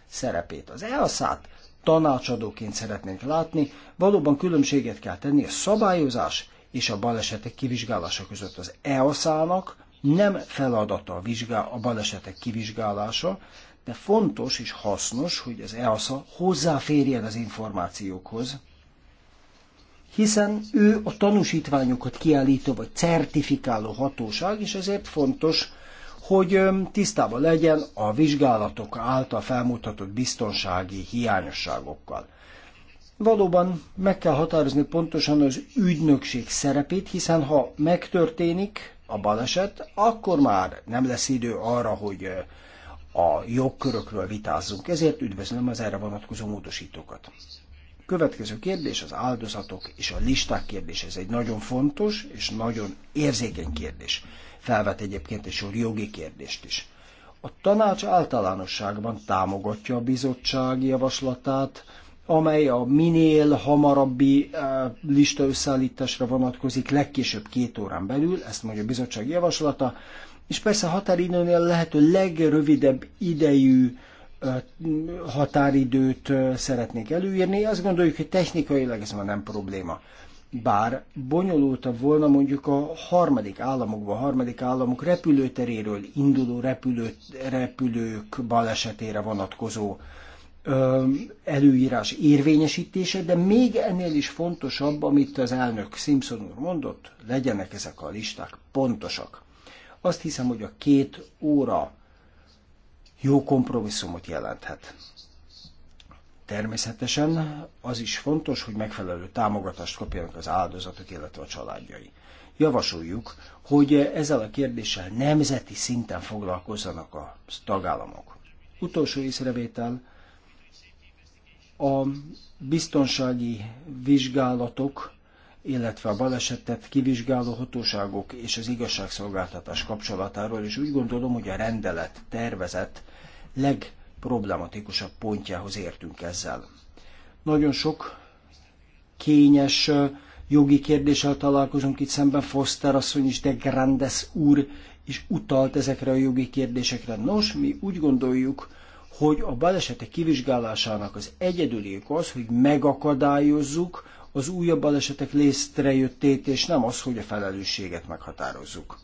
szerepét. Az EASA-t tanácsadóként szeretnénk látni, valóban különbséget kell tenni a szabályozás és a balesetek kivizsgálása között. Az EASA-nak nem feladata a, vizsgál, a balesetek kivizsgálása, de fontos és hasznos, hogy az EASA hozzáférjen az információkhoz, hiszen ő a tanúsítványokat kiállító vagy certifikáló hatóság, és ezért fontos, hogy tisztában legyen a vizsgálatok által felmutatott biztonsági hiányosságokkal. Valóban meg kell határozni pontosan az ügynökség szerepét, hiszen ha megtörténik a baleset, akkor már nem lesz idő arra, hogy a jogkörökről vitázzunk. Ezért üdvözlöm az erre vonatkozó módosítókat. Következő kérdés az áldozatok és a listák kérdés. Ez egy nagyon fontos és nagyon érzékeny kérdés felvet egyébként egy sor jogi kérdést is. A tanács általánosságban támogatja a bizottság javaslatát, amely a minél hamarabbi eh, lista összeállításra vonatkozik, legkésőbb két órán belül, ezt mondja a bizottság javaslata, és persze a határidőnél lehető legrövidebb idejű eh, határidőt eh, szeretnék előírni. Azt gondoljuk, hogy technikailag ez már nem probléma bár bonyolultabb volna mondjuk a harmadik államokban, a harmadik államok repülőteréről induló repülő, repülők balesetére vonatkozó ö, előírás érvényesítése, de még ennél is fontosabb, amit az elnök Simpson úr mondott, legyenek ezek a listák pontosak. Azt hiszem, hogy a két óra jó kompromisszumot jelenthet. Természetesen az is fontos, hogy megfelelő támogatást kapjanak az áldozatok, illetve a családjai. Javasoljuk, hogy ezzel a kérdéssel nemzeti szinten foglalkozzanak a tagállamok. Utolsó észrevétel, a biztonsági vizsgálatok, illetve a balesetet kivizsgáló hatóságok és az igazságszolgáltatás kapcsolatáról, és úgy gondolom, hogy a rendelet tervezett leg problematikusabb pontjához értünk ezzel. Nagyon sok kényes jogi kérdéssel találkozunk itt szemben, Foster asszony is, de Grandes úr is utalt ezekre a jogi kérdésekre. Nos, mi úgy gondoljuk, hogy a balesetek kivizsgálásának az egyedüli az, hogy megakadályozzuk az újabb balesetek létrejöttét, és nem az, hogy a felelősséget meghatározzuk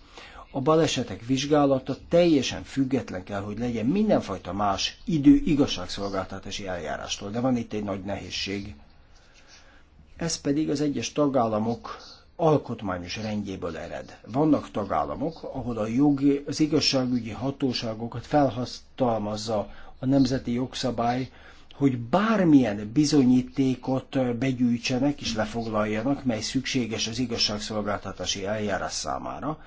a balesetek vizsgálata teljesen független kell, hogy legyen mindenfajta más idő igazságszolgáltatási eljárástól, de van itt egy nagy nehézség. Ez pedig az egyes tagállamok alkotmányos rendjéből ered. Vannak tagállamok, ahol a jogi, az igazságügyi hatóságokat felhasztalmazza a nemzeti jogszabály, hogy bármilyen bizonyítékot begyűjtsenek és lefoglaljanak, mely szükséges az igazságszolgáltatási eljárás számára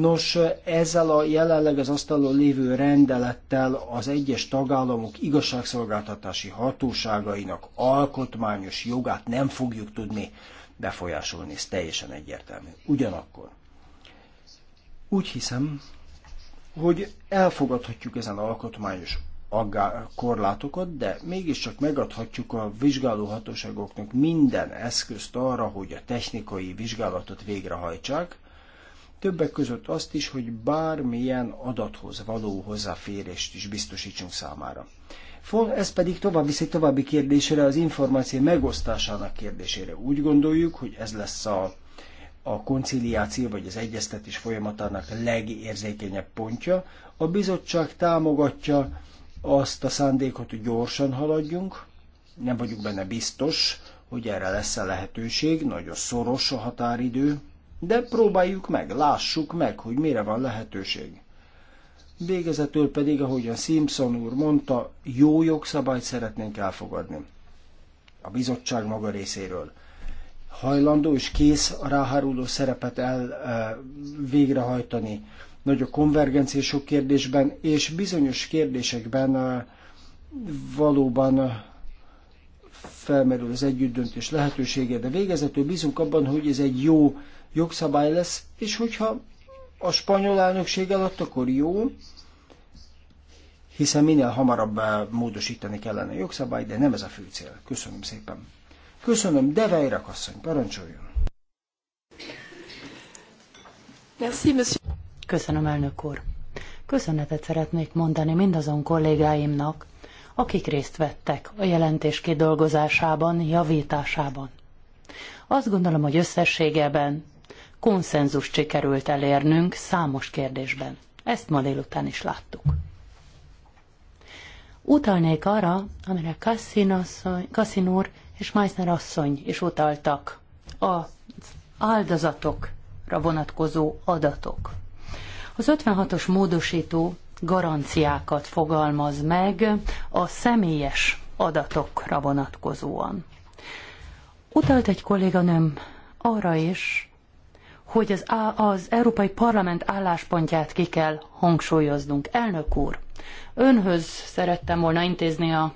Nos, ezzel a jelenleg az asztalon lévő rendelettel az egyes tagállamok igazságszolgáltatási hatóságainak alkotmányos jogát nem fogjuk tudni befolyásolni, ez teljesen egyértelmű. Ugyanakkor úgy hiszem, hogy elfogadhatjuk ezen alkotmányos korlátokat, de mégiscsak megadhatjuk a vizsgálóhatóságoknak minden eszközt arra, hogy a technikai vizsgálatot végrehajtsák, többek között azt is, hogy bármilyen adathoz való hozzáférést is biztosítsunk számára. Ez pedig tovább viszi további kérdésére, az információ megosztásának kérdésére. Úgy gondoljuk, hogy ez lesz a, a konciliáció vagy az egyeztetés folyamatának legérzékenyebb pontja. A bizottság támogatja azt a szándékot, hogy gyorsan haladjunk, nem vagyunk benne biztos, hogy erre lesz a lehetőség, nagyon szoros a határidő, de próbáljuk meg, lássuk meg, hogy mire van lehetőség. Végezetül pedig, ahogy a Simpson úr mondta, jó jogszabályt szeretnénk elfogadni. A bizottság maga részéről. Hajlandó és kész a ráháruló szerepet el e, végrehajtani. Nagy a konvergencia sok kérdésben, és bizonyos kérdésekben e, valóban felmerül az együttdöntés lehetősége, de végezetül bízunk abban, hogy ez egy jó jogszabály lesz, és hogyha a spanyol elnökség alatt, akkor jó, hiszen minél hamarabb eh, módosítani kellene a jogszabály, de nem ez a fő cél. Köszönöm szépen. Köszönöm, de Vejrak asszony, parancsoljon. Merci, Köszönöm, elnök úr. Köszönetet szeretnék mondani mindazon kollégáimnak, akik részt vettek a jelentés kidolgozásában, javításában. Azt gondolom, hogy összességében konszenzust sikerült elérnünk számos kérdésben. Ezt ma délután is láttuk. Utalnék arra, amire Kassin úr és Meissner asszony is utaltak az áldozatokra vonatkozó adatok. Az 56-os módosító garanciákat fogalmaz meg a személyes adatokra vonatkozóan. Utalt egy kolléganőm arra is, hogy az, az Európai Parlament álláspontját ki kell hangsúlyoznunk. Elnök úr, önhöz szerettem volna intézni a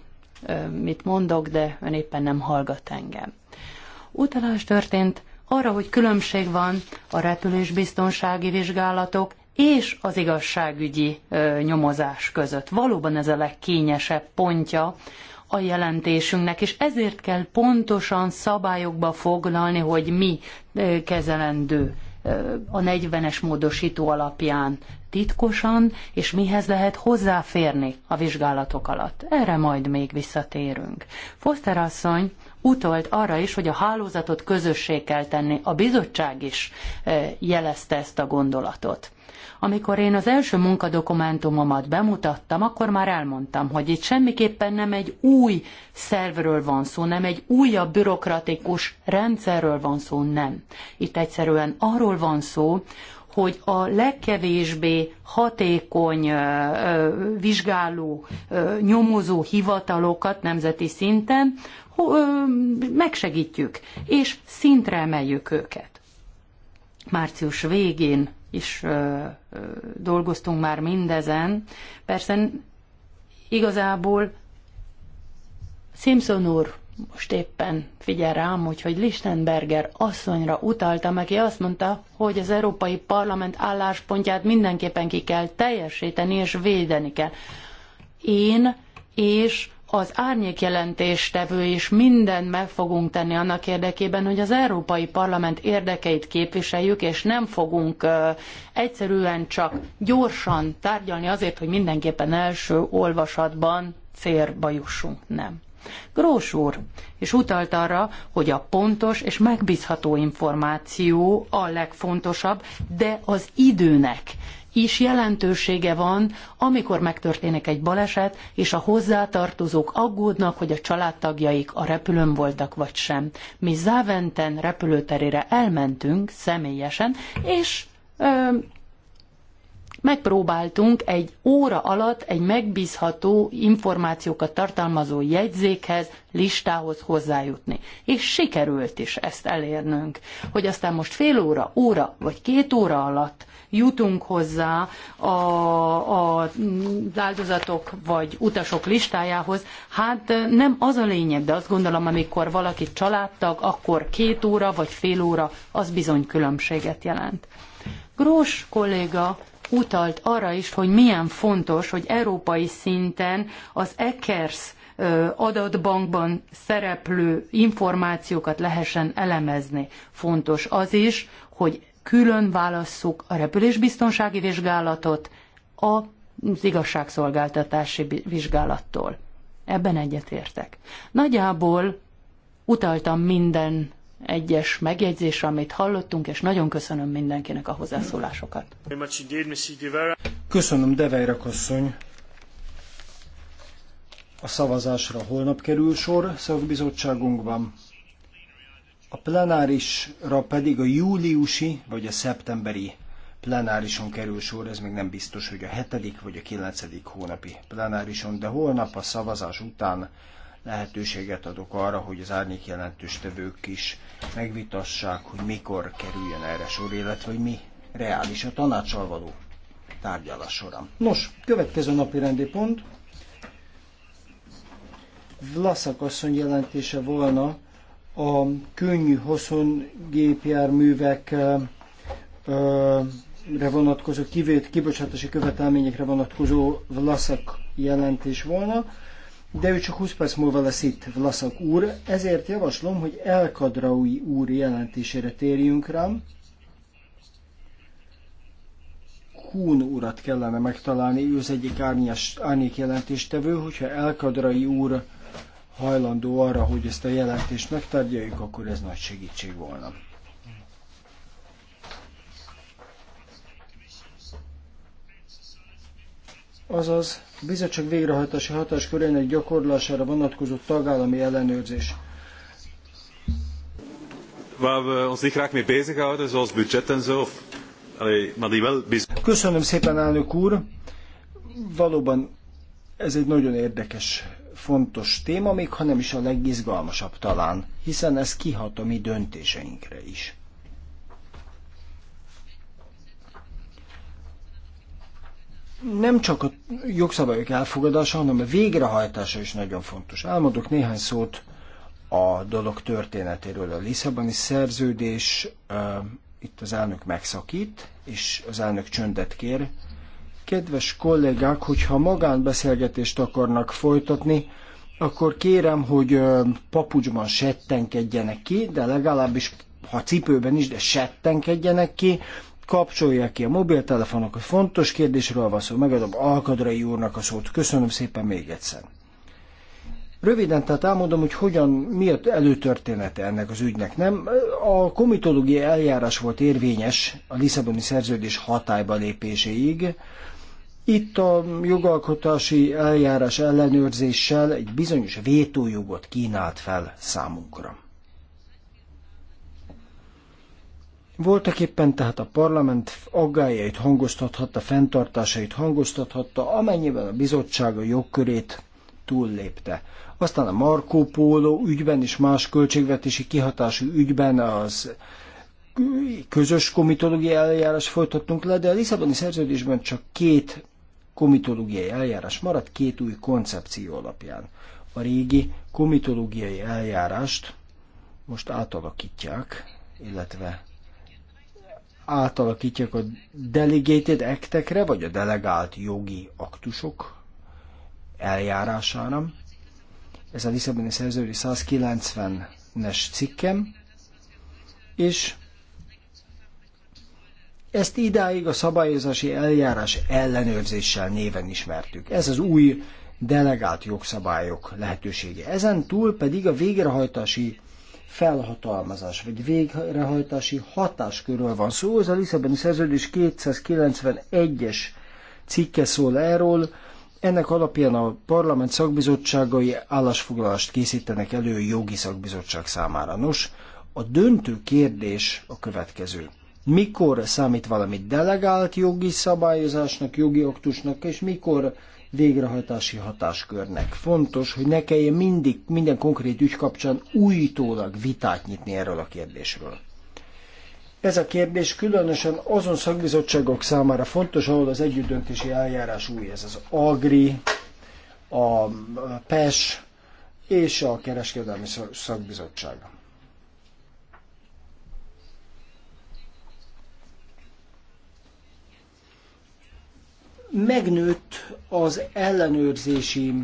mit mondok, de ön éppen nem hallgat engem. Utalás történt arra, hogy különbség van a repülésbiztonsági vizsgálatok és az igazságügyi ö, nyomozás között. Valóban ez a legkényesebb pontja a jelentésünknek, és ezért kell pontosan szabályokba foglalni, hogy mi ö, kezelendő a 40-es módosító alapján titkosan, és mihez lehet hozzáférni a vizsgálatok alatt. Erre majd még visszatérünk. Foster asszony utolt arra is, hogy a hálózatot közössé kell tenni. A bizottság is eh, jelezte ezt a gondolatot. Amikor én az első munkadokumentumomat bemutattam, akkor már elmondtam, hogy itt semmiképpen nem egy új szervről van szó, nem egy újabb bürokratikus rendszerről van szó, nem. Itt egyszerűen arról van szó, hogy a legkevésbé hatékony vizsgáló, nyomozó hivatalokat nemzeti szinten megsegítjük, és szintre emeljük őket. Március végén is ö, ö, dolgoztunk már mindezen. Persze igazából Simpson úr most éppen figyel rám, hogy Lichtenberger asszonyra utaltam, aki azt mondta, hogy az Európai Parlament álláspontját mindenképpen ki kell teljesíteni és védeni kell. Én és az árnyék jelentéstevő is mindent meg fogunk tenni annak érdekében, hogy az Európai Parlament érdekeit képviseljük, és nem fogunk egyszerűen csak gyorsan tárgyalni azért, hogy mindenképpen első olvasatban célba jussunk. Nem. Grós úr és utalt arra, hogy a pontos és megbízható információ a legfontosabb, de az időnek is jelentősége van, amikor megtörténik egy baleset, és a hozzátartozók aggódnak, hogy a családtagjaik a repülőn voltak vagy sem. Mi Záventen repülőterére elmentünk személyesen, és ö, megpróbáltunk egy óra alatt egy megbízható információkat tartalmazó jegyzékhez, listához hozzájutni. És sikerült is ezt elérnünk, hogy aztán most fél óra, óra vagy két óra alatt jutunk hozzá a, a, az áldozatok vagy utasok listájához. Hát nem az a lényeg, de azt gondolom, amikor valaki családtag, akkor két óra vagy fél óra, az bizony különbséget jelent. Grós kolléga utalt arra is, hogy milyen fontos, hogy európai szinten az ECERS adatbankban szereplő információkat lehessen elemezni. Fontos az is, hogy külön válasszuk a repülésbiztonsági vizsgálatot az igazságszolgáltatási vizsgálattól. Ebben egyetértek. Nagyjából utaltam minden egyes megjegyzésre, amit hallottunk, és nagyon köszönöm mindenkinek a hozzászólásokat. Köszönöm, Deveirak asszony. A szavazásra holnap kerül sor szakbizottságunkban. A plenárisra pedig a júliusi vagy a szeptemberi plenárison kerül sor, ez még nem biztos, hogy a hetedik vagy a kilencedik hónapi plenárison, de holnap a szavazás után lehetőséget adok arra, hogy az árnyék jelentős tevők is megvitassák, hogy mikor kerüljön erre sor, illetve hogy mi reális a tanácsal való tárgyalás során. Nos, következő napi rendi pont. Vlaszak asszony jelentése volna a könnyű hosszon gépjárművek re vonatkozó kivét, kibocsátási követelményekre vonatkozó Vlaszak jelentés volna de ő csak 20 perc múlva lesz itt, Vlaszak úr, ezért javaslom, hogy Elkadraui úr jelentésére térjünk rám. Kún urat kellene megtalálni, ő az egyik árnyas, árnyék jelentéstevő, hogyha Elkadrai úr hajlandó arra, hogy ezt a jelentést megtárgyaljuk, akkor ez nagy segítség volna. azaz a bizottság végrehajtási hatáskörének gyakorlására vonatkozó tagállami ellenőrzés. Waar we ons niet graag mee bezighouden, zoals budget en zo, maar die wel Köszönöm szépen, elnök úr! Valóban ez egy nagyon érdekes, fontos téma, még ha nem is a legizgalmasabb talán, hiszen ez kihat a mi döntéseinkre is. nem csak a jogszabályok elfogadása, hanem a végrehajtása is nagyon fontos. Elmondok néhány szót a dolog történetéről. A Lisszaboni szerződés itt az elnök megszakít, és az elnök csöndet kér. Kedves kollégák, hogyha magánbeszélgetést akarnak folytatni, akkor kérem, hogy papucsban settenkedjenek ki, de legalábbis, ha cipőben is, de settenkedjenek ki, kapcsolja ki a mobiltelefonokat. Fontos kérdésről van szó, megadom Alkadrai úrnak a szót. Köszönöm szépen még egyszer. Röviden tehát elmondom, hogy hogyan, mi az előtörténete ennek az ügynek. Nem, a komitológiai eljárás volt érvényes a Lisszaboni szerződés hatályba lépéséig. Itt a jogalkotási eljárás ellenőrzéssel egy bizonyos vétójogot kínált fel számunkra. Voltak éppen tehát a parlament aggájait hangoztathatta, fenntartásait hangoztathatta, amennyiben a bizottság a jogkörét túllépte. Aztán a Marco Polo ügyben és más költségvetési kihatású ügyben az közös komitológiai eljárás folytattunk le, de a Lisszaboni szerződésben csak két komitológiai eljárás maradt két új koncepció alapján. A régi komitológiai eljárást most átalakítják, illetve átalakítják a delegated actekre, vagy a delegált jogi aktusok eljárására. Ez a Lisszaboni szerződés 190-es cikkem, és ezt idáig a szabályozási eljárás ellenőrzéssel néven ismertük. Ez az új delegált jogszabályok lehetősége. Ezen túl pedig a végrehajtási felhatalmazás vagy végrehajtási hatáskörről van szó. Az a Lisszaboni szerződés 291-es cikke szól erről, ennek alapján a parlament szakbizottságai állásfoglalást készítenek elő a jogi szakbizottság számára. Nos, a döntő kérdés a következő. Mikor számít valami delegált jogi szabályozásnak, jogi aktusnak, és mikor végrehajtási hatáskörnek. Fontos, hogy ne kelljen mindig, minden konkrét ügy kapcsán újítólag vitát nyitni erről a kérdésről. Ez a kérdés különösen azon szakbizottságok számára fontos, ahol az együttdöntési eljárás új. Ez az AGRI, a PES és a Kereskedelmi Szakbizottság. megnőtt az ellenőrzési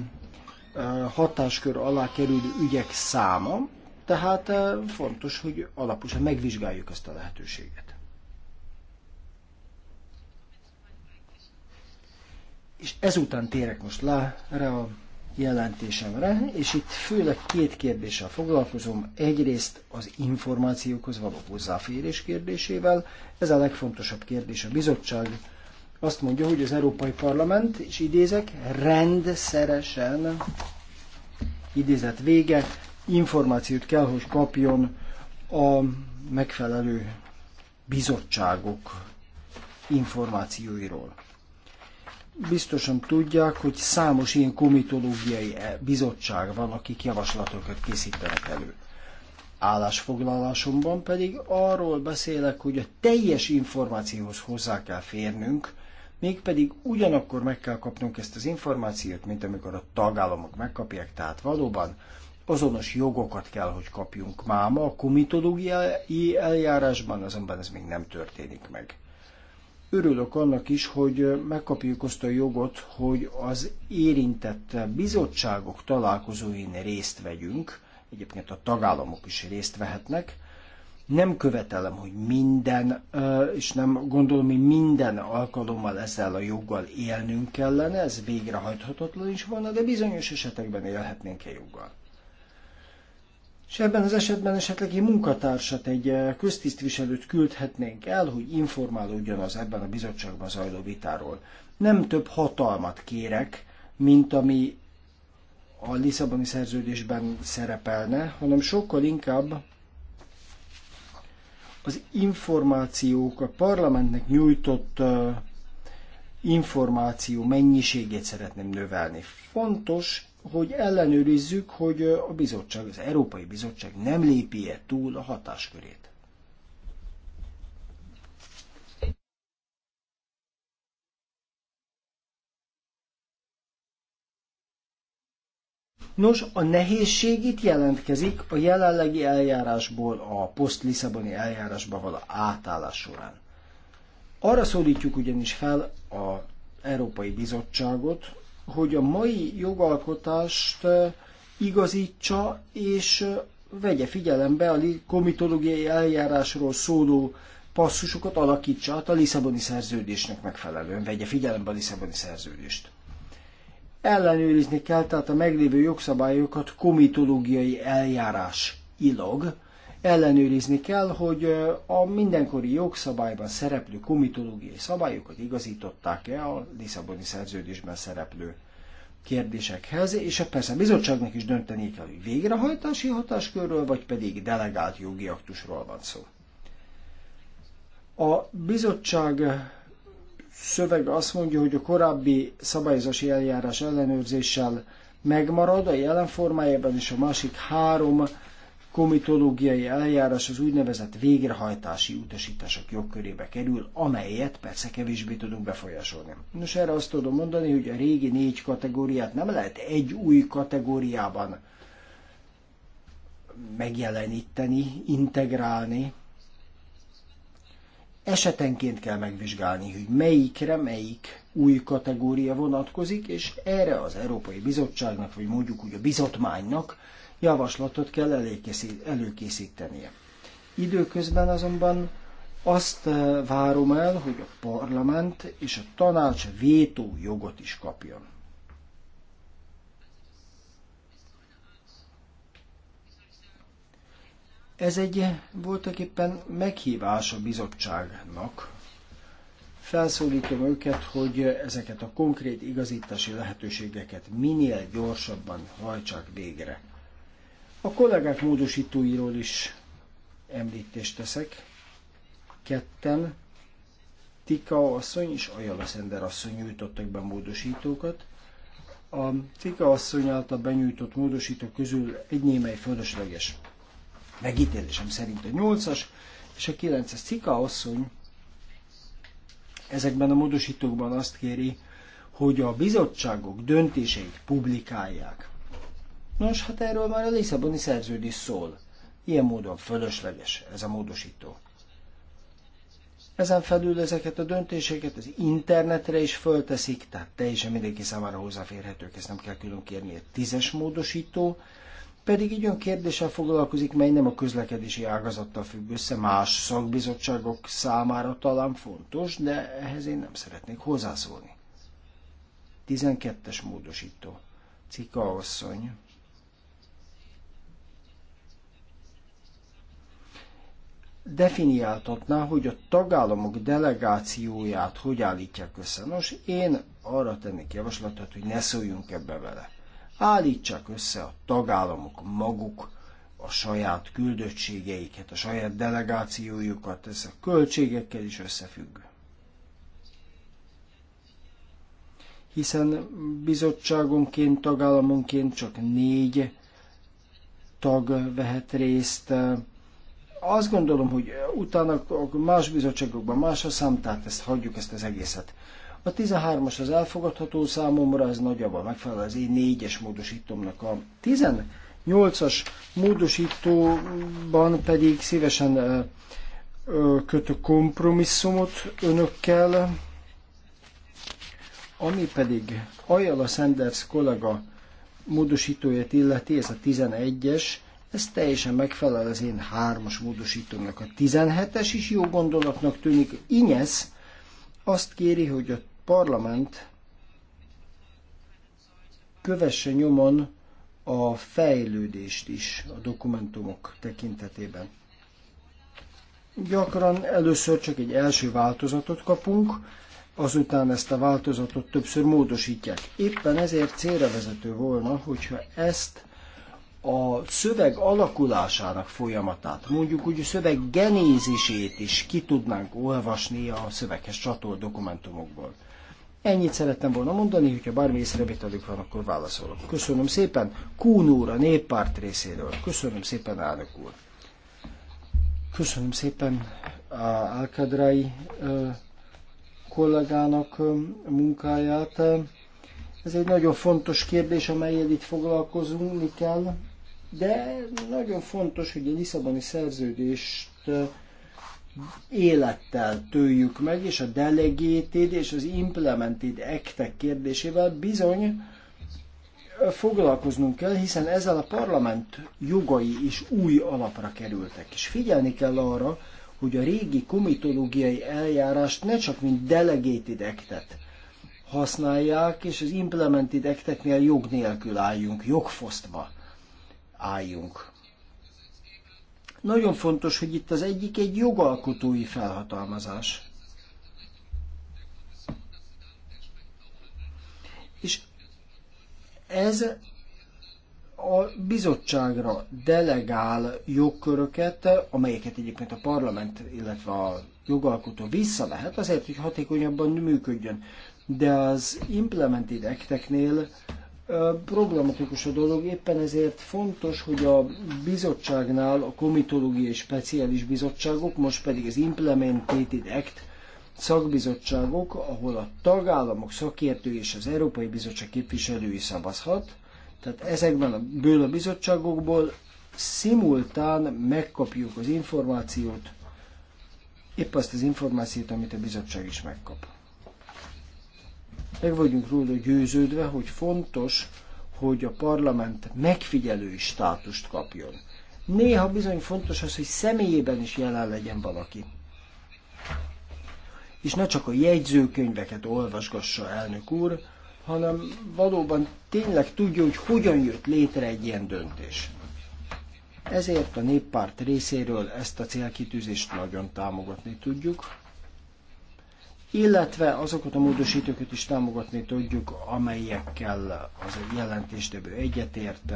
hatáskör alá kerülő ügyek száma, tehát fontos, hogy alaposan megvizsgáljuk ezt a lehetőséget. És ezután térek most le erre a jelentésemre, és itt főleg két kérdéssel foglalkozom. Egyrészt az információkhoz való hozzáférés kérdésével, ez a legfontosabb kérdés a bizottság azt mondja, hogy az Európai Parlament, és idézek, rendszeresen, idézet vége, információt kell, hogy kapjon a megfelelő bizottságok információiról. Biztosan tudják, hogy számos ilyen komitológiai bizottság van, akik javaslatokat készítenek elő. Állásfoglalásomban pedig arról beszélek, hogy a teljes információhoz hozzá kell férnünk, mégpedig ugyanakkor meg kell kapnunk ezt az információt, mint amikor a tagállamok megkapják, tehát valóban azonos jogokat kell, hogy kapjunk máma, a komitológiai eljárásban azonban ez még nem történik meg. Örülök annak is, hogy megkapjuk azt a jogot, hogy az érintett bizottságok találkozóin részt vegyünk, egyébként a tagállamok is részt vehetnek, nem követelem, hogy minden, és nem gondolom, hogy minden alkalommal ezzel a joggal élnünk kellene, ez végrehajthatatlan is volna, de bizonyos esetekben élhetnénk-e joggal. És ebben az esetben esetleg egy munkatársat, egy köztisztviselőt küldhetnénk el, hogy informálódjon az ebben a bizottságban zajló vitáról. Nem több hatalmat kérek, mint ami a Lisszaboni szerződésben szerepelne, hanem sokkal inkább az információk, a parlamentnek nyújtott információ mennyiségét szeretném növelni. Fontos, hogy ellenőrizzük, hogy a bizottság, az Európai Bizottság nem lépi -e túl a hatáskörét. Nos, a nehézség itt jelentkezik a jelenlegi eljárásból a poszt-Lisszaboni eljárásba való átállás során. Arra szólítjuk ugyanis fel az Európai Bizottságot, hogy a mai jogalkotást igazítsa és vegye figyelembe a komitológiai eljárásról szóló passzusokat alakítsa át a Lisszaboni szerződésnek megfelelően, vegye figyelembe a Lisszaboni szerződést ellenőrizni kell, tehát a meglévő jogszabályokat komitológiai eljárás ilog. ellenőrizni kell, hogy a mindenkori jogszabályban szereplő komitológiai szabályokat igazították-e a Lisszaboni szerződésben szereplő kérdésekhez, és persze a bizottságnak is dönteni kell, hogy végrehajtási hatáskörről, vagy pedig delegált jogi aktusról van szó. A bizottság szöveg azt mondja, hogy a korábbi szabályozási eljárás ellenőrzéssel megmarad a jelen formájában, és a másik három komitológiai eljárás az úgynevezett végrehajtási utasítások jogkörébe kerül, amelyet persze kevésbé tudunk befolyásolni. Nos, erre azt tudom mondani, hogy a régi négy kategóriát nem lehet egy új kategóriában megjeleníteni, integrálni, esetenként kell megvizsgálni, hogy melyikre melyik új kategória vonatkozik, és erre az Európai Bizottságnak, vagy mondjuk úgy a bizotmánynak javaslatot kell előkészítenie. Időközben azonban azt eh, várom el, hogy a parlament és a tanács vétó jogot is kapjon. Ez egy voltak éppen meghívás a bizottságnak. Felszólítom őket, hogy ezeket a konkrét igazítási lehetőségeket minél gyorsabban hajtsák végre. A kollégák módosítóiról is említést teszek. Ketten Tika asszony és Ajala Szender asszony nyújtottak be módosítókat. A Tika asszony által benyújtott módosítók közül egy némely fölösleges megítélésem szerint a 8-as, és a 9-es Cika asszony ezekben a módosítókban azt kéri, hogy a bizottságok döntéseit publikálják. Nos, hát erről már a Lisszaboni szerződés szól. Ilyen módon fölösleges ez a módosító. Ezen felül ezeket a döntéseket az internetre is fölteszik, tehát teljesen mindenki számára hozzáférhetők, ezt nem kell külön kérni. egy tízes módosító pedig egy olyan kérdéssel foglalkozik, mely nem a közlekedési ágazattal függ össze, más szakbizottságok számára talán fontos, de ehhez én nem szeretnék hozzászólni. 12-es módosító. Cika asszony. definiáltatná, hogy a tagállamok delegációját hogy állítják össze. Nos, én arra tennék javaslatot, hogy ne szóljunk ebbe vele állítsák össze a tagállamok maguk a saját küldöttségeiket, a saját delegációjukat, ez a költségekkel is összefügg. Hiszen bizottságonként, tagállamonként csak négy tag vehet részt. Azt gondolom, hogy utána a más bizottságokban más a szám, tehát ezt hagyjuk, ezt az egészet. A 13-as az elfogadható számomra, ez nagyjából megfelel az én 4-es módosítomnak. A 18-as módosítóban pedig szívesen kötök kompromisszumot önökkel, ami pedig Ajala Sanders kollega módosítóját illeti, ez a 11-es, ez teljesen megfelel az én 3-as módosítónak. A 17-es is jó gondolatnak tűnik. Inyesz azt kéri, hogy a parlament kövesse nyomon a fejlődést is a dokumentumok tekintetében. Gyakran először csak egy első változatot kapunk, azután ezt a változatot többször módosítják. Éppen ezért célra vezető volna, hogyha ezt a szöveg alakulásának folyamatát, mondjuk úgy a szöveg genézisét is ki tudnánk olvasni a szöveghez csatolt dokumentumokból. Ennyit szerettem volna mondani, hogyha bármi észrevételük van, akkor válaszolok. Köszönöm szépen. Kún úr a néppárt részéről. Köszönöm szépen, elnök úr. Köszönöm szépen a Alkadrai kollégának munkáját. Ez egy nagyon fontos kérdés, amelyet itt foglalkozunk kell, de nagyon fontos, hogy a Lisszaboni szerződést élettel töljük meg, és a delegated és az implemented actek kérdésével bizony foglalkoznunk kell, hiszen ezzel a parlament jogai is új alapra kerültek. És figyelni kell arra, hogy a régi komitológiai eljárást ne csak mint delegated actet használják, és az implemented acteknél jog nélkül álljunk, jogfosztva álljunk. Nagyon fontos, hogy itt az egyik egy jogalkotói felhatalmazás. És ez a bizottságra delegál jogköröket, amelyeket egyébként a parlament, illetve a jogalkotó visszavehet azért, hogy hatékonyabban működjön. De az implemented ekteknél problematikus a dolog, éppen ezért fontos, hogy a bizottságnál a komitológiai speciális bizottságok, most pedig az Implemented Act szakbizottságok, ahol a tagállamok szakértői és az Európai Bizottság képviselői szavazhat, tehát ezekben a ből a bizottságokból szimultán megkapjuk az információt, épp azt az információt, amit a bizottság is megkap. Meg vagyunk róla győződve, hogy fontos, hogy a parlament megfigyelői státust kapjon. Néha bizony fontos az, hogy személyében is jelen legyen valaki. És ne csak a jegyzőkönyveket olvasgassa elnök úr, hanem valóban tényleg tudja, hogy hogyan jött létre egy ilyen döntés. Ezért a néppárt részéről ezt a célkitűzést nagyon támogatni tudjuk illetve azokat a módosítókat is támogatni tudjuk, amelyekkel az jelentéstevő egyetért.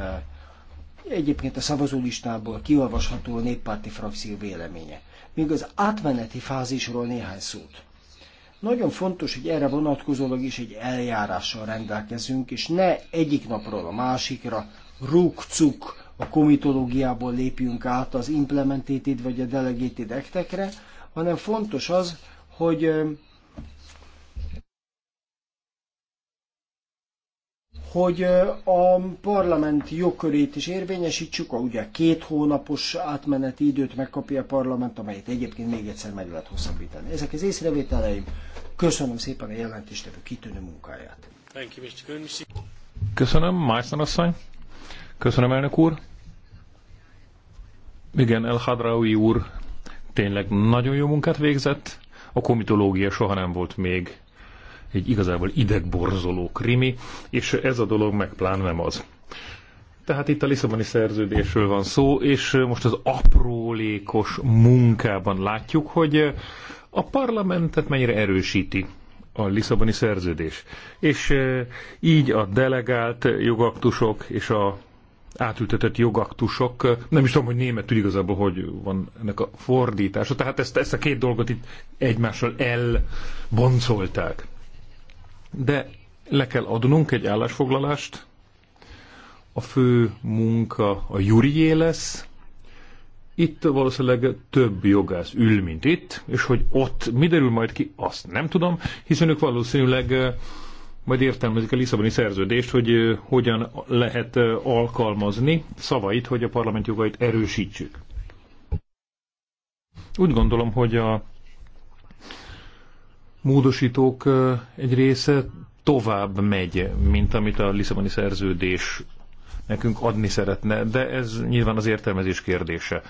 Egyébként a szavazólistából kiolvasható a néppárti frakció véleménye. Még az átmeneti fázisról néhány szót. Nagyon fontos, hogy erre vonatkozólag is egy eljárással rendelkezünk, és ne egyik napról a másikra rúgcuk a komitológiából lépjünk át az implementated vagy a delegated actekre, hanem fontos az, hogy hogy a parlament jogkörét is érvényesítsük, ugye a két hónapos átmeneti időt megkapja a parlament, amelyet egyébként még egyszer meg lehet hosszabbítani. Ezek az észrevételeim. Köszönöm szépen a jelentéstevő kitűnő munkáját. Köszönöm, Májszan asszony. Köszönöm, elnök úr. Igen, El Hadraui úr tényleg nagyon jó munkát végzett. A komitológia soha nem volt még egy igazából idegborzoló krimi, és ez a dolog meg plán nem az. Tehát itt a Lisszaboni szerződésről van szó, és most az aprólékos munkában látjuk, hogy a parlamentet mennyire erősíti a Lisszaboni szerződés. És e, így a delegált jogaktusok és a átültetett jogaktusok, e, nem is tudom, hogy németül igazából, hogy van ennek a fordítása, tehát ezt, ezt a két dolgot itt egymással elboncolták de le kell adnunk egy állásfoglalást. A fő munka a jurié lesz. Itt valószínűleg több jogász ül, mint itt, és hogy ott mi derül majd ki, azt nem tudom, hiszen ők valószínűleg eh, majd értelmezik a Lisszaboni szerződést, hogy eh, hogyan lehet eh, alkalmazni szavait, hogy a parlament jogait erősítsük. Úgy gondolom, hogy a módosítók egy része tovább megy, mint amit a Lisszaboni szerződés nekünk adni szeretne, de ez nyilván az értelmezés kérdése.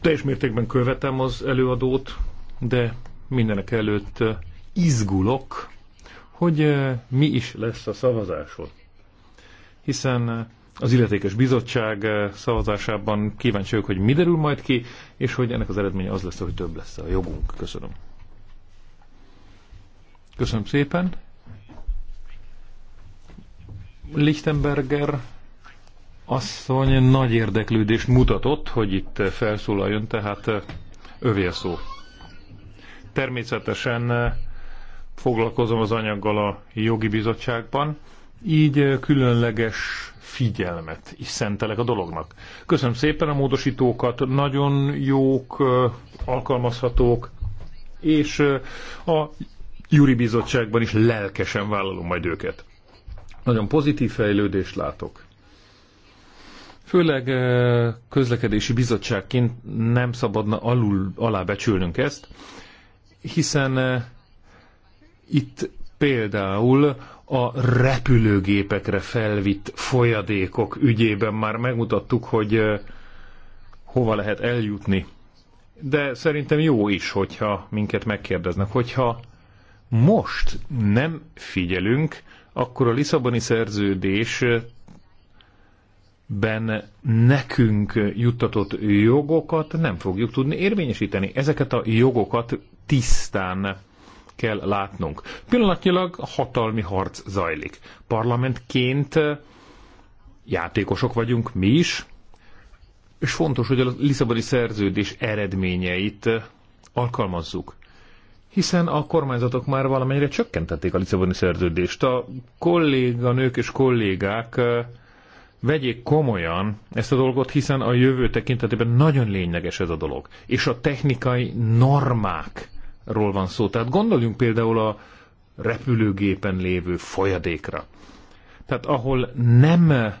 Teljes mértékben követem az előadót, de mindenek előtt izgulok, hogy mi is lesz a szavazáson. Hiszen az illetékes bizottság szavazásában kíváncsi vagyok, hogy mi derül majd ki, és hogy ennek az eredménye az lesz, hogy több lesz a jogunk. Köszönöm. Köszönöm szépen. Lichtenberger asszony nagy érdeklődést mutatott, hogy itt felszólaljon, tehát övé a szó. Természetesen foglalkozom az anyaggal a jogi bizottságban, így különleges figyelmet is szentelek a dolognak. Köszönöm szépen a módosítókat, nagyon jók, alkalmazhatók, és a Juri Bizottságban is lelkesen vállalom majd őket. Nagyon pozitív fejlődést látok. Főleg közlekedési bizottságként nem szabadna alul alábecsülnünk ezt, hiszen itt például a repülőgépekre felvitt folyadékok ügyében már megmutattuk, hogy hova lehet eljutni. De szerintem jó is, hogyha minket megkérdeznek, hogyha most nem figyelünk, akkor a Lisszaboni szerződés ben nekünk juttatott jogokat nem fogjuk tudni érvényesíteni. Ezeket a jogokat tisztán kell látnunk. Pillanatnyilag hatalmi harc zajlik. Parlamentként játékosok vagyunk mi is, és fontos, hogy a Lisszaboni szerződés eredményeit alkalmazzuk hiszen a kormányzatok már valamennyire csökkentették a Lisszaboni szerződést. A kolléganők és kollégák vegyék komolyan ezt a dolgot, hiszen a jövő tekintetében nagyon lényeges ez a dolog. És a technikai normákról van szó. Tehát gondoljunk például a repülőgépen lévő folyadékra. Tehát ahol nem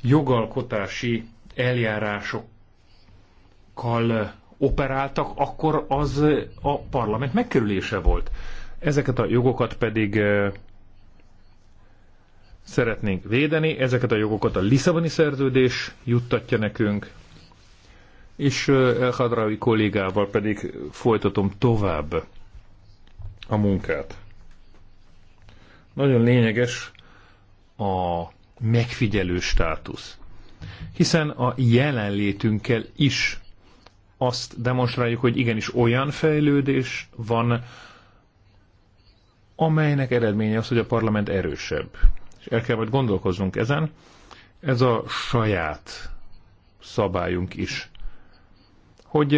jogalkotási eljárásokkal operáltak, akkor az a parlament megkerülése volt. Ezeket a jogokat pedig eh, szeretnénk védeni, ezeket a jogokat a Lisszaboni szerződés juttatja nekünk, és eh, El Hadrawi kollégával pedig folytatom tovább a munkát. Nagyon lényeges a megfigyelő státusz, hiszen a jelenlétünkkel is azt demonstráljuk, hogy igenis olyan fejlődés van, amelynek eredménye az, hogy a parlament erősebb. És el kell majd gondolkoznunk ezen. Ez a saját szabályunk is. Hogy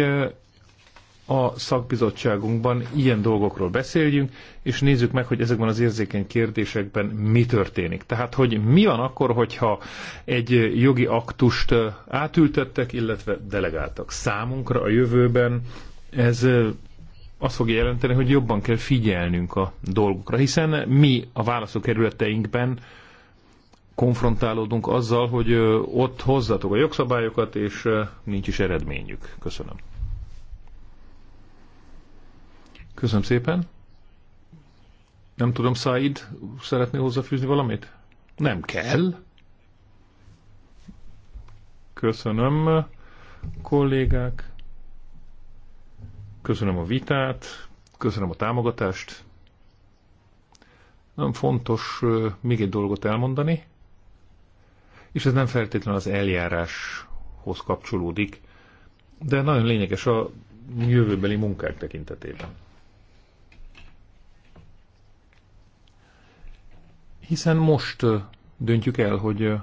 a szakbizottságunkban ilyen dolgokról beszéljünk, és nézzük meg, hogy ezekben az érzékeny kérdésekben mi történik. Tehát, hogy mi van akkor, hogyha egy jogi aktust átültettek, illetve delegáltak számunkra a jövőben, ez azt fogja jelenteni, hogy jobban kell figyelnünk a dolgokra, hiszen mi a válaszokerületeinkben konfrontálódunk azzal, hogy ott hozzatok a jogszabályokat, és nincs is eredményük. Köszönöm. Köszönöm szépen. Nem tudom, Said, szeretnél hozzáfűzni valamit? Nem kell. Köszönöm, kollégák. Köszönöm a vitát, köszönöm a támogatást. Nem fontos még egy dolgot elmondani, és ez nem feltétlenül az eljáráshoz kapcsolódik, de nagyon lényeges a jövőbeli munkák tekintetében. hiszen most döntjük el, hogy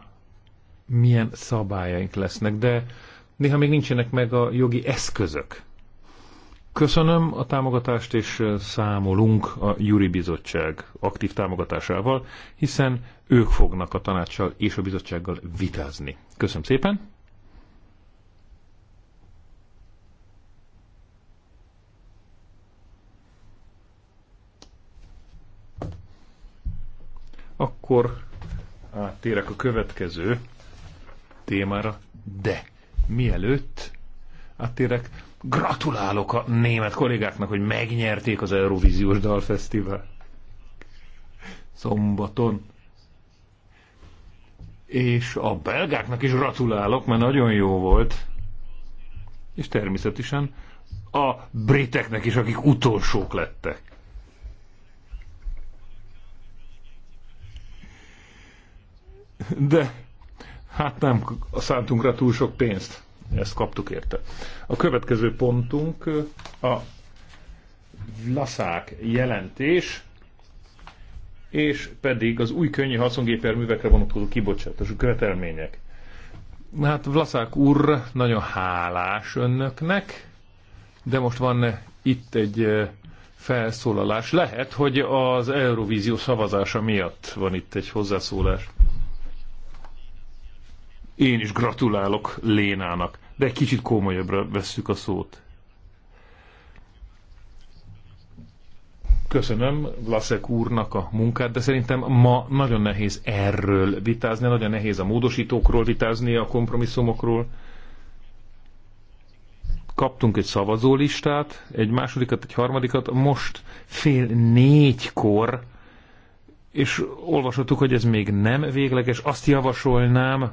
milyen szabályaink lesznek, de néha még nincsenek meg a jogi eszközök. Köszönöm a támogatást, és számolunk a Júri Bizottság aktív támogatásával, hiszen ők fognak a tanácssal és a bizottsággal vitázni. Köszönöm szépen! Akkor áttérek a következő témára, de mielőtt áttérek, gratulálok a német kollégáknak, hogy megnyerték az Eurovíziós Dalfesztivál. Szombaton. És a belgáknak is gratulálok, mert nagyon jó volt. És természetesen a briteknek is, akik utolsók lettek. de hát nem szántunk rá túl sok pénzt. Ezt kaptuk érte. A következő pontunk a Vlaszák jelentés, és pedig az új könnyű művekre vonatkozó kibocsátású követelmények. Hát Vlaszák úr nagyon hálás önöknek, de most van itt egy eh, felszólalás. Lehet, hogy az Eurovízió szavazása miatt van itt egy hozzászólás. Én is gratulálok Lénának, de egy kicsit komolyabbra vesszük a szót. Köszönöm Vlaszek úrnak a munkát, de szerintem ma nagyon nehéz erről vitázni, nagyon nehéz a módosítókról vitázni, a kompromisszumokról. Kaptunk egy szavazólistát, egy másodikat, egy harmadikat, most fél négykor, és olvashattuk, hogy ez még nem végleges. Azt javasolnám,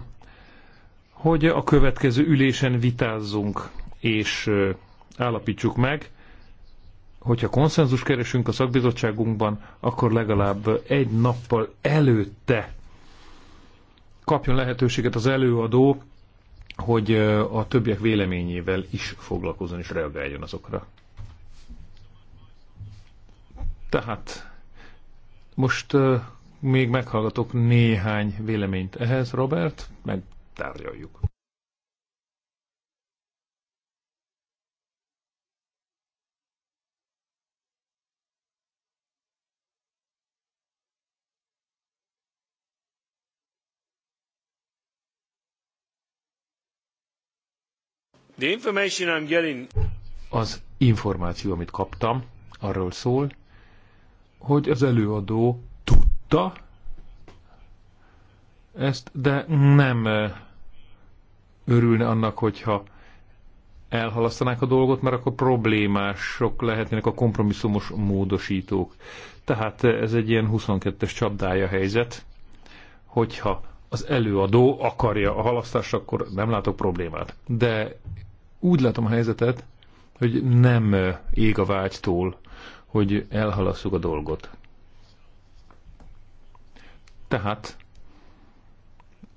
hogy a következő ülésen vitázzunk, és állapítsuk meg, hogyha konszenzus keresünk a szakbizottságunkban, akkor legalább egy nappal előtte kapjon lehetőséget az előadó, hogy a többiek véleményével is foglalkozzon és reagáljon azokra. Tehát most még meghallgatok néhány véleményt ehhez, Robert, meg tárgyaljuk. The information I'm getting... Az információ, amit kaptam, arról szól, hogy az előadó tudta ezt, de nem örülne annak, hogyha elhalasztanák a dolgot, mert akkor problémások lehetnének a kompromisszumos módosítók. Tehát ez egy ilyen 22-es csapdája helyzet, hogyha az előadó akarja a halasztást, akkor nem látok problémát. De úgy látom a helyzetet, hogy nem ég a vágytól, hogy elhalasszuk a dolgot. Tehát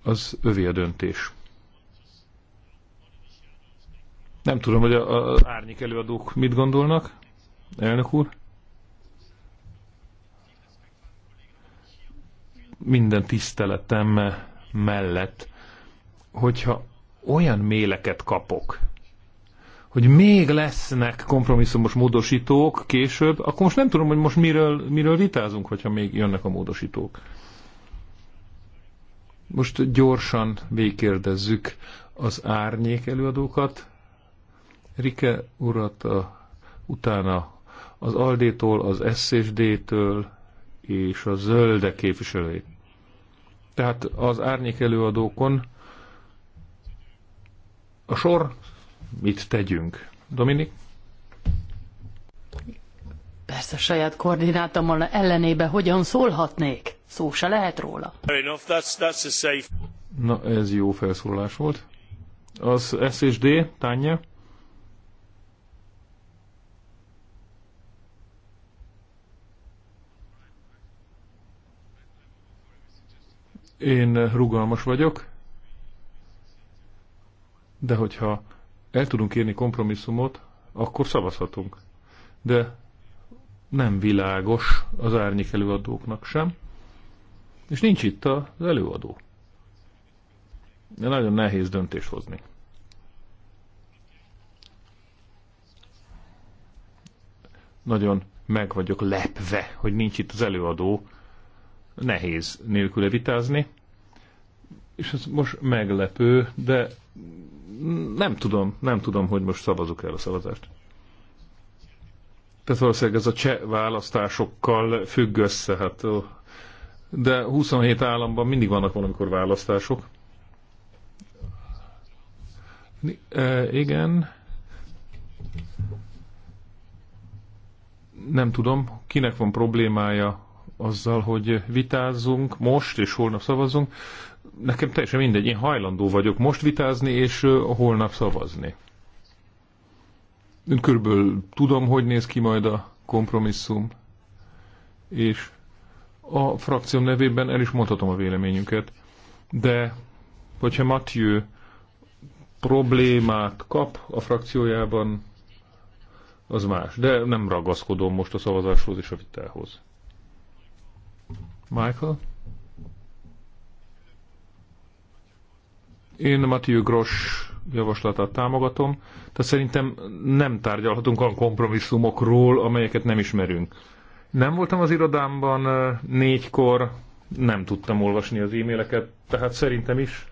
az övé a döntés. Nem tudom, hogy az árnyék előadók mit gondolnak, elnök úr. Minden tiszteletem mellett, hogyha olyan méleket kapok, hogy még lesznek kompromisszumos módosítók később, akkor most nem tudom, hogy most miről, miről vitázunk, hogyha még jönnek a módosítók. Most gyorsan végkérdezzük az árnyék előadókat. Rike urat a, utána az Aldétól, az SSD-től és a zölde képviselői. Tehát az árnyék előadókon a sor mit tegyünk? Dominik? Persze saját koordinátammal ellenébe hogyan szólhatnék? Szó se lehet róla. Na, ez jó felszólás volt. Az SSD, Tánja? Én rugalmas vagyok, de hogyha el tudunk írni kompromisszumot, akkor szavazhatunk. De nem világos az árnyék előadóknak sem, és nincs itt az előadó. De nagyon nehéz döntést hozni. Nagyon meg vagyok lepve, hogy nincs itt az előadó, nehéz nélküle vitázni, és ez most meglepő, de nem tudom, nem tudom, hogy most szavazok el a szavazást. Tehát valószínűleg ez a cseh választásokkal függ össze, hát, de 27 államban mindig vannak valamikor választások. E, igen. Nem tudom, kinek van problémája azzal, hogy vitázzunk most és holnap szavazunk. Nekem teljesen mindegy, én hajlandó vagyok most vitázni és holnap szavazni. Én körülbelül tudom, hogy néz ki majd a kompromisszum, és a frakcióm nevében el is mondhatom a véleményünket, de hogyha Mathieu problémát kap a frakciójában, az más. De nem ragaszkodom most a szavazáshoz és a vitához. Michael? Én Matthew Gross javaslatát támogatom, tehát szerintem nem tárgyalhatunk a kompromisszumokról, amelyeket nem ismerünk. Nem voltam az irodámban négykor, nem tudtam olvasni az e-maileket, tehát szerintem is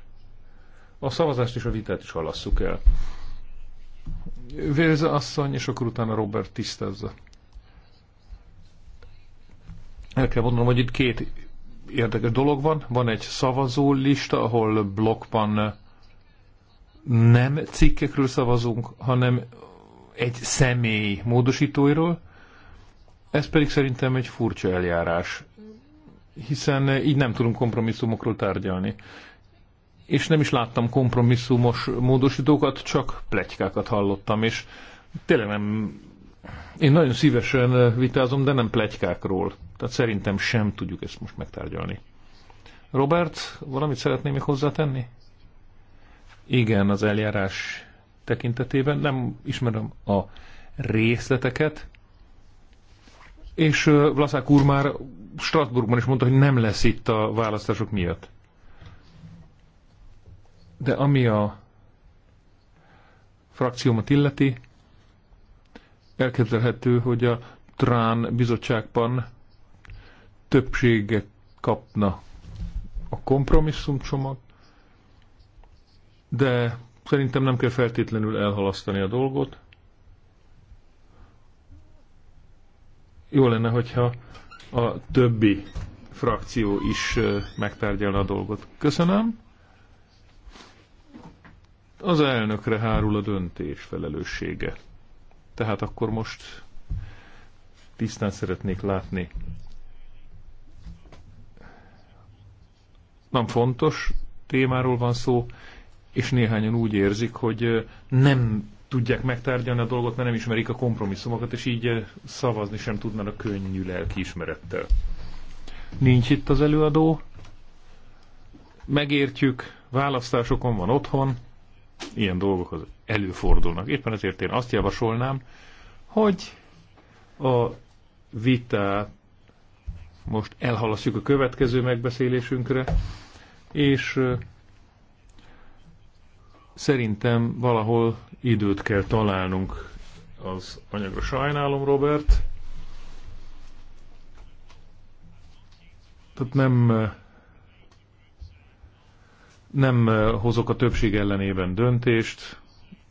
a szavazást és a vitát is halasszuk el. Vélze asszony, és akkor utána Robert tisztázza el kell mondanom, hogy itt két érdekes dolog van. Van egy szavazó lista, ahol blokkban nem cikkekről szavazunk, hanem egy személy módosítóiról. Ez pedig szerintem egy furcsa eljárás, hiszen így nem tudunk kompromisszumokról tárgyalni. És nem is láttam kompromisszumos módosítókat, csak pletykákat hallottam, és tényleg nem én nagyon szívesen eh, vitázom, de nem plegykákról. Tehát szerintem sem tudjuk ezt most megtárgyalni. Robert, valamit szeretném még hozzátenni? Igen, az eljárás tekintetében nem ismerem a részleteket, és eh, Vlaszák úr már Strasbourgban is mondta, hogy nem lesz itt a választások miatt. De ami a frakciómat illeti, elképzelhető, hogy a Trán bizottságban többséget kapna a kompromisszumcsomag, de szerintem nem kell feltétlenül elhalasztani a dolgot. Jó lenne, hogyha a többi frakció is megtárgyalna a dolgot. Köszönöm. Az elnökre hárul a döntés felelőssége. Tehát akkor most tisztán szeretnék látni. Nem fontos témáról van szó, és néhányan úgy érzik, hogy nem tudják megtárgyalni a dolgot, mert nem ismerik a kompromisszumokat, és így szavazni sem tudnának könnyű ismerettel. Nincs itt az előadó, megértjük, választásokon van otthon, ilyen dolgok az előfordulnak. Éppen ezért én azt javasolnám, hogy a vita most elhalasztjuk a következő megbeszélésünkre, és szerintem valahol időt kell találnunk az anyagra. Sajnálom, Robert. Tehát nem, nem hozok a többség ellenében döntést,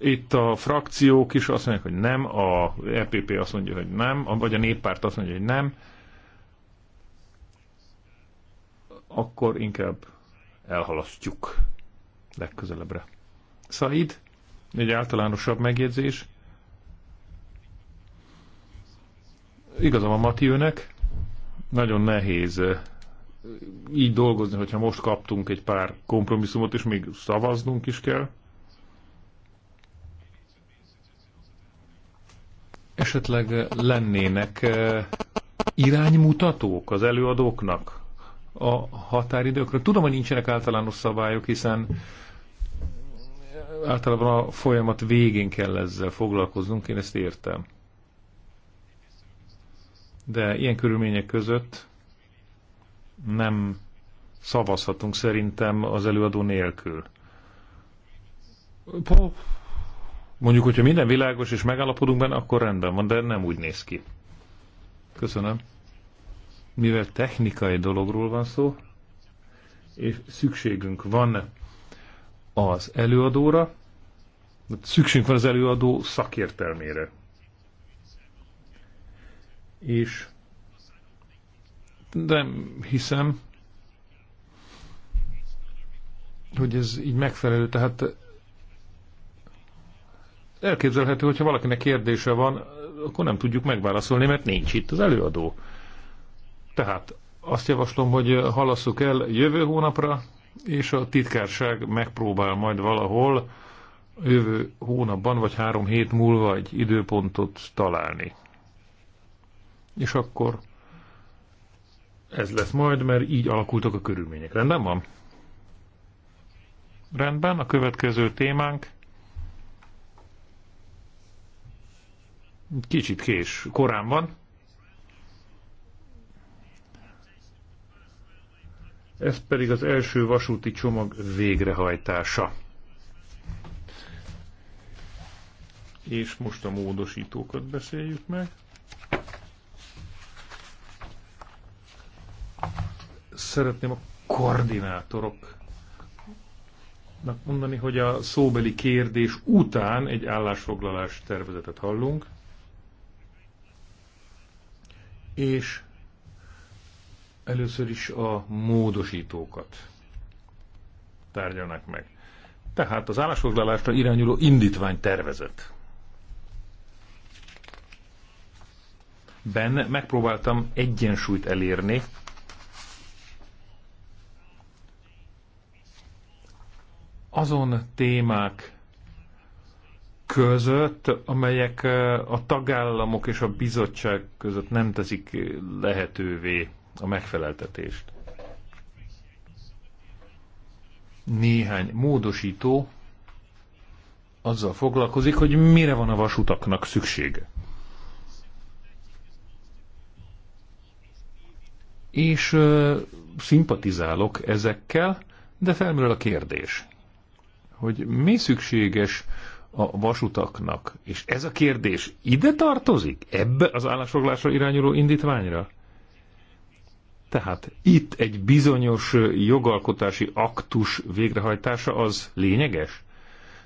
itt a frakciók is azt mondják, hogy nem, a EPP azt mondja, hogy nem, vagy a néppárt azt mondja, hogy nem. Akkor inkább elhalasztjuk legközelebbre. Said, egy általánosabb megjegyzés. Igaza van Matiőnek, nagyon nehéz eh, így dolgozni, hogyha most kaptunk egy pár kompromisszumot, és még szavaznunk is kell. esetleg lennének eh, iránymutatók az előadóknak a határidőkről? Tudom, hogy nincsenek általános szabályok, hiszen eh, általában a folyamat végén kell ezzel foglalkoznunk, én ezt értem. De ilyen körülmények között nem szavazhatunk szerintem az előadó nélkül. Mondjuk, hogyha minden világos és megállapodunk benne, akkor rendben van, de nem úgy néz ki. Köszönöm. Mivel technikai dologról van szó, és szükségünk van az előadóra, szükségünk van az előadó szakértelmére. És nem hiszem, hogy ez így megfelelő. Tehát elképzelhető, hogyha valakinek kérdése van, akkor nem tudjuk megválaszolni, mert nincs itt az előadó. Tehát azt javaslom, hogy halasszuk el jövő hónapra, és a titkárság megpróbál majd valahol jövő hónapban, vagy három hét múlva egy időpontot találni. És akkor ez lesz majd, mert így alakultak a körülmények. Rendben van? Rendben, a következő témánk Kicsit kés, korán van. Ez pedig az első vasúti csomag végrehajtása. És most a módosítókat beszéljük meg. Szeretném a koordinátorok mondani, hogy a szóbeli kérdés után egy állásfoglalás tervezetet hallunk és először is a módosítókat tárgyalnak meg. Tehát az állásfoglalásra irányuló indítvány tervezet. Benne megpróbáltam egyensúlyt elérni, azon témák között, amelyek a tagállamok és a bizottság között nem teszik lehetővé a megfeleltetést. Néhány módosító azzal foglalkozik, hogy mire van a vasutaknak szüksége. És ö, szimpatizálok ezekkel, de felmerül a kérdés, hogy mi szükséges a vasutaknak. És ez a kérdés ide tartozik? Ebbe az állásfoglásra irányuló indítványra? Tehát itt egy bizonyos jogalkotási aktus végrehajtása az lényeges?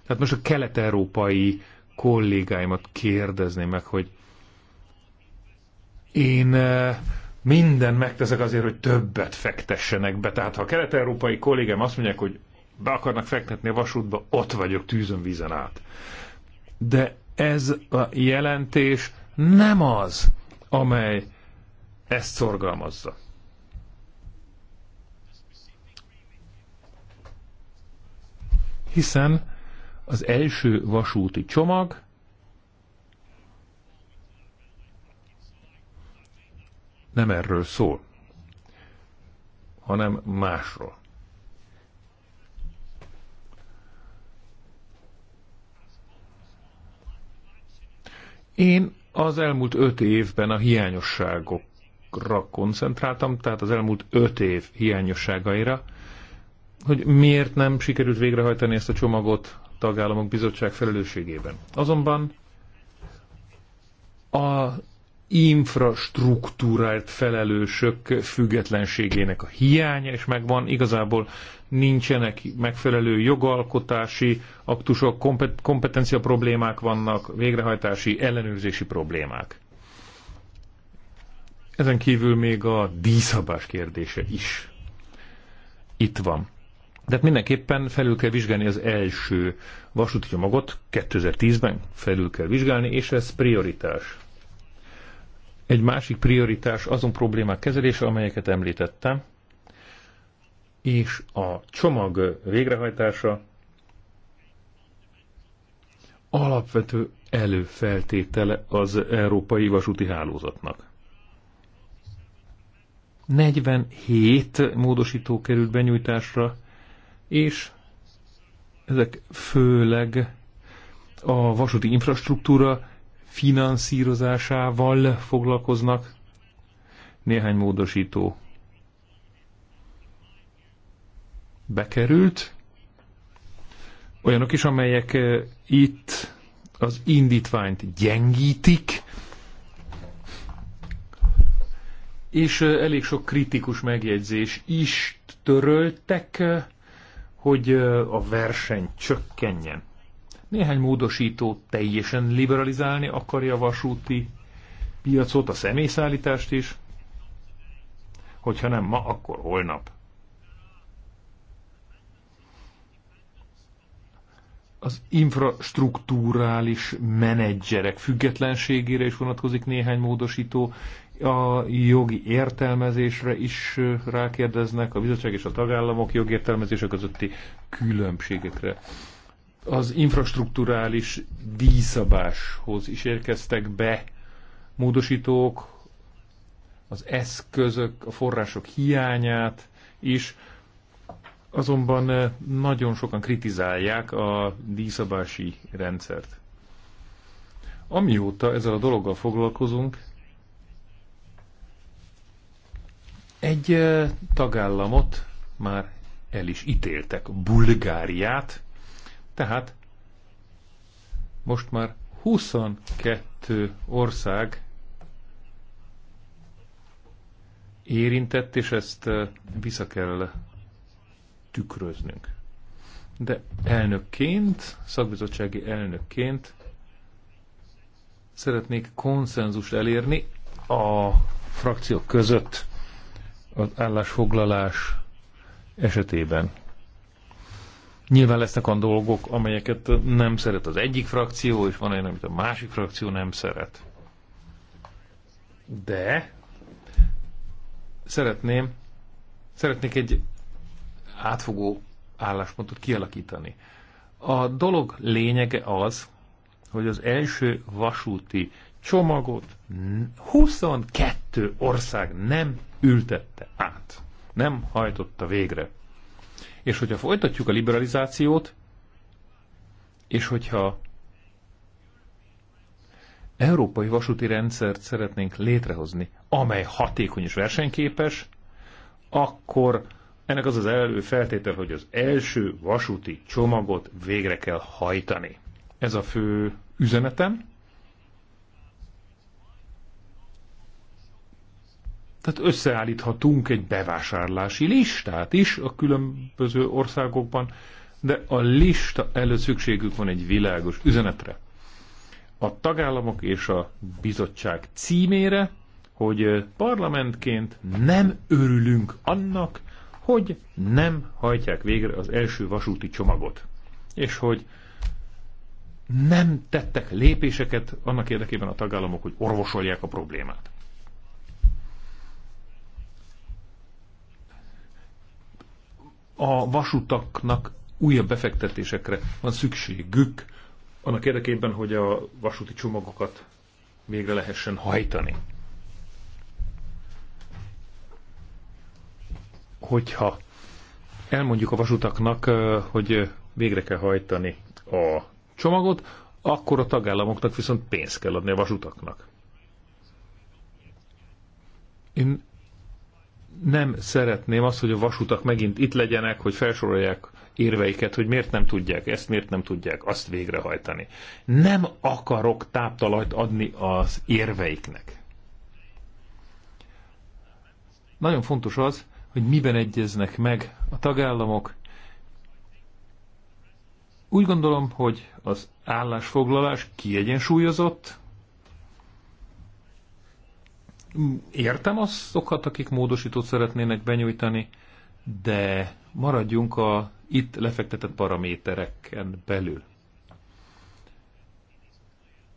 Tehát most a kelet-európai kollégáimat kérdezném meg, hogy én eh, minden megteszek azért, hogy többet fektessenek be. Tehát ha a kelet-európai kollégám azt mondják, hogy be akarnak fektetni a vasútba, ott vagyok tűzön vízen át. De ez a jelentés nem az, amely ezt szorgalmazza. Hiszen az első vasúti csomag nem erről szól, hanem másról. Én az elmúlt öt évben a hiányosságokra koncentráltam, tehát az elmúlt öt év hiányosságaira, hogy miért nem sikerült végrehajtani ezt a csomagot tagállamok bizottság felelősségében. Azonban a infrastruktúrált felelősök függetlenségének a hiánya, és megvan igazából nincsenek megfelelő jogalkotási aktusok, kompetencia problémák vannak, végrehajtási, ellenőrzési problémák. Ezen kívül még a díszabás kérdése is itt van. De hát mindenképpen felül kell vizsgálni az első vasúti magot 2010-ben felül kell vizsgálni, és ez prioritás. Egy másik prioritás azon problémák kezelése, amelyeket említettem, és a csomag végrehajtása alapvető előfeltétele az európai vasúti hálózatnak. 47 módosító került benyújtásra, és ezek főleg a vasúti infrastruktúra finanszírozásával foglalkoznak. Néhány módosító bekerült. Olyanok is, amelyek eh, itt az indítványt gyengítik, és eh, elég sok kritikus megjegyzés is töröltek, eh, hogy a verseny csökkenjen. Néhány módosító teljesen liberalizálni akarja a vasúti piacot, a személyszállítást is. Hogyha nem ma, akkor holnap. az infrastruktúrális menedzserek függetlenségére is vonatkozik néhány módosító, a jogi értelmezésre is rákérdeznek, a bizottság és a tagállamok jogértelmezése közötti különbségekre az infrastruktúrális díszabáshoz is érkeztek be módosítók, az eszközök, a források hiányát is, azonban eh, nagyon sokan kritizálják a díszabási rendszert. Amióta ezzel a dologgal foglalkozunk, egy eh, tagállamot már el is ítéltek, Bulgáriát, tehát most már 22 ország érintett, és ezt eh, vissza kell tükröznünk. De elnökként, szakbizottsági elnökként szeretnék konszenzust elérni a frakciók között az állásfoglalás esetében. Nyilván lesznek olyan dolgok, amelyeket nem szeret az egyik frakció, és van olyan, amit a másik frakció nem szeret. De szeretném, szeretnék egy átfogó álláspontot kialakítani. A dolog lényege az, hogy az első vasúti csomagot 22 ország nem ültette át, nem hajtotta végre. És hogyha folytatjuk a liberalizációt, és hogyha európai vasúti rendszert szeretnénk létrehozni, amely hatékony és versenyképes, akkor ennek az az feltétel, hogy az első vasúti csomagot végre kell hajtani. Ez a fő üzenetem, Tehát összeállíthatunk egy bevásárlási listát is a különböző országokban, de a lista elő szükségük van egy világos üzenetre. A tagállamok és a bizottság címére, hogy parlamentként nem örülünk annak, hogy nem hajtják végre az első vasúti csomagot. És hogy nem tettek lépéseket annak érdekében a tagállamok, hogy orvosolják a problémát. a vasutaknak újabb befektetésekre van szükségük, annak érdekében, hogy a vasúti csomagokat végre lehessen hajtani. Hogyha elmondjuk a vasutaknak, hogy végre kell hajtani a csomagot, akkor a tagállamoknak viszont pénzt kell adni a vasutaknak. Én nem szeretném azt, hogy a vasutak megint itt legyenek, hogy felsorolják érveiket, hogy miért nem tudják ezt, miért nem tudják azt végrehajtani. Nem akarok táptalajt adni az érveiknek. Nagyon fontos az, hogy miben egyeznek meg a tagállamok. Úgy gondolom, hogy az állásfoglalás kiegyensúlyozott, értem azokat, akik módosítót szeretnének benyújtani, de maradjunk a itt lefektetett paramétereken belül.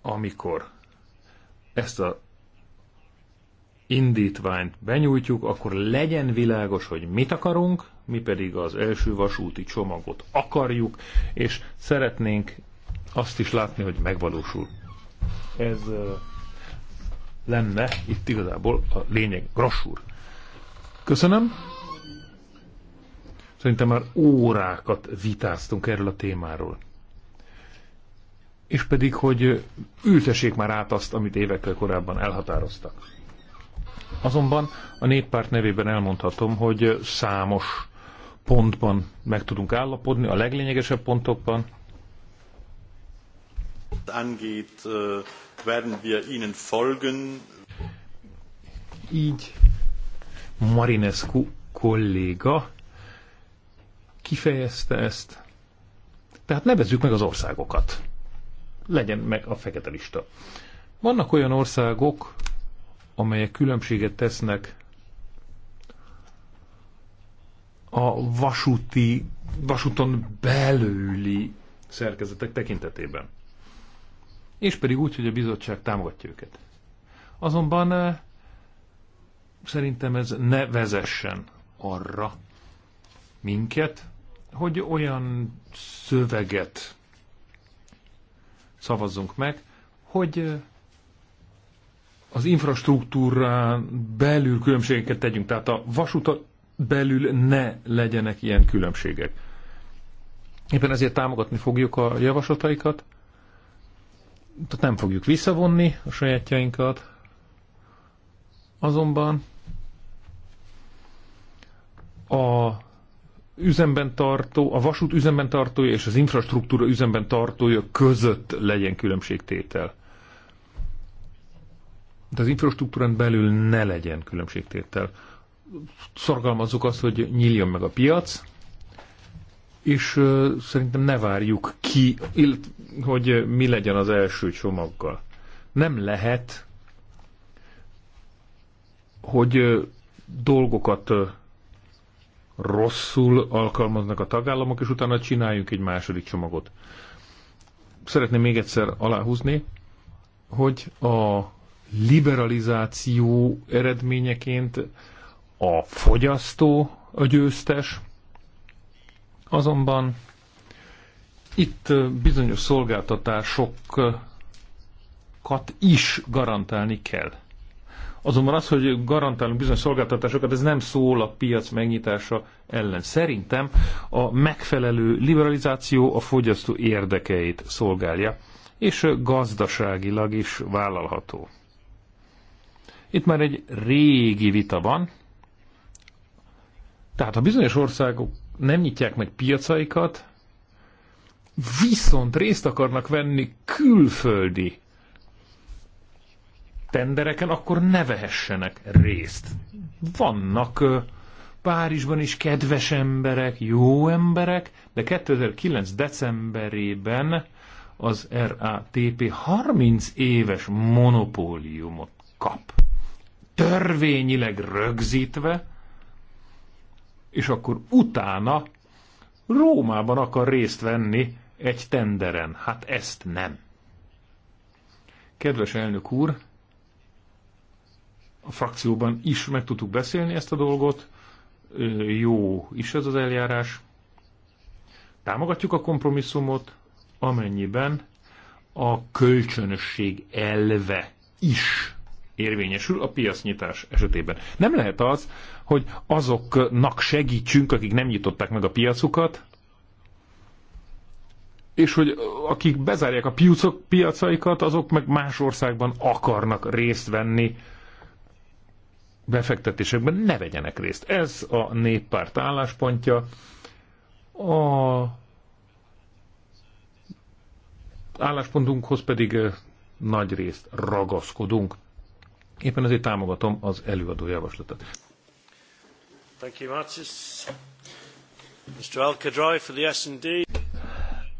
Amikor ezt a indítványt benyújtjuk, akkor legyen világos, hogy mit akarunk, mi pedig az első vasúti csomagot akarjuk, és szeretnénk azt is látni, hogy megvalósul. Ez lenne itt igazából a lényeg. Grasúr. Köszönöm. Szerintem már órákat vitáztunk erről a témáról. És pedig, hogy ültessék már át azt, amit évekkel korábban elhatároztak. Azonban a néppárt nevében elmondhatom, hogy számos pontban meg tudunk állapodni, a leglényegesebb pontokban, angeht, äh, werden wir Ihnen folgen. Így Marinescu kolléga kifejezte ezt. Tehát nevezzük meg az országokat. Legyen meg a fekete lista. Vannak olyan országok, amelyek különbséget tesznek a vasúti, vasúton belüli szerkezetek tekintetében és pedig úgy, hogy a bizottság támogatja őket. Azonban eh, szerintem ez ne vezessen arra minket, hogy olyan szöveget szavazzunk meg, hogy eh, az infrastruktúrán belül különbségeket tegyünk. Tehát a vasúta belül ne legyenek ilyen különbségek. Éppen ezért támogatni fogjuk a javaslataikat, tehát nem fogjuk visszavonni a sajátjainkat, azonban a üzemben tartó, a vasút üzemben tartója és az infrastruktúra üzemben tartója között legyen különbségtétel. De az infrastruktúrán belül ne legyen különbségtétel. Szorgalmazzuk azt, hogy nyíljon meg a piac, és szerintem ne várjuk ki, hogy mi legyen az első csomaggal. Nem lehet, hogy dolgokat rosszul alkalmaznak a tagállamok, és utána csináljunk egy második csomagot. Szeretném még egyszer aláhúzni, hogy a liberalizáció eredményeként a fogyasztó a győztes, Azonban itt bizonyos szolgáltatásokat is garantálni kell. Azonban az, hogy garantálunk bizonyos szolgáltatásokat, ez nem szól a piac megnyitása ellen. Szerintem a megfelelő liberalizáció a fogyasztó érdekeit szolgálja, és gazdaságilag is vállalható. Itt már egy régi vita van, tehát ha bizonyos országok nem nyitják meg piacaikat, viszont részt akarnak venni külföldi tendereken, akkor ne vehessenek részt. Vannak Párizsban is kedves emberek, jó emberek, de 2009. decemberében az RATP 30 éves monopóliumot kap. Törvényileg rögzítve, és akkor utána Rómában akar részt venni egy tenderen. Hát ezt nem. Kedves elnök úr, a frakcióban is meg tudtuk beszélni ezt a dolgot, jó is ez az eljárás. Támogatjuk a kompromisszumot, amennyiben a kölcsönösség elve is érvényesül a piacnyitás esetében. Nem lehet az, hogy azoknak segítsünk, akik nem nyitották meg a piacukat, és hogy akik bezárják a piacok, piacaikat, azok meg más országban akarnak részt venni befektetésekben, ne vegyenek részt. Ez a néppárt álláspontja. A álláspontunkhoz pedig eh, nagy részt ragaszkodunk. Éppen ezért támogatom az előadó javaslatát. Thank you, Martis. Mr. Alkadrai for the S&D.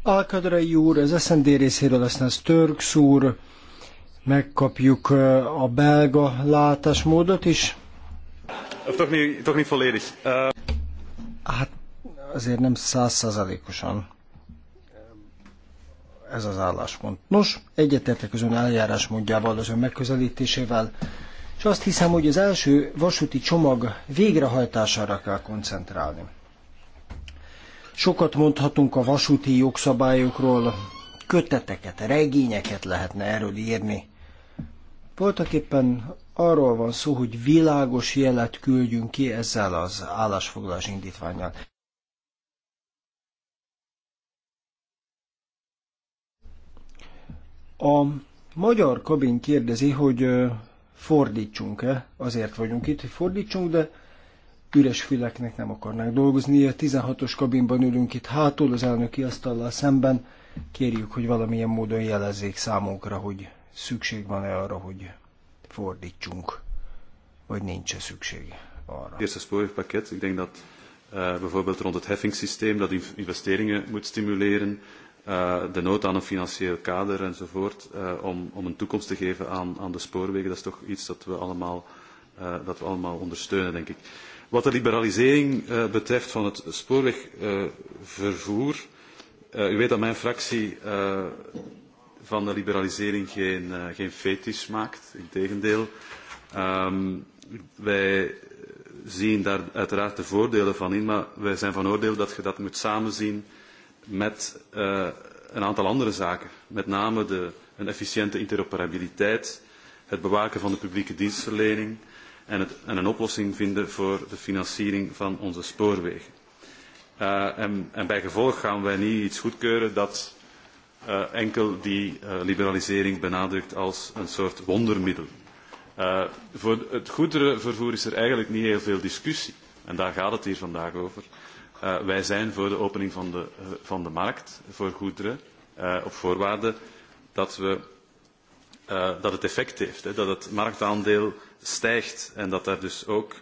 Alkadrai úr, az S&D részéről aztán Störks úr, megkapjuk uh, a belga látásmódot is. Uh, hát azért nem százszázalékosan ez az álláspont. Nos, egyetértek az ön eljárásmódjával, az ön megközelítésével, és azt hiszem, hogy az első vasúti csomag végrehajtására kell koncentrálni. Sokat mondhatunk a vasúti jogszabályokról, köteteket, regényeket lehetne erről írni. Voltak éppen arról van szó, hogy világos jelet küldjünk ki ezzel az állásfoglalás indítványjal. A magyar kabin kérdezi, hogy fordítsunk-e, azért vagyunk itt, hogy fordítsunk, de üres füleknek nem akarnak dolgozni. A 16-os kabinban ülünk itt hátul, az elnöki asztallal szemben. Kérjük, hogy valamilyen módon jelezzék számunkra, hogy szükség van-e arra, hogy fordítsunk, vagy nincs-e szükség arra. Eerste spoorwegpakket, ik denk dat uh, bijvoorbeeld rond het heffingssysteem dat investeringen moet stimuleren, Eh, de nood aan een financieel kader enzovoort, uh, om, om een toekomst te geven aan, aan de spoorwegen. Dat is toch iets dat we allemaal, uh, dat we allemaal ondersteunen, denk ik. Wat de liberalisering uh, betreft van het spoorwegvervoer, uh, uh, u weet dat mijn fractie uh, van de liberalisering geen, uh, geen fetisch maakt, integendeel. Um, wij zien daar uiteraard de voordelen van in, maar wij zijn van oordeel dat je dat moet samenzien met uh, een aantal andere zaken. Met name de, een efficiënte interoperabiliteit, het bewaken van de publieke dienstverlening en, het, en een oplossing vinden voor de financiering van onze spoorwegen. Uh, en, en bij gevolg gaan wij niet iets goedkeuren dat uh, enkel die uh, liberalisering benadrukt als een soort wondermiddel. Uh, voor het goederenvervoer is er eigenlijk niet heel veel discussie. En daar gaat het hier vandaag over. Uh, wij zijn voor de opening van de, uh, van de markt voor goederen uh, op voorwaarde dat, we, uh, dat het effect heeft, hè, dat het marktaandeel stijgt en dat daar er dus ook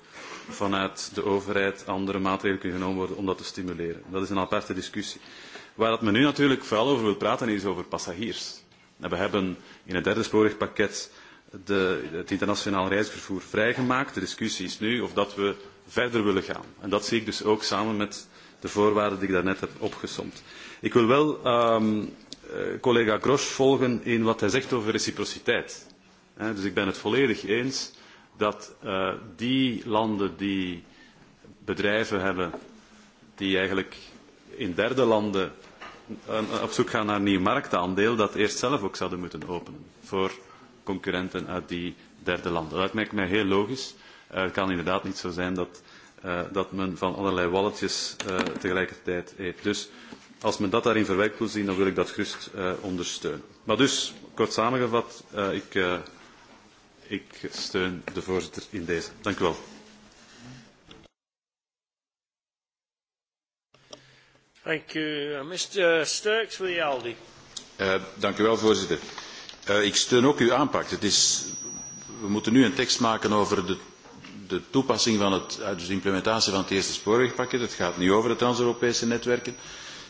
vanuit de overheid andere maatregelen kunnen genomen worden om dat te stimuleren. Dat is een aparte discussie. Waar dat men nu natuurlijk vooral over wil praten is over passagiers. En we hebben in het derde spoorwegpakket de, het internationaal reisvervoer vrijgemaakt. De discussie is nu of dat we verder willen gaan. En dat zie ik dus ook samen met de voorwaarden die ik daarnet heb opgesomd. Ik wil wel um, collega Grosch volgen in wat hij zegt over reciprociteit. He, dus ik ben het volledig eens dat uh, die landen die bedrijven hebben die eigenlijk in derde landen eh, op zoek gaan naar een nieuw marktaandeel, dat eerst zelf ook zouden moeten openen voor concurrenten uit die derde landen. Dat lijkt mij heel logisch het eh, kan inderdaad niet zo zijn dat, uh, dat men van allerlei walletjes uh, tegelijkertijd eet. Dus als men dat daarin verwerkt wil zien, dan wil ik dat gerust uh, ondersteunen. Maar dus, kort samengevat, uh, ik, uh, ik steun de voorzitter in deze. Dank u wel. Dank u. Mr. Sturks voor de ALDI. Uh, dank u wel, voorzitter. Uh, ik steun ook uw aanpak. Het is, we moeten nu een tekst maken over de de toepassing van het, eh, dus de implementatie van het eerste spoorwegpakket. Het gaat niet over de trans-Europese netwerken.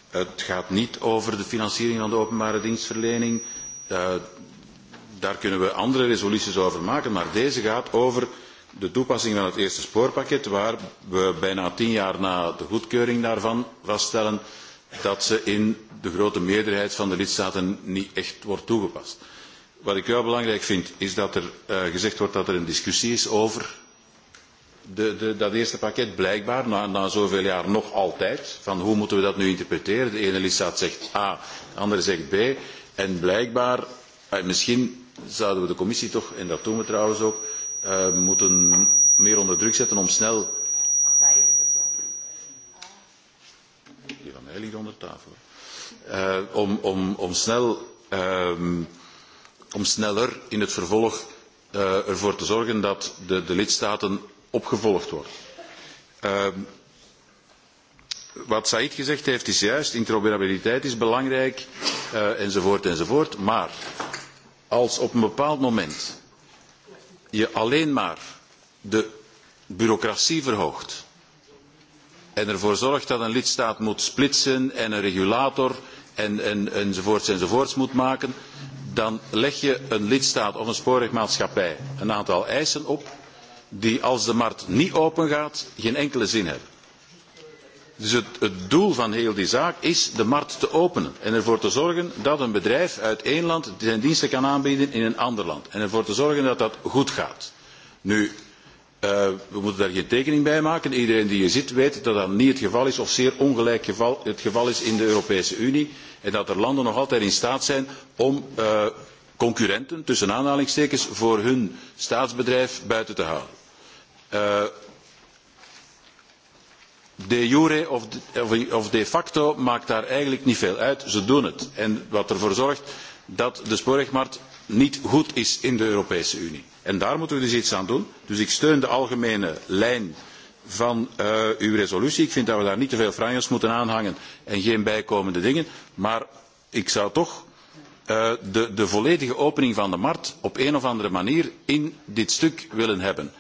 Het gaat niet over de financiering van de openbare dienstverlening. Uh, daar kunnen we andere resoluties over maken, maar deze gaat over de toepassing van het eerste spoorpakket, waar we bijna tien jaar na de goedkeuring daarvan vaststellen dat ze in de grote meerderheid van de lidstaten niet echt wordt toegepast. Wat ik wel belangrijk vind, is dat er uh, gezegd wordt dat er een discussie is over de, de, dat eerste pakket blijkbaar na, na zoveel jaar nog altijd. Van hoe moeten we dat nu interpreteren? De ene lidstaat zegt A, de andere zegt B. En blijkbaar, eh, misschien zouden we de commissie toch, en dat doen we trouwens ook, eh, moeten meer onder druk zetten om snel... Die van mij ligt onder tafel. Eh, om, om, om, snel, eh, om sneller in het vervolg eh, ervoor te zorgen dat de, de lidstaten opgevolgd wordt. Uh, wat Said gezegd heeft is juist, interoperabiliteit is belangrijk, uh, enzovoort, enzovoort. Maar als op een bepaald moment je alleen maar de bureaucratie verhoogt en ervoor zorgt dat een lidstaat moet splitsen en een regulator en, en, enzovoorts enzovoorts moet maken, dan leg je een lidstaat of een spoorwegmaatschappij een aantal eisen op die als de markt niet opengaat geen enkele zin hebben. Dus het, doel van heel die zaak is de markt te openen en ervoor te zorgen dat een bedrijf uit één land zijn diensten kan aanbieden in een ander land. En ervoor te zorgen dat dat goed gaat. Nu, uh, we moeten daar geen tekening bij maken. Iedereen die hier zit weet dat dat niet het geval is of zeer ongelijk geval, het geval is in de Europese Unie. En dat er landen nog altijd in staat zijn om uh, concurrenten, tussen aanhalingstekens, voor hun staatsbedrijf buiten te houden. Uh, de jure of de, of de facto maakt daar eigenlijk niet veel uit. Ze doen het. En wat ervoor zorgt dat de spoorwegmarkt niet goed is in de Europese Unie. En daar moeten we dus iets aan doen. Dus ik steun de algemene lijn van uh, uw resolutie. Ik vind dat we daar niet te veel franjes moeten aanhangen en geen bijkomende dingen. Maar ik zou toch uh, de, de volledige opening van de markt op een of andere manier in dit stuk willen hebben.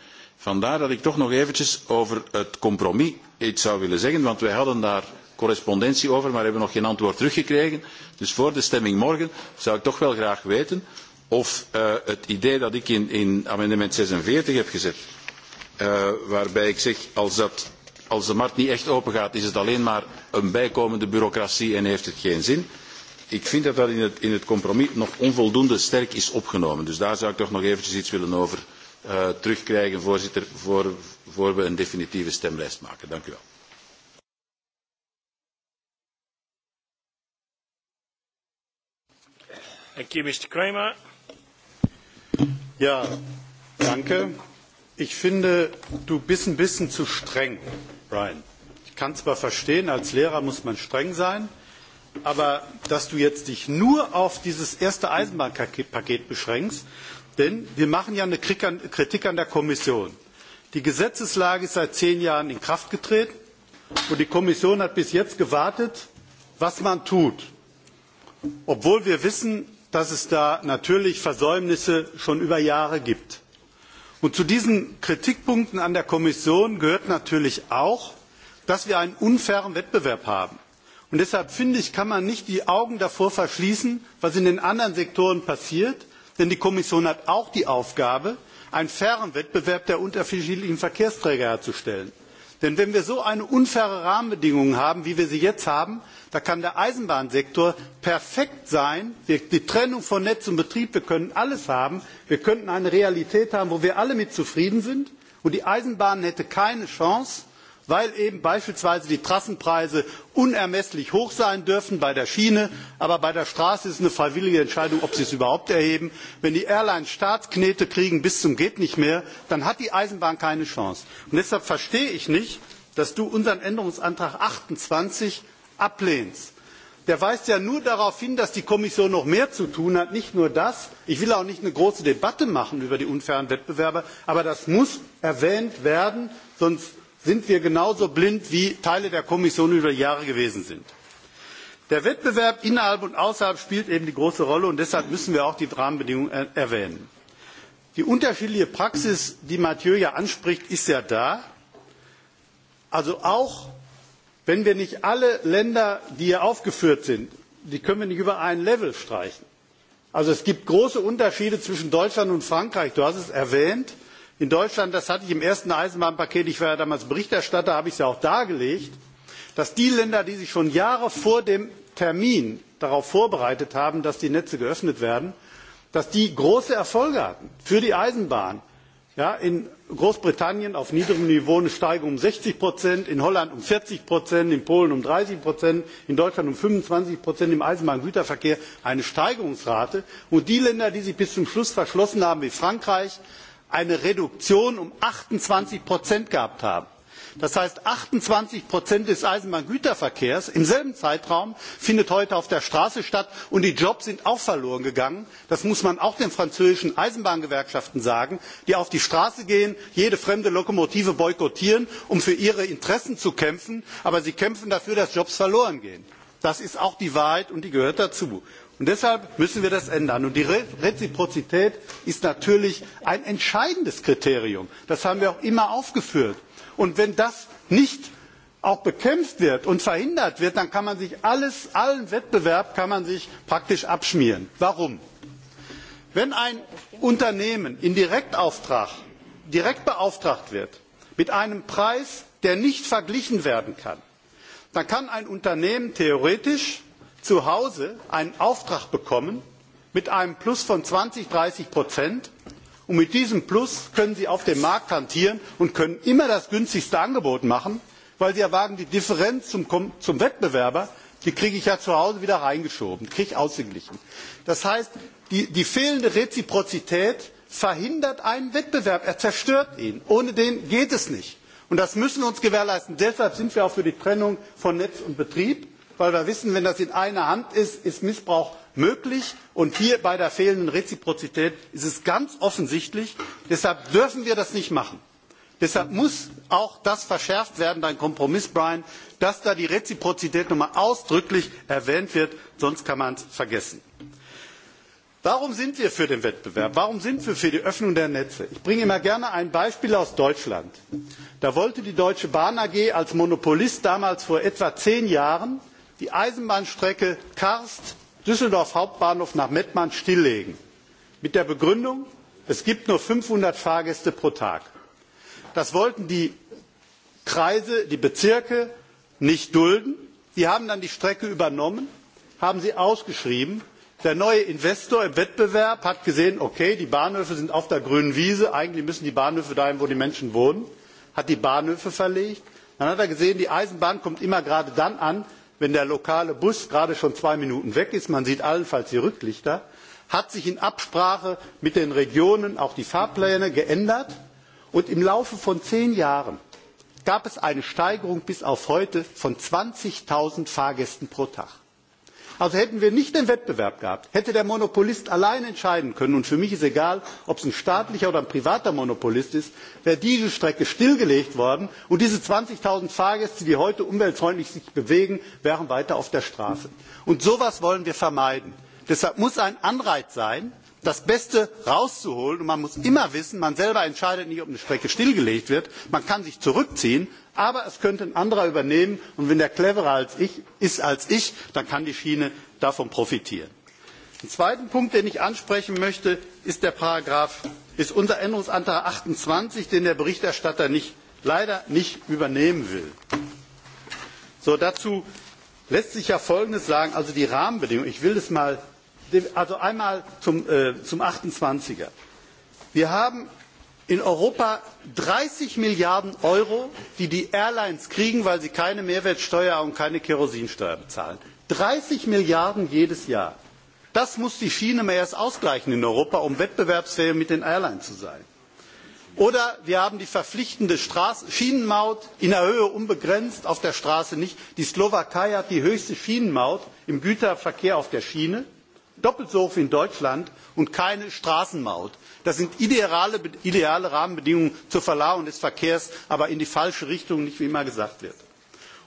Vandaar dat ik toch nog eventjes over het compromis iets zou willen zeggen, want wij hadden daar correspondentie over, maar hebben nog geen antwoord teruggekregen. Dus voor de stemming morgen zou ik toch wel graag weten of uh, het idee dat ik in, in amendement 46 heb gezet, uh, waarbij ik zeg als, dat, als de markt niet echt open gaat, is het alleen maar een bijkomende bureaucratie en heeft het geen zin. Ik vind dat dat in het, in het compromis nog onvoldoende sterk is opgenomen. Dus daar zou ik toch nog eventjes iets willen over Eh, terugkrijgen, voorzitter, voor, voor we een definitieve stemlijst maken. Dank u wel. Thank you, Mr. Kramer. Ja, danke. Ich finde, du bist ein bisschen zu streng, Brian. Ich kann zwar verstehen, als Lehrer muss man streng sein, aber dass du jetzt dich nur auf dieses erste Eisenbahnpaket beschränkst Denn wir machen ja eine Kritik an der Kommission. Die Gesetzeslage ist seit zehn Jahren in Kraft getreten und die Kommission hat bis jetzt gewartet, was man tut. Obwohl wir wissen, dass es da natürlich Versäumnisse schon über Jahre gibt. Und zu diesen Kritikpunkten an der Kommission gehört natürlich auch, dass wir einen unfairen Wettbewerb haben. Und deshalb finde ich, kann man nicht die Augen davor verschließen, was in den anderen Sektoren passiert, denn die kommission hat auch die aufgabe einen fairen wettbewerb der unterschiedlichen verkehrsträger herzustellen. denn wenn wir so unfaire rahmenbedingungen haben wie wir sie jetzt haben dann kann der eisenbahnsektor perfekt sein die trennung von netz und betrieb wir können alles haben wir könnten eine realität haben mit der wir alle zufrieden sind und die eisenbahn hätte keine chance weil eben beispielsweise die trassenpreise unermesslich hoch sein dürfen bei der schiene aber bei der straße ist es eine freiwillige entscheidung ob sie es überhaupt erheben. wenn die airlines staatsknete kriegen bis zum gehtnichtmehr dann hat die eisenbahn keine chance. deshalb verstehe ich nicht dass du unseren änderungsantrag achtundzwanzig ablehnst. der weist ja nur darauf hin dass die kommission noch mehr zu tun hat nicht nur das ich will auch nicht eine große debatte machen über die unfairen wettbewerber aber das muss erwähnt werden sonst sind wir genauso blind wie teile der kommission über die jahre gewesen sind. der wettbewerb innerhalb und außerhalb spielt eben die große rolle und deshalb müssen wir auch die rahmenbedingungen er erwähnen. die unterschiedliche praxis die mathieu ja anspricht ist ja da. also auch wenn wir nicht alle länder die hier aufgeführt sind die können wir nicht über einen level streichen. also es gibt große unterschiede zwischen deutschland und frankreich du hast es erwähnt in deutschland das hatte ich im ersten eisenbahnpaket ich war ja damals berichterstatter habe ich es ja auch dargelegt dass die länder die sich schon jahre vor dem termin darauf vorbereitet haben dass die netze geöffnet werden große erfolge hatten für die eisenbahn in großbritannien auf niedrigem niveau eine steigerung um sechzig in holland um vierzig in polen um dreißig in deutschland um fünfundzwanzig im eisenbahngüterverkehr eine steigerungsrate und die länder die sich bis zum schluss verschlossen haben wie frankreich eine reduktion um achtundzwanzig gehabt haben. das heißt achtundzwanzig des eisenbahngüterverkehrs im selben zeitraum finden heute auf der straße statt und die jobs sind auch verloren gegangen. das muss man auch den französischen eisenbahngewerkschaften sagen die auf die straße gehen jede fremde lokomotive boykottieren um für ihre interessen zu kämpfen aber sie kämpfen dafür dass jobs verloren gehen. das ist auch die wahrheit und die gehört dazu. Und deshalb müssen wir das ändern. Und die Reziprozität ist natürlich ein entscheidendes Kriterium. Das haben wir auch immer aufgeführt. Und wenn das nicht auch bekämpft wird und verhindert wird, dann kann man sich alles, allen Wettbewerb kann man sich praktisch abschmieren. Warum? Wenn ein Unternehmen in Direktauftrag direkt beauftragt wird mit einem Preis, der nicht verglichen werden kann, dann kann ein Unternehmen theoretisch zu hause einen auftrag bekommen mit einem plus von zwanzig dreißig und mit diesem plus können sie auf dem markt hantieren und können immer das günstigste angebot machen weil sie ja sagen die differenz zum wettbewerber Die kriege ich ja zu hause wieder reingeschoben kriege ich ausgeglichen. das heißt die fehlende reziprozität verhindert einen wettbewerb er zerstört ihn. ohne den geht es nicht. und das müssen wir uns gewährleisten. deshalb sind wir auch für die trennung von netz und betrieb weil wir wissen wenn das in einer hand ist ist missbrauch möglich und hier bei der fehlenden reziprozität ist es ganz offensichtlich. deshalb dürfen wir das nicht machen. deshalb muss auch das verschärft werden dein kompromiss brian dass da die reziprozität noch einmal ausdrücklich erwähnt wird sonst kann man es vergessen. warum sind wir für den wettbewerb? warum sind wir für die öffnung der netze? ich bringe immer gerne ein beispiel aus deutschland. da wollte die deutsche bahn ag als monopolist damals vor etwa zehn jahren die eisenbahnstrecke karst düsseldorf hauptbahnhof nach mettmann stilllegen mit der begründung es gibt nur fünfhundert fahrgäste pro tag. das wollten die kreise die bezirke nicht dulden. sie haben dann die strecke übernommen haben sie ausgeschrieben. der neue investor im wettbewerb hat gesehen okay die bahnhöfe sind auf der grünen wiese eigentlich müssen die bahnhöfe dahin wo die menschen wohnen hat die bahnhöfe verlegt. dann hat er gesehen die eisenbahn kommt immer gerade dann an wenn der lokale bus gerade schon zwei minuten weg ist man sieht allenfalls die rücklichter hat sich in absprache mit den regionen auch die fahrpläne geändert und im laufe von zehn jahren gab es eine steigerung bis auf heute von zwanzig null fahrgästen pro tag also hätten wir nicht den wettbewerb gehabt hätte der monopolist allein entscheiden können und für mich ist egal ob es ein staatlicher oder ein privater monopolist ist wäre diese strecke stillgelegt worden und diese zwanzig null fahrgäste die sich heute umweltfreundlich bewegen wären weiter auf der straße. so etwas wollen wir vermeiden. deshalb muss ein anreiz sein das beste herauszuholen und man muss immer wissen man selber entscheidet nicht ob eine strecke stillgelegt wird man kann sich zurückziehen aber es könnte ein anderer übernehmen und wenn der cleverer ist als ich dann kann die schiene davon profitieren. ein zweiter punkt den ich ansprechen möchte ist unser änderungsantrag achtundzwanzig den der berichterstatter leider nicht übernehmen will. dazu lässt sich ja folgendes sagen also die rahmenbedingungen ich will das mal also einmal zum äh, achtundzwanzig er wir haben in europa dreißig milliarden euro die die airlines kriegen weil sie keine mehrwertsteuer und keine kerosinsteuer bezahlen dreißig milliarden jedes jahr! das muss die schiene mal erst ausgleichen in europa um wettbewerbsfähig mit den airlines zu sein. oder wir haben die verpflichtende schienenmaut in der höhe unbegrenzt auf der straße nicht. die slowakei hat die höchste schienenmaut im güterverkehr auf der schiene doppelt so hoch wie in deutschland und keine straßenmaut das sind ideale, rahmenbedingungen zur verlagerung des verkehrs aber in die falsche richtung nicht wie immer gesagt wird.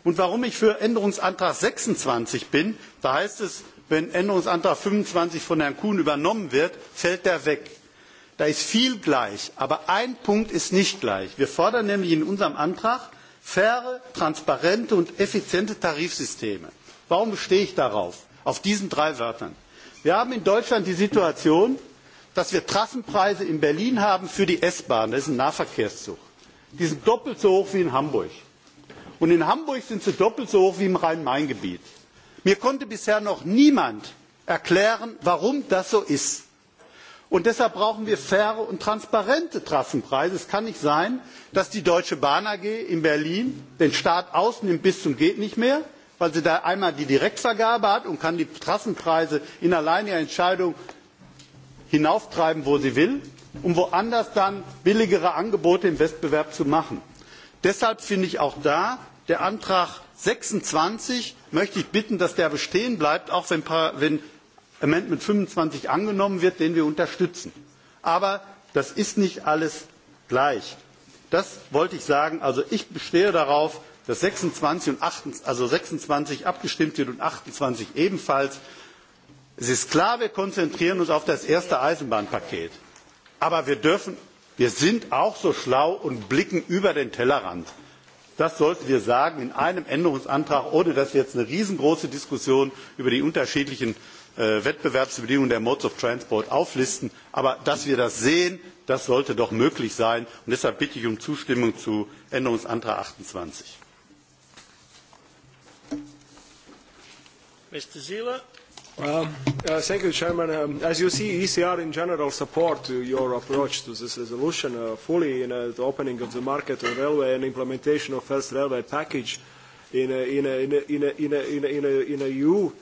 und warum ich für änderungsantrag sechsundzwanzig bin da heißt es wenn änderungsantrag fünfundzwanzig von herrn kuhn übernommen wird fällt er weg. da ist viel gleich aber ein punkt ist nicht gleich wir fordern nämlich in unserem antrag faire transparente und effiziente tarifsysteme. warum bestehe ich darauf auf diesen drei wörtern? wir haben in deutschland die situation dass wir trassenpreise in berlin haben für die s bahn das ist ein nahverkehrszug die sind doppelt so hoch wie in hamburg und in hamburg sind sie doppelt so hoch wie im rhein main gebiet. mir konnte bisher noch niemand erklären warum das so ist. Und deshalb brauchen wir faire und transparente trassenpreise. es kann nicht sein dass die deutsche bahn ag in berlin den staat ausnimmt bis zum geht nicht mehr weil sie da einmal die direktvergabe hat und kann die trassenpreise in alleiniger entscheidung hinauftreiben wo sie will um woanders dann billigere angebote im wettbewerb zu machen. deshalb finde ich auch da den antrag sechsundzwanzig möchte ich bitten dass der bestehen bleibt auch wenn änderungsantrag fünfundzwanzig angenommen wird den wir unterstützen. aber das ist nicht alles gleich. das wollte ich sagen. also ich bestehe darauf dass sechsundzwanzig abgestimmt wird und achtundzwanzig ebenfalls es ist klar wir konzentrieren uns auf das erste eisenbahnpaket aber wir dürfen wir sind auch so schlau und blicken über den tellerrand. das sollten wir sagen in einem änderungsantrag ohne dass wir jetzt eine riesengroße diskussion über die unterschiedlichen äh, wettbewerbsbedingungen der modes of transport auflisten aber dass wir das sehen das sollte doch möglich sein und deshalb bitte ich um zustimmung zu änderungsantrag. achtundzwanzig Um, uh, thank you, Chairman. Um, as you see, ECR in general support uh, your approach to this resolution uh, fully in uh, the opening of the market on railway and implementation of first railway package in a uh, uh, EU.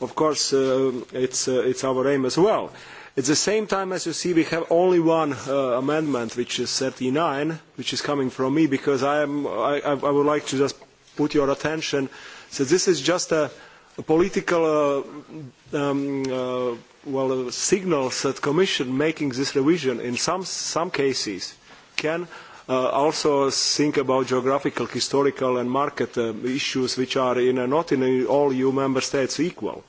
Of course, um, it's, uh, it's our aim as well. At the same time, as you see, we have only one uh, amendment, which is 39, which is coming from me because I, am, I, I would like to just put your attention. So this is just a, a political uh, um, uh, well, signals that Commission making this revision in some, some cases can uh, also think about geographical, historical and market uh, issues which are in, a not in all EU member states equal.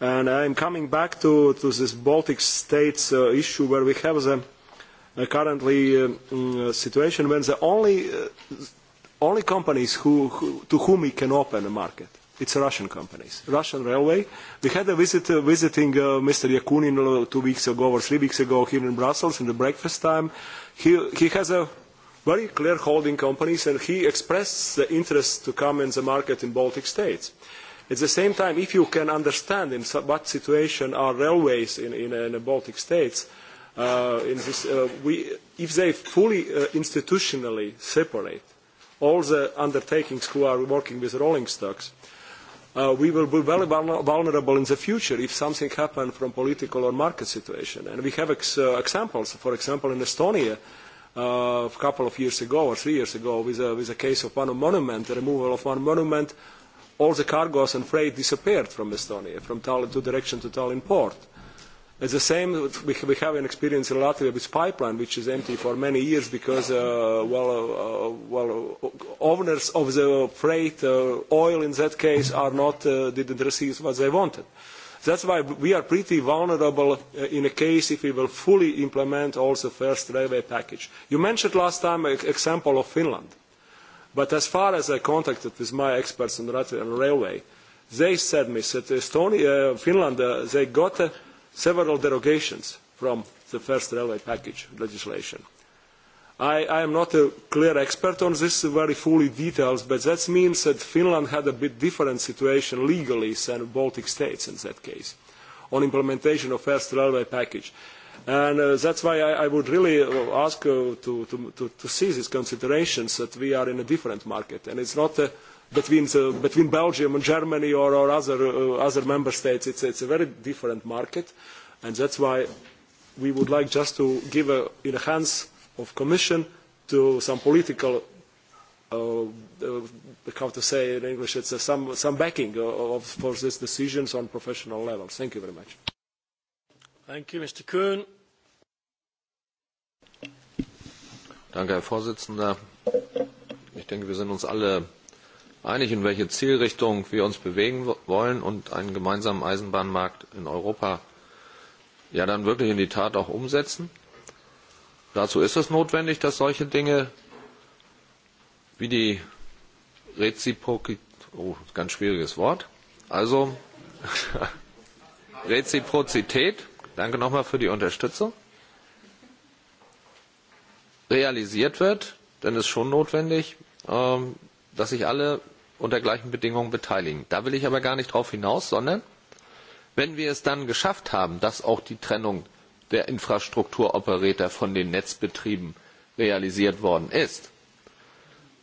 And I'm coming back to, to this Baltic states uh, issue where we have the uh, currently um, uh, situation when the only, uh, only companies who, who, to whom we can open a market – It's a Russian company. Russian railway. We had a visit uh, visiting uh, Mr. Yakunin uh, two weeks ago or three weeks ago here in Brussels in the breakfast time. He, he has a very clear holding companies and he expressed the interest to come in the market in Baltic states. At the same time, if you can understand in what situation are railways in, in, in the Baltic states, uh, in this, uh, we, if they fully uh, institutionally separate all the undertakings who are working with rolling stocks, uh, uh, we will be very vulnerable in the future if something happens from political or market situation. And we have ex uh, examples, for example, in Estonia, uh, a couple of years ago or three years ago, with a, with a case of one monument, the removal of one monument, all the cargoes and freight disappeared from Estonia, from Tallinn to direction to Tallinn port. Uh, It's the same, we have an experience in Latvia with pipeline, which is empty for many years because, uh, well, uh, uh well, uh, owners of the freight uh, oil in that case are not, uh, didn't receive what they wanted. That's why we are pretty vulnerable uh, in a case if we will fully implement also first railway package. You mentioned last time an example of Finland. But as far as I contacted with my experts on Latvian railway, they said me that Estonia, Finland, they got several derogations from the first railway package legislation. I, I am not a clear expert on this very fully details, but that means that Finland had a bit different situation legally than Baltic states in that case on implementation of first railway package. And uh, that's why I, I would really uh, ask uh, to, to, to, to see these considerations that we are in a different market. And it's not a, between, the, uh, between Belgium and Germany or, or other, uh, other member states. It's, it's a very different market, and that's why we would like just to give a, in the hands of Commission to some political, uh, uh, how to say in English, it's uh, some, some backing of, for these decisions on professional levels. Thank you very much. Thank you, Mr. Kuhn. Danke, Herr Vorsitzender. Ich denke, wir sind uns alle einig, in welche Zielrichtung wir uns bewegen wollen und einen gemeinsamen Eisenbahnmarkt in Europa ja dann wirklich in die Tat auch umsetzen. Dazu ist es notwendig, dass solche Dinge wie die Reziprozität, oh, ganz schwieriges Wort, also Reziprozität, danke nochmal für die Unterstützung, realisiert wird, denn es ist schon notwendig, ähm, dass sich alle unter gleichen Bedingungen beteiligen. Da will ich aber gar nicht drauf hinaus, sondern wenn wir es dann geschafft haben, dass auch die Trennung der Infrastrukturoperator von den Netzbetrieben realisiert worden ist,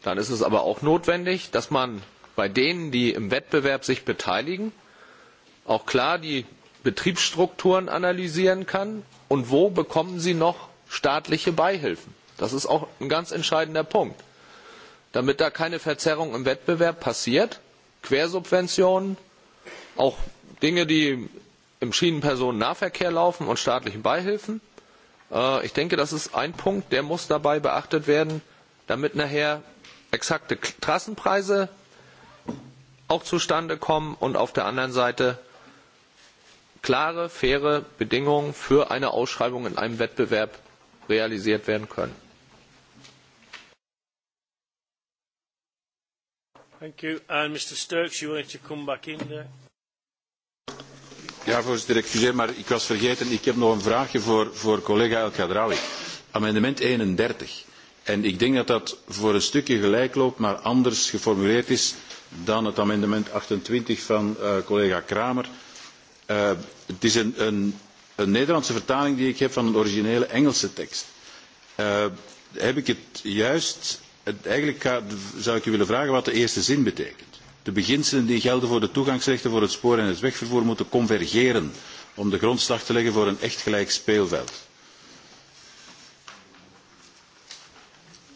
dann ist es aber auch notwendig, dass man bei denen, die im Wettbewerb sich beteiligen, auch klar die Betriebsstrukturen analysieren kann und wo bekommen sie noch staatliche Beihilfen. Das ist auch ein ganz entscheidender Punkt damit da keine verzerrung im wettbewerb passiert quersubventionen auch dinge die im schienenpersonennahverkehr laufen und staatliche beihilfen. Äh, ich denke das ist ein punkt der muss dabei beachtet werden damit nachher exakte trassenpreise auch zustande kommen und auf der anderen seite klare faire bedingungen für eine ausschreibung in einem wettbewerb realisiert werden können. Thank you. And Mr. Sturks, you wanted to come back in there? Ja, voorzitter, excuseer, maar ik was vergeten. Ik heb nog een vraagje voor, voor collega El Khadraoui. Amendement 31. En ik denk dat dat voor een stukje gelijk loopt, maar anders geformuleerd is dan het amendement 28 van uh, collega Kramer. Uh, het is een, een, een Nederlandse vertaling die ik heb van een originele Engelse tekst. Uh, heb ik het juist eigenlijk zou ik u willen vragen wat de eerste zin betekent. De beginselen die gelden voor de toegangsrechten voor het spoor en het wegvervoer moeten convergeren om de grondslag te leggen voor een echt gelijk speelveld.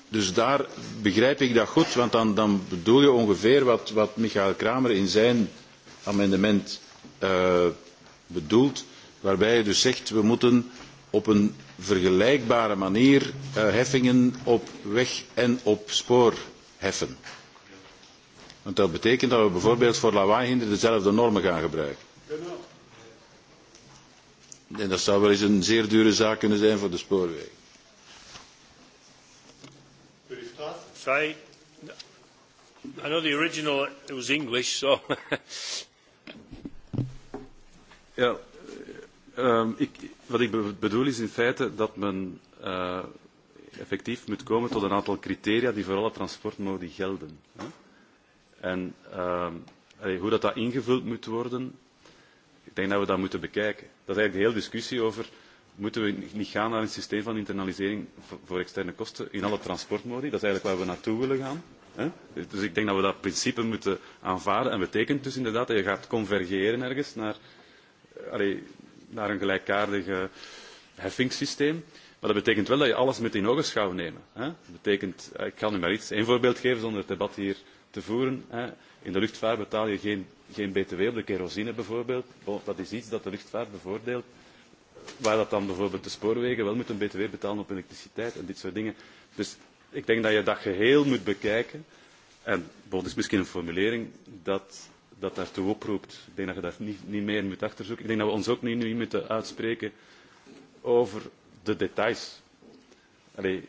Dus daar begrijp ik dat goed, want dan, dan bedoel je ongeveer wat, wat Michael Kramer in zijn amendement uh, bedoelt, waarbij je dus zegt we moeten op een vergelijkbare manier eh, heffingen op weg en op spoor heffen. Want dat betekent dat we bijvoorbeeld voor lawaaihinder dezelfde normen gaan gebruiken. En dat zou wel eens een zeer dure zaak kunnen zijn voor de spoorwegen. I, I know the original it was English, so. yeah, Um, ik, wat ik bedoel is in feite dat men uh, effectief moet komen tot een aantal criteria die voor alle transportmodi gelden. Hè? En uh, allee, hoe dat, dat ingevuld moet worden, ik denk dat we dat moeten bekijken. Dat is eigenlijk de hele discussie over moeten we niet gaan naar een systeem van internalisering voor externe kosten in alle transportmodi. Dat is eigenlijk waar we naartoe willen gaan. Hè? Dus ik denk dat we dat principe moeten aanvaarden. En betekent dus inderdaad dat je gaat convergeren ergens naar allee, naar een gelijkaardig eh, heffingssysteem. Maar dat betekent wel dat je alles moet in ogenschouw nemen. Hè? Dat betekent, eh, ik kan u maar iets, één voorbeeld geven zonder het debat hier te voeren. Hè? In de luchtvaart betaal je geen, geen btw op de kerosine bijvoorbeeld. dat is iets dat de luchtvaart bevoordeelt. Waar dat dan bijvoorbeeld de spoorwegen wel moeten btw betalen op elektriciteit en dit soort dingen. Dus ik denk dat je dat geheel moet bekijken. En dat is misschien een formulering dat dat daartoe oproept. Ik denk dat je daar niet, niet meer moet achterzoeken. Ik denk dat we ons ook niet, niet moeten uitspreken over de details. Allee,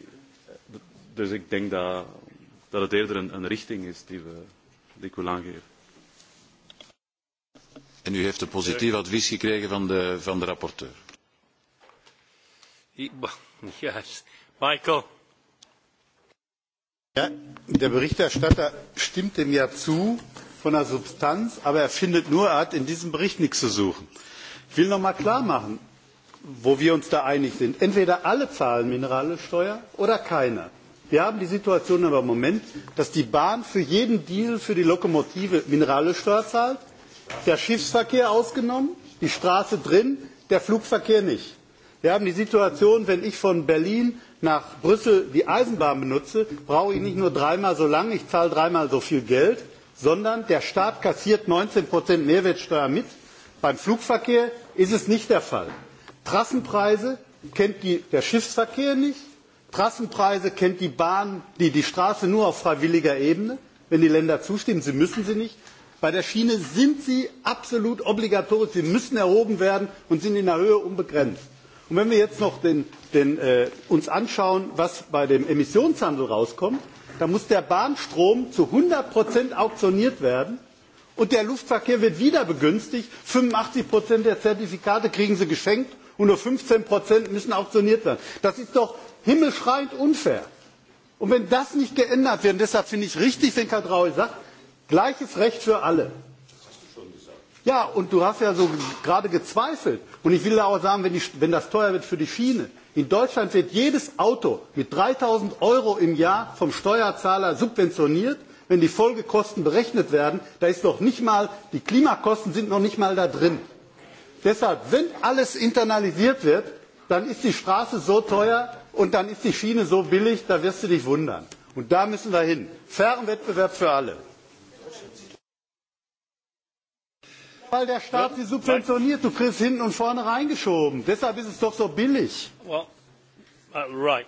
dus ik denk dat, dat het eerder een, een richting is die, we, die ik wil aangeven. En u heeft een positief eh. advies gekregen van de, van de rapporteur. Yes. Michael. Ja, der Berichterstatter stimmt stimmte ja zu, von der Substanz, aber er findet nur, er hat in diesem Bericht nichts zu suchen. Ich will noch mal klar machen, wo wir uns da einig sind. Entweder alle zahlen Mineralsteuer oder keiner. Wir haben die Situation aber im Moment, dass die Bahn für jeden Deal für die Lokomotive Mineralsteuer zahlt, der Schiffsverkehr ausgenommen, die Straße drin, der Flugverkehr nicht. Wir haben die Situation, wenn ich von Berlin nach Brüssel die Eisenbahn benutze, brauche ich nicht nur dreimal so lange, ich zahle dreimal so viel Geld, sondern der staat kassiert neunzehn mehrwertsteuer mit beim flugverkehr ist es nicht der fall. trassenpreise kennt der schiffsverkehr nicht trassenpreise kennt die bahn die, die straße nur auf freiwilliger ebene wenn die länder zustimmen sie müssen sie nicht. bei der schiene sind sie absolut obligatorisch sie müssen erhoben werden und sind in der höhe unbegrenzt. wenn wir uns jetzt noch äh, anschauen was bei dem emissionshandel herauskommt da muss der bahnstrom zu einhundert auktioniert werden und der luftverkehr wird wieder begünstigt fünfundachtzig der zertifikate kriegen sie geschenkt und nur fünfzehn müssen auktioniert werden. das ist doch himmelschreiend unfair! und wenn das nicht geändert wird und deshalb finde ich es richtig wenn herr cadraui sagt gleiches recht für alle. Ja, und du hast ja so gerade gezweifelt. Und ich will da auch sagen, wenn, die, wenn das teuer wird für die Schiene. In Deutschland wird jedes Auto mit 3000 Euro im Jahr vom Steuerzahler subventioniert. Wenn die Folgekosten berechnet werden, da ist noch nicht mal, die Klimakosten sind noch nicht mal da drin. Deshalb, wenn alles internalisiert wird, dann ist die Straße so teuer und dann ist die Schiene so billig, da wirst du dich wundern. Und da müssen wir hin. Fairen Wettbewerb für alle. weil der Staat sie subventioniert. Du kriegst hinten und vorne reingeschoben. Deshalb ist es doch so billig. Well, uh, right.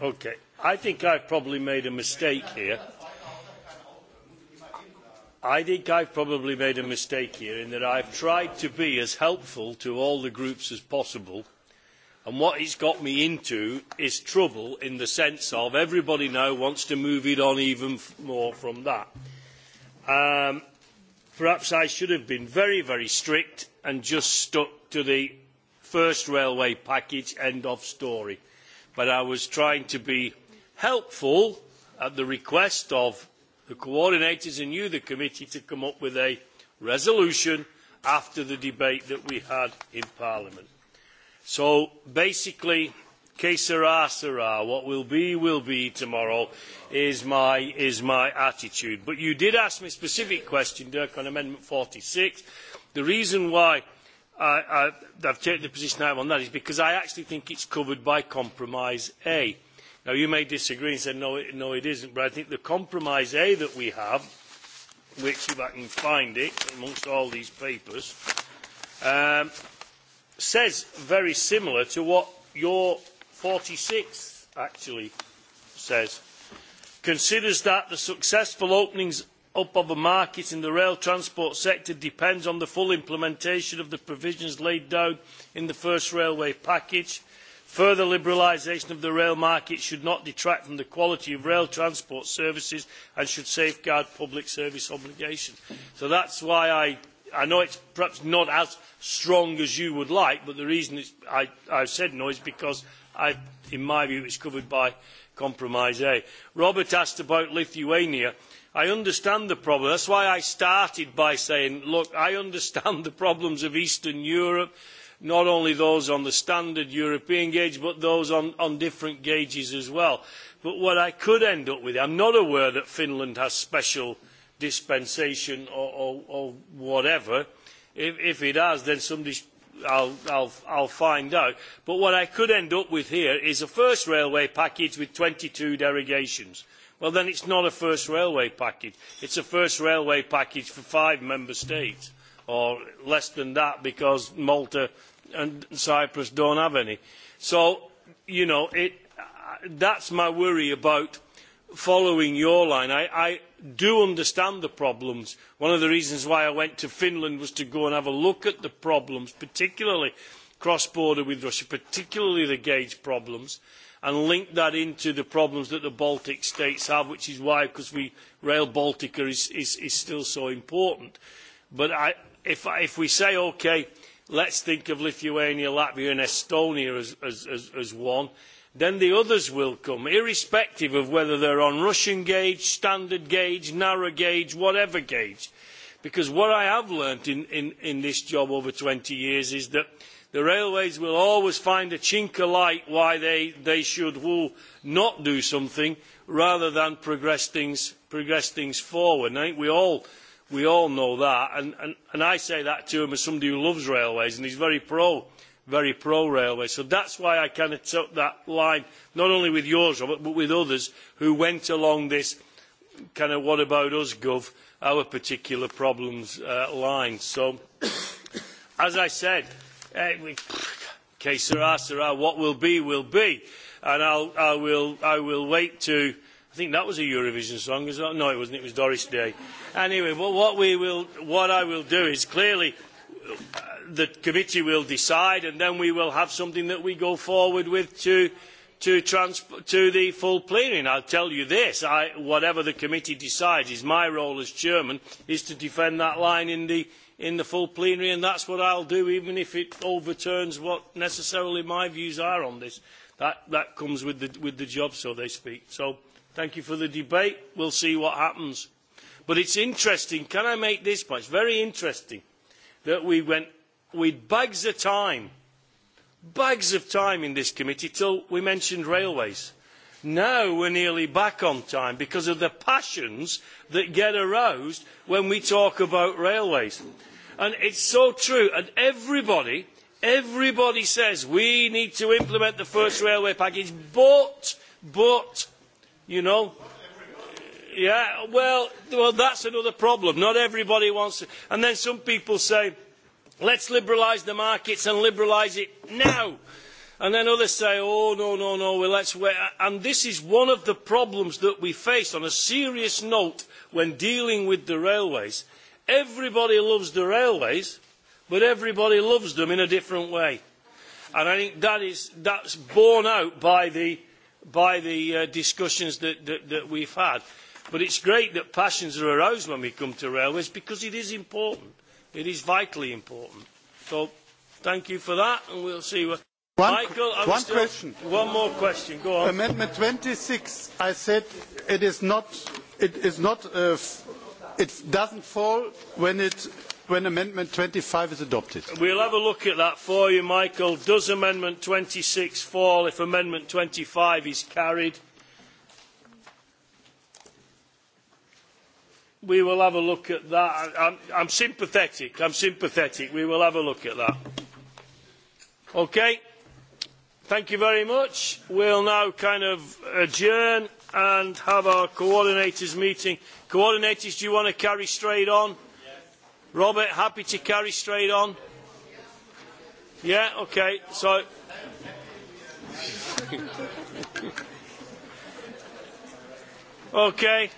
Okay. I think I've probably made a mistake here. I think I've probably made a mistake here in that I've tried to be as helpful to all the groups as possible. And what it's got me into is trouble in the sense of everybody now wants to move it on even more from that. Um, perhaps I should have been very, very strict and just stuck to the first railway package, end of story. But I was trying to be helpful at the request of the coordinators and you, the committee, to come up with a resolution after the debate that we had in Parliament. So basically, que sera, sera, what will be, will be tomorrow is my, is my attitude. But you did ask me a specific question, Dirk, on Amendment 46. The reason why I, I, I've taken the position I have on that is because I actually think it's covered by Compromise A. Now, you may disagree and say, no, it, no, it isn't, but I think the Compromise A that we have, which, if I can find it, amongst all these papers, um, says very similar to what your 46 actually says, considers that the successful openings up of a market in the rail transport sector depends on the full implementation of the provisions laid down in the first railway package. Further liberalisation of the rail market should not detract from the quality of rail transport services and should safeguard public service obligations. So that's why I, I know it's perhaps not as strong as you would like, but the reason it's, I, I've said no is because in my view, is covered by Compromise A. Robert asked about Lithuania. I understand the problem. That's why I started by saying, look, I understand the problems of Eastern Europe, not only those on the standard European gauge, but those on, on different gauges as well. But what I could end up with, I'm not aware that Finland has special dispensation or, or, or whatever. If, if it has, then somebody I'll, I'll, I'll find out. But what I could end up with here is a first railway package with 22 derogations. Well, then it's not a first railway package. It's a first railway package for five member states, or less than that, because Malta and Cyprus don't have any. So, you know, it, that's my worry about following your line. I, I do understand the problems. One of the reasons why I went to Finland was to go and have a look at the problems, particularly cross-border with Russia, particularly the gauge problems, and link that into the problems that the Baltic states have, which is why, because we, Rail Baltica is, is, is still so important. But I, if, if we say, okay, let's think of Lithuania, Latvia and Estonia as, as, as, as one, then the others will come, irrespective of whether they are on Russian gauge, standard gauge, narrow gauge, whatever gauge. Because what I have learnt in, this job over twenty years is that the railways will always find a chink of light why they, should not do something rather than progress things, forward. I think we all, know that. And, I say that to him as somebody who loves railways and is very pro very pro railway. So that's why I kind of took that line, not only with yours, Robert, but with others who went along this kind of what about us, Gov, our particular problems uh, line. So, as I said, uh, we, que sera, sera, what will be, will be. And I'll, I, will, I will wait to. I think that was a Eurovision song, is that? No, it wasn't. It was Doris Day. Anyway, well, what, we will, what I will do is clearly. Uh, the committee will decide and then we will have something that we go forward with to, to, to the full plenary. And I'll tell you this, I, whatever the committee decides is my role as chairman is to defend that line in the, in the full plenary and that's what I'll do even if it overturns what necessarily my views are on this. That, that comes with the, with the job, so they speak. So thank you for the debate. We'll see what happens. But it's interesting, can I make this point? It's very interesting that we went with bags of time, bags of time in this committee till we mentioned railways. Now we're nearly back on time because of the passions that get aroused when we talk about railways. And it's so true. And everybody, everybody says we need to implement the first railway package, but, but, you know, yeah, well, well, that's another problem. Not everybody wants to. And then some people say, let's liberalise the markets and liberalise it now. And then others say, oh, no, no, no, well, let's wait. And this is one of the problems that we face on a serious note when dealing with the railways. Everybody loves the railways, but everybody loves them in a different way. And I think that is, that's borne out by the, by the uh, discussions that, that, that we've had. But it's great that passions are aroused when we come to railways because it is important It is vitally important. So thank you for that, and we'll see what. One, Michael, one still, question. One more question. Go on. Amendment 26. I said it is not. It is not. Uh, it doesn't fall when it when amendment 25 is adopted. We'll have a look at that for you, Michael. Does amendment 26 fall if amendment 25 is carried? we will have a look at that. I, I'm, I'm sympathetic. I'm sympathetic. We will have a look at that. Okay. Thank you very much. We'll now kind of adjourn and have our coordinators meeting. Coordinators, do you want to carry straight on? Yes. Robert, happy to carry straight on? Yeah, okay. So. okay.